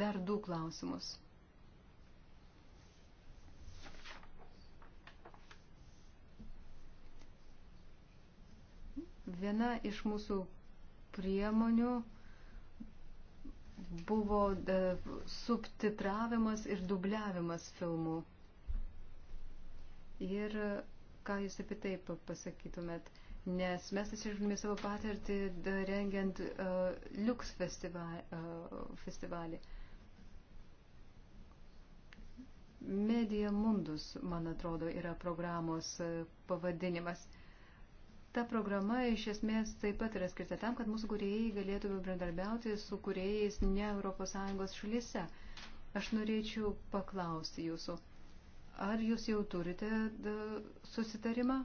dar du klausimus. Viena iš mūsų priemonių buvo e, subtitravimas ir dubliavimas filmų. Ir e, ką jūs apie tai pasakytumėt? Nes mes atsižvelgėme savo patirtį rengiant uh, Lux festivalį, uh, festivalį. Media Mundus, man atrodo, yra programos pavadinimas. Uh, Ta programa iš esmės taip pat yra skirta tam, kad mūsų kuriejai galėtų bendradarbiauti su kuriejais ne ES šalyse. Aš norėčiau paklausti jūsų, ar jūs jau turite susitarimą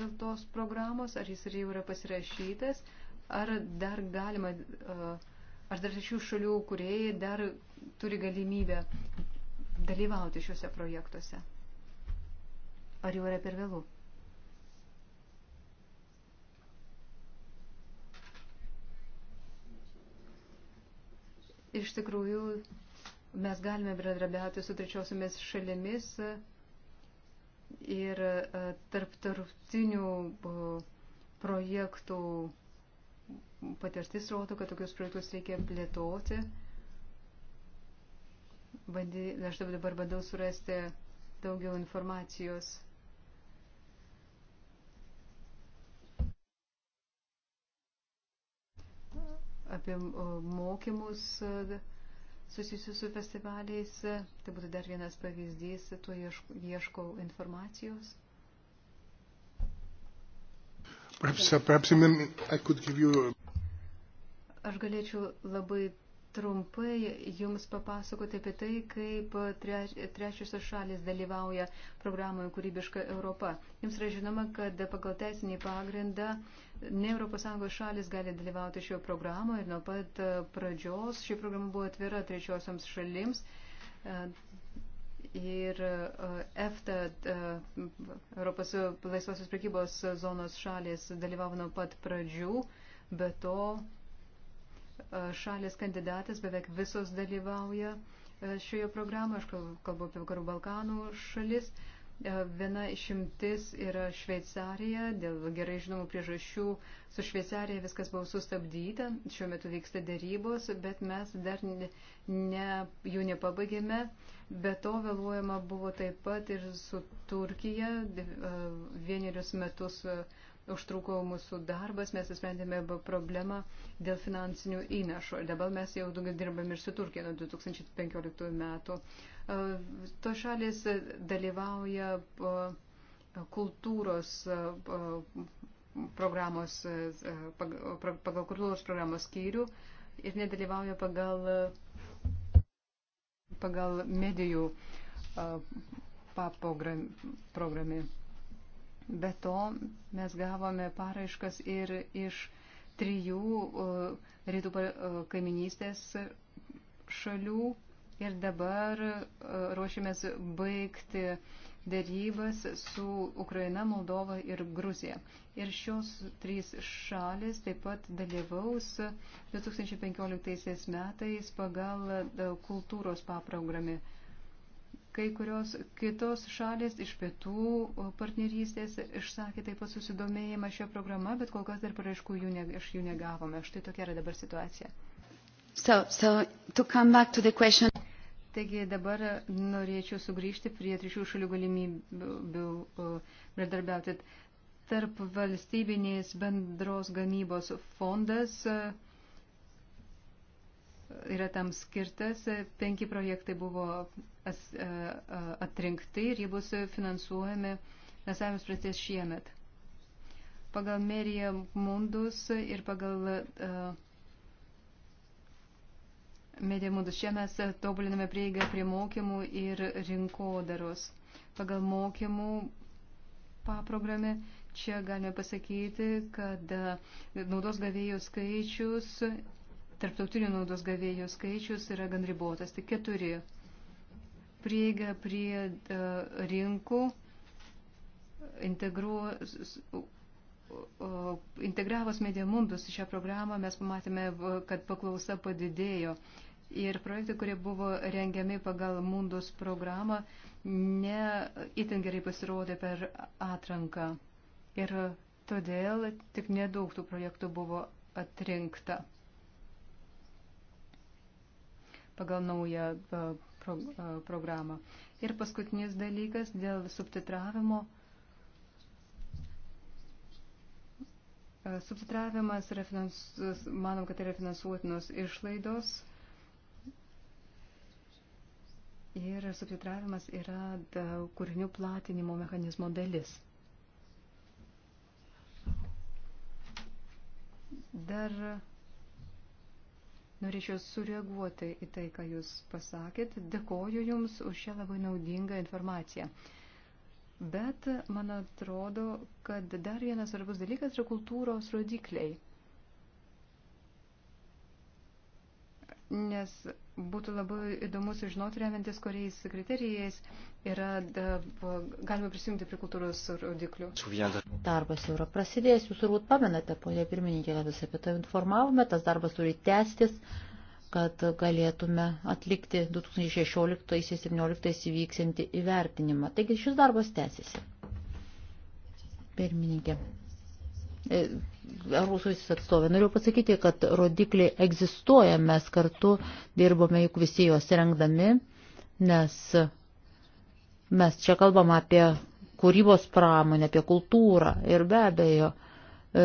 dėl tos programos, ar jis jau yra pasirašytas, ar dar galima, ar dar šių šalių kuriejai dar turi galimybę dalyvauti šiuose projektuose. Ar jau yra per vėlų? iš tikrųjų mes galime bendradarbiauti su trečiosiomis šalimis ir tarp e, tarptinių e, projektų patirtis rodo, kad tokius projektus reikia plėtoti. Bandy, aš dabar bandau surasti daugiau informacijos apie mokymus e, susijusius su festivaliais. Tai būtų dar vienas pavyzdys, tuo ieškau informacijos. Perhaps, uh, perhaps I could give you... Uh, Aš galėčiau labai trumpai Jums papasakoti apie tai, kaip treč, trečiosios šalis dalyvauja programoje Kūrybiška Europa. Jums yra žinoma, kad pagal teisinį pagrindą ne ES šalis gali dalyvauti šio programoje ir nuo pat pradžios ši programa buvo atvira trečiosioms šalims. Ir e, EFTA, e, Europos laisvosios prekybos zonos šalis, dalyvavo nuo pat pradžių, bet to šalės kandidatės beveik visos dalyvauja e, šioje programoje, aš kalbu apie Vakarų Balkanų šalis. E, viena išimtis yra Šveicarija, dėl gerai žinomų priežasčių su Šveicarija viskas buvo sustabdyta, šiuo metu vyksta dėrybos, bet mes dar ne, ne, jų nepabaigėme, bet to vėluojama buvo taip pat ir su Turkija, e, vienerius metus uh, užtruko mūsų darbas, mes sprendėme problemą dėl finansinių įnašų. Ir dabar mes jau dirbame ir su Turkija nuo 2015 metų. To šalis dalyvauja kultūros programos, pagal kultūros programos skyrių ir nedalyvauja pagal, pagal medijų paprogramį. Program, Be to, mes gavome paraiškas ir iš trijų e, rytų e, kaiminystės šalių ir dabar e, ruošiamės baigti dėrybas su Ukraina, Moldova ir Gruzija. Ir šios trys šalis taip pat dalyvaus 2015 metais pagal kultūros paprogramį. Kai kurios kitos šalės iš pietų partnerystės išsakė taip pat susidomėjimą šią programą, bet kol kas dar paraiškų jų ne, iš jų negavome. Štai tokia yra dabar situacija. So, so, to come back to the question. Taigi dabar norėčiau sugrįžti prie trišių šalių galimybių bendradarbiauti. Tarp valstybinės bendros gamybos fondas uh, yra tam skirtas. Penki projektai buvo atrinkti ir jie bus finansuojami nesavimus prasės šiemet. Pagal Merija Mundus ir pagal uh, Merija Mundus čia mes tobuliname prieigą prie mokymų ir rinkodaros. Pagal mokymų paprogramį čia galime pasakyti, kad naudos gavėjų skaičius tarptautinių naudos gavėjų skaičius yra gan ribotas, tik keturi. Prieiga prie uh, rinkų integru, uh, integravus mediamundus į šią programą mes pamatėme, kad paklausa padidėjo. Ir projektai, kurie buvo rengiami pagal Mundus programą, ne itin gerai pasirodė per atranką. Ir todėl tik nedaug tų projektų buvo atrinkta pagal naują pro, programą. Ir paskutinis dalykas dėl subtitravimo. Subtitravimas, finans, manom, kad yra finansuotinos išlaidos. Ir subtitravimas yra kūrinių platinimo mechanizmo dalis. Dar Norėčiau sureaguoti į tai, ką Jūs pasakėt. Dėkoju Jums už šią labai naudingą informaciją. Bet man atrodo, kad dar vienas svarbus dalykas yra kultūros rodikliai. nes būtų labai įdomu sužinoti, remiantis kuriais kriterijais yra da, galima prisijungti prie kultūros rodiklių. Darbas jau yra prasidėjęs, jūs turbūt pamenate, ponė pirmininkė, kad jūs apie tai informavome, tas darbas turi tęstis, kad galėtume atlikti 2016-2017 įvyksinti įvertinimą. Taigi šis darbas tęsiasi. Pirmininkė. E, Rusijos atstovė. Noriu pasakyti, kad rodikliai egzistuoja, mes kartu dirbome juk visi juos rengdami, nes mes čia kalbam apie kūrybos pramonę, apie kultūrą ir be abejo e,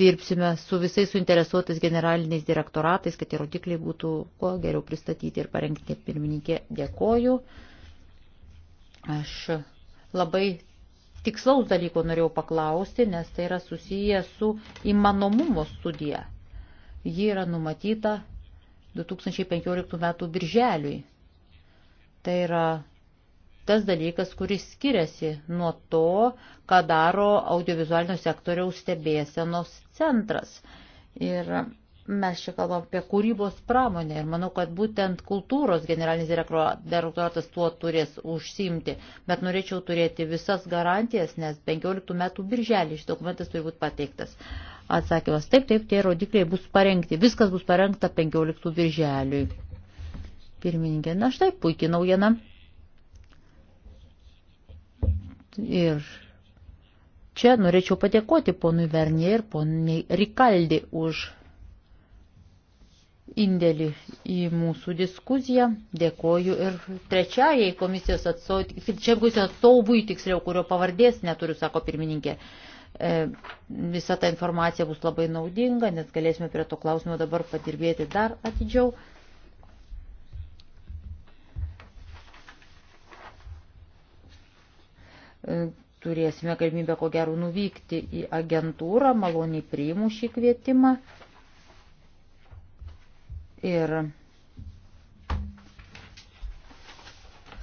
dirbsime su visais suinteresuotais generaliniais direktoratais, kad tie rodikliai būtų kuo geriau pristatyti ir parengti. Pirmininkė, dėkoju. Aš labai tikslaus dalyko norėjau paklausti, nes tai yra susiję su įmanomumo studija. Ji yra numatyta 2015 m. birželiui. Tai yra tas dalykas, kuris skiriasi nuo to, ką daro audiovizualinio sektoriaus stebėsenos centras. Ir Mes čia kalbam apie kūrybos pramonę ir manau, kad būtent kultūros generalinis direktoratas tuo turės užsimti, bet norėčiau turėti visas garantijas, nes 15 metų birželį šis dokumentas turi būti pateiktas. Atsakymas taip, taip, tie rodikliai bus parengti, viskas bus parengta 15 birželiui. Pirmininkė, na štai puikiai naujiena. Ir čia norėčiau padėkoti ponui Vernier ir poniai Rikaldi už indėlį į mūsų diskusiją. Dėkoju ir trečiajai komisijos atstovui, trečiajai komisijos atstovui, tiksliau, kurio pavardės neturiu, sako pirmininkė. E, visa ta informacija bus labai naudinga, nes galėsime prie to klausimo dabar padirbėti dar atidžiau. E, turėsime galimybę ko gero nuvykti į agentūrą, maloniai priimu šį kvietimą. Ir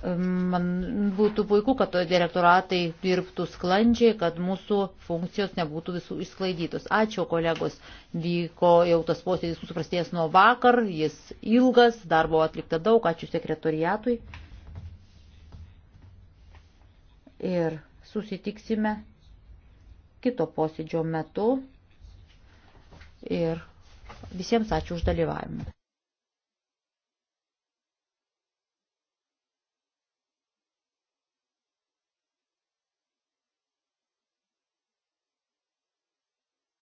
man būtų puiku, kad direktoratai dirbtų sklandžiai, kad mūsų funkcijos nebūtų visų išsklaidytos. Ačiū, kolegos. Vyko jau tas posėdis mūsų prasidėjęs nuo vakar, jis ilgas, darbo atlikta daug, ačiū sekretoriatui. Ir susitiksime kito posėdžio metu. Ir visiems ačiū už dalyvavimą.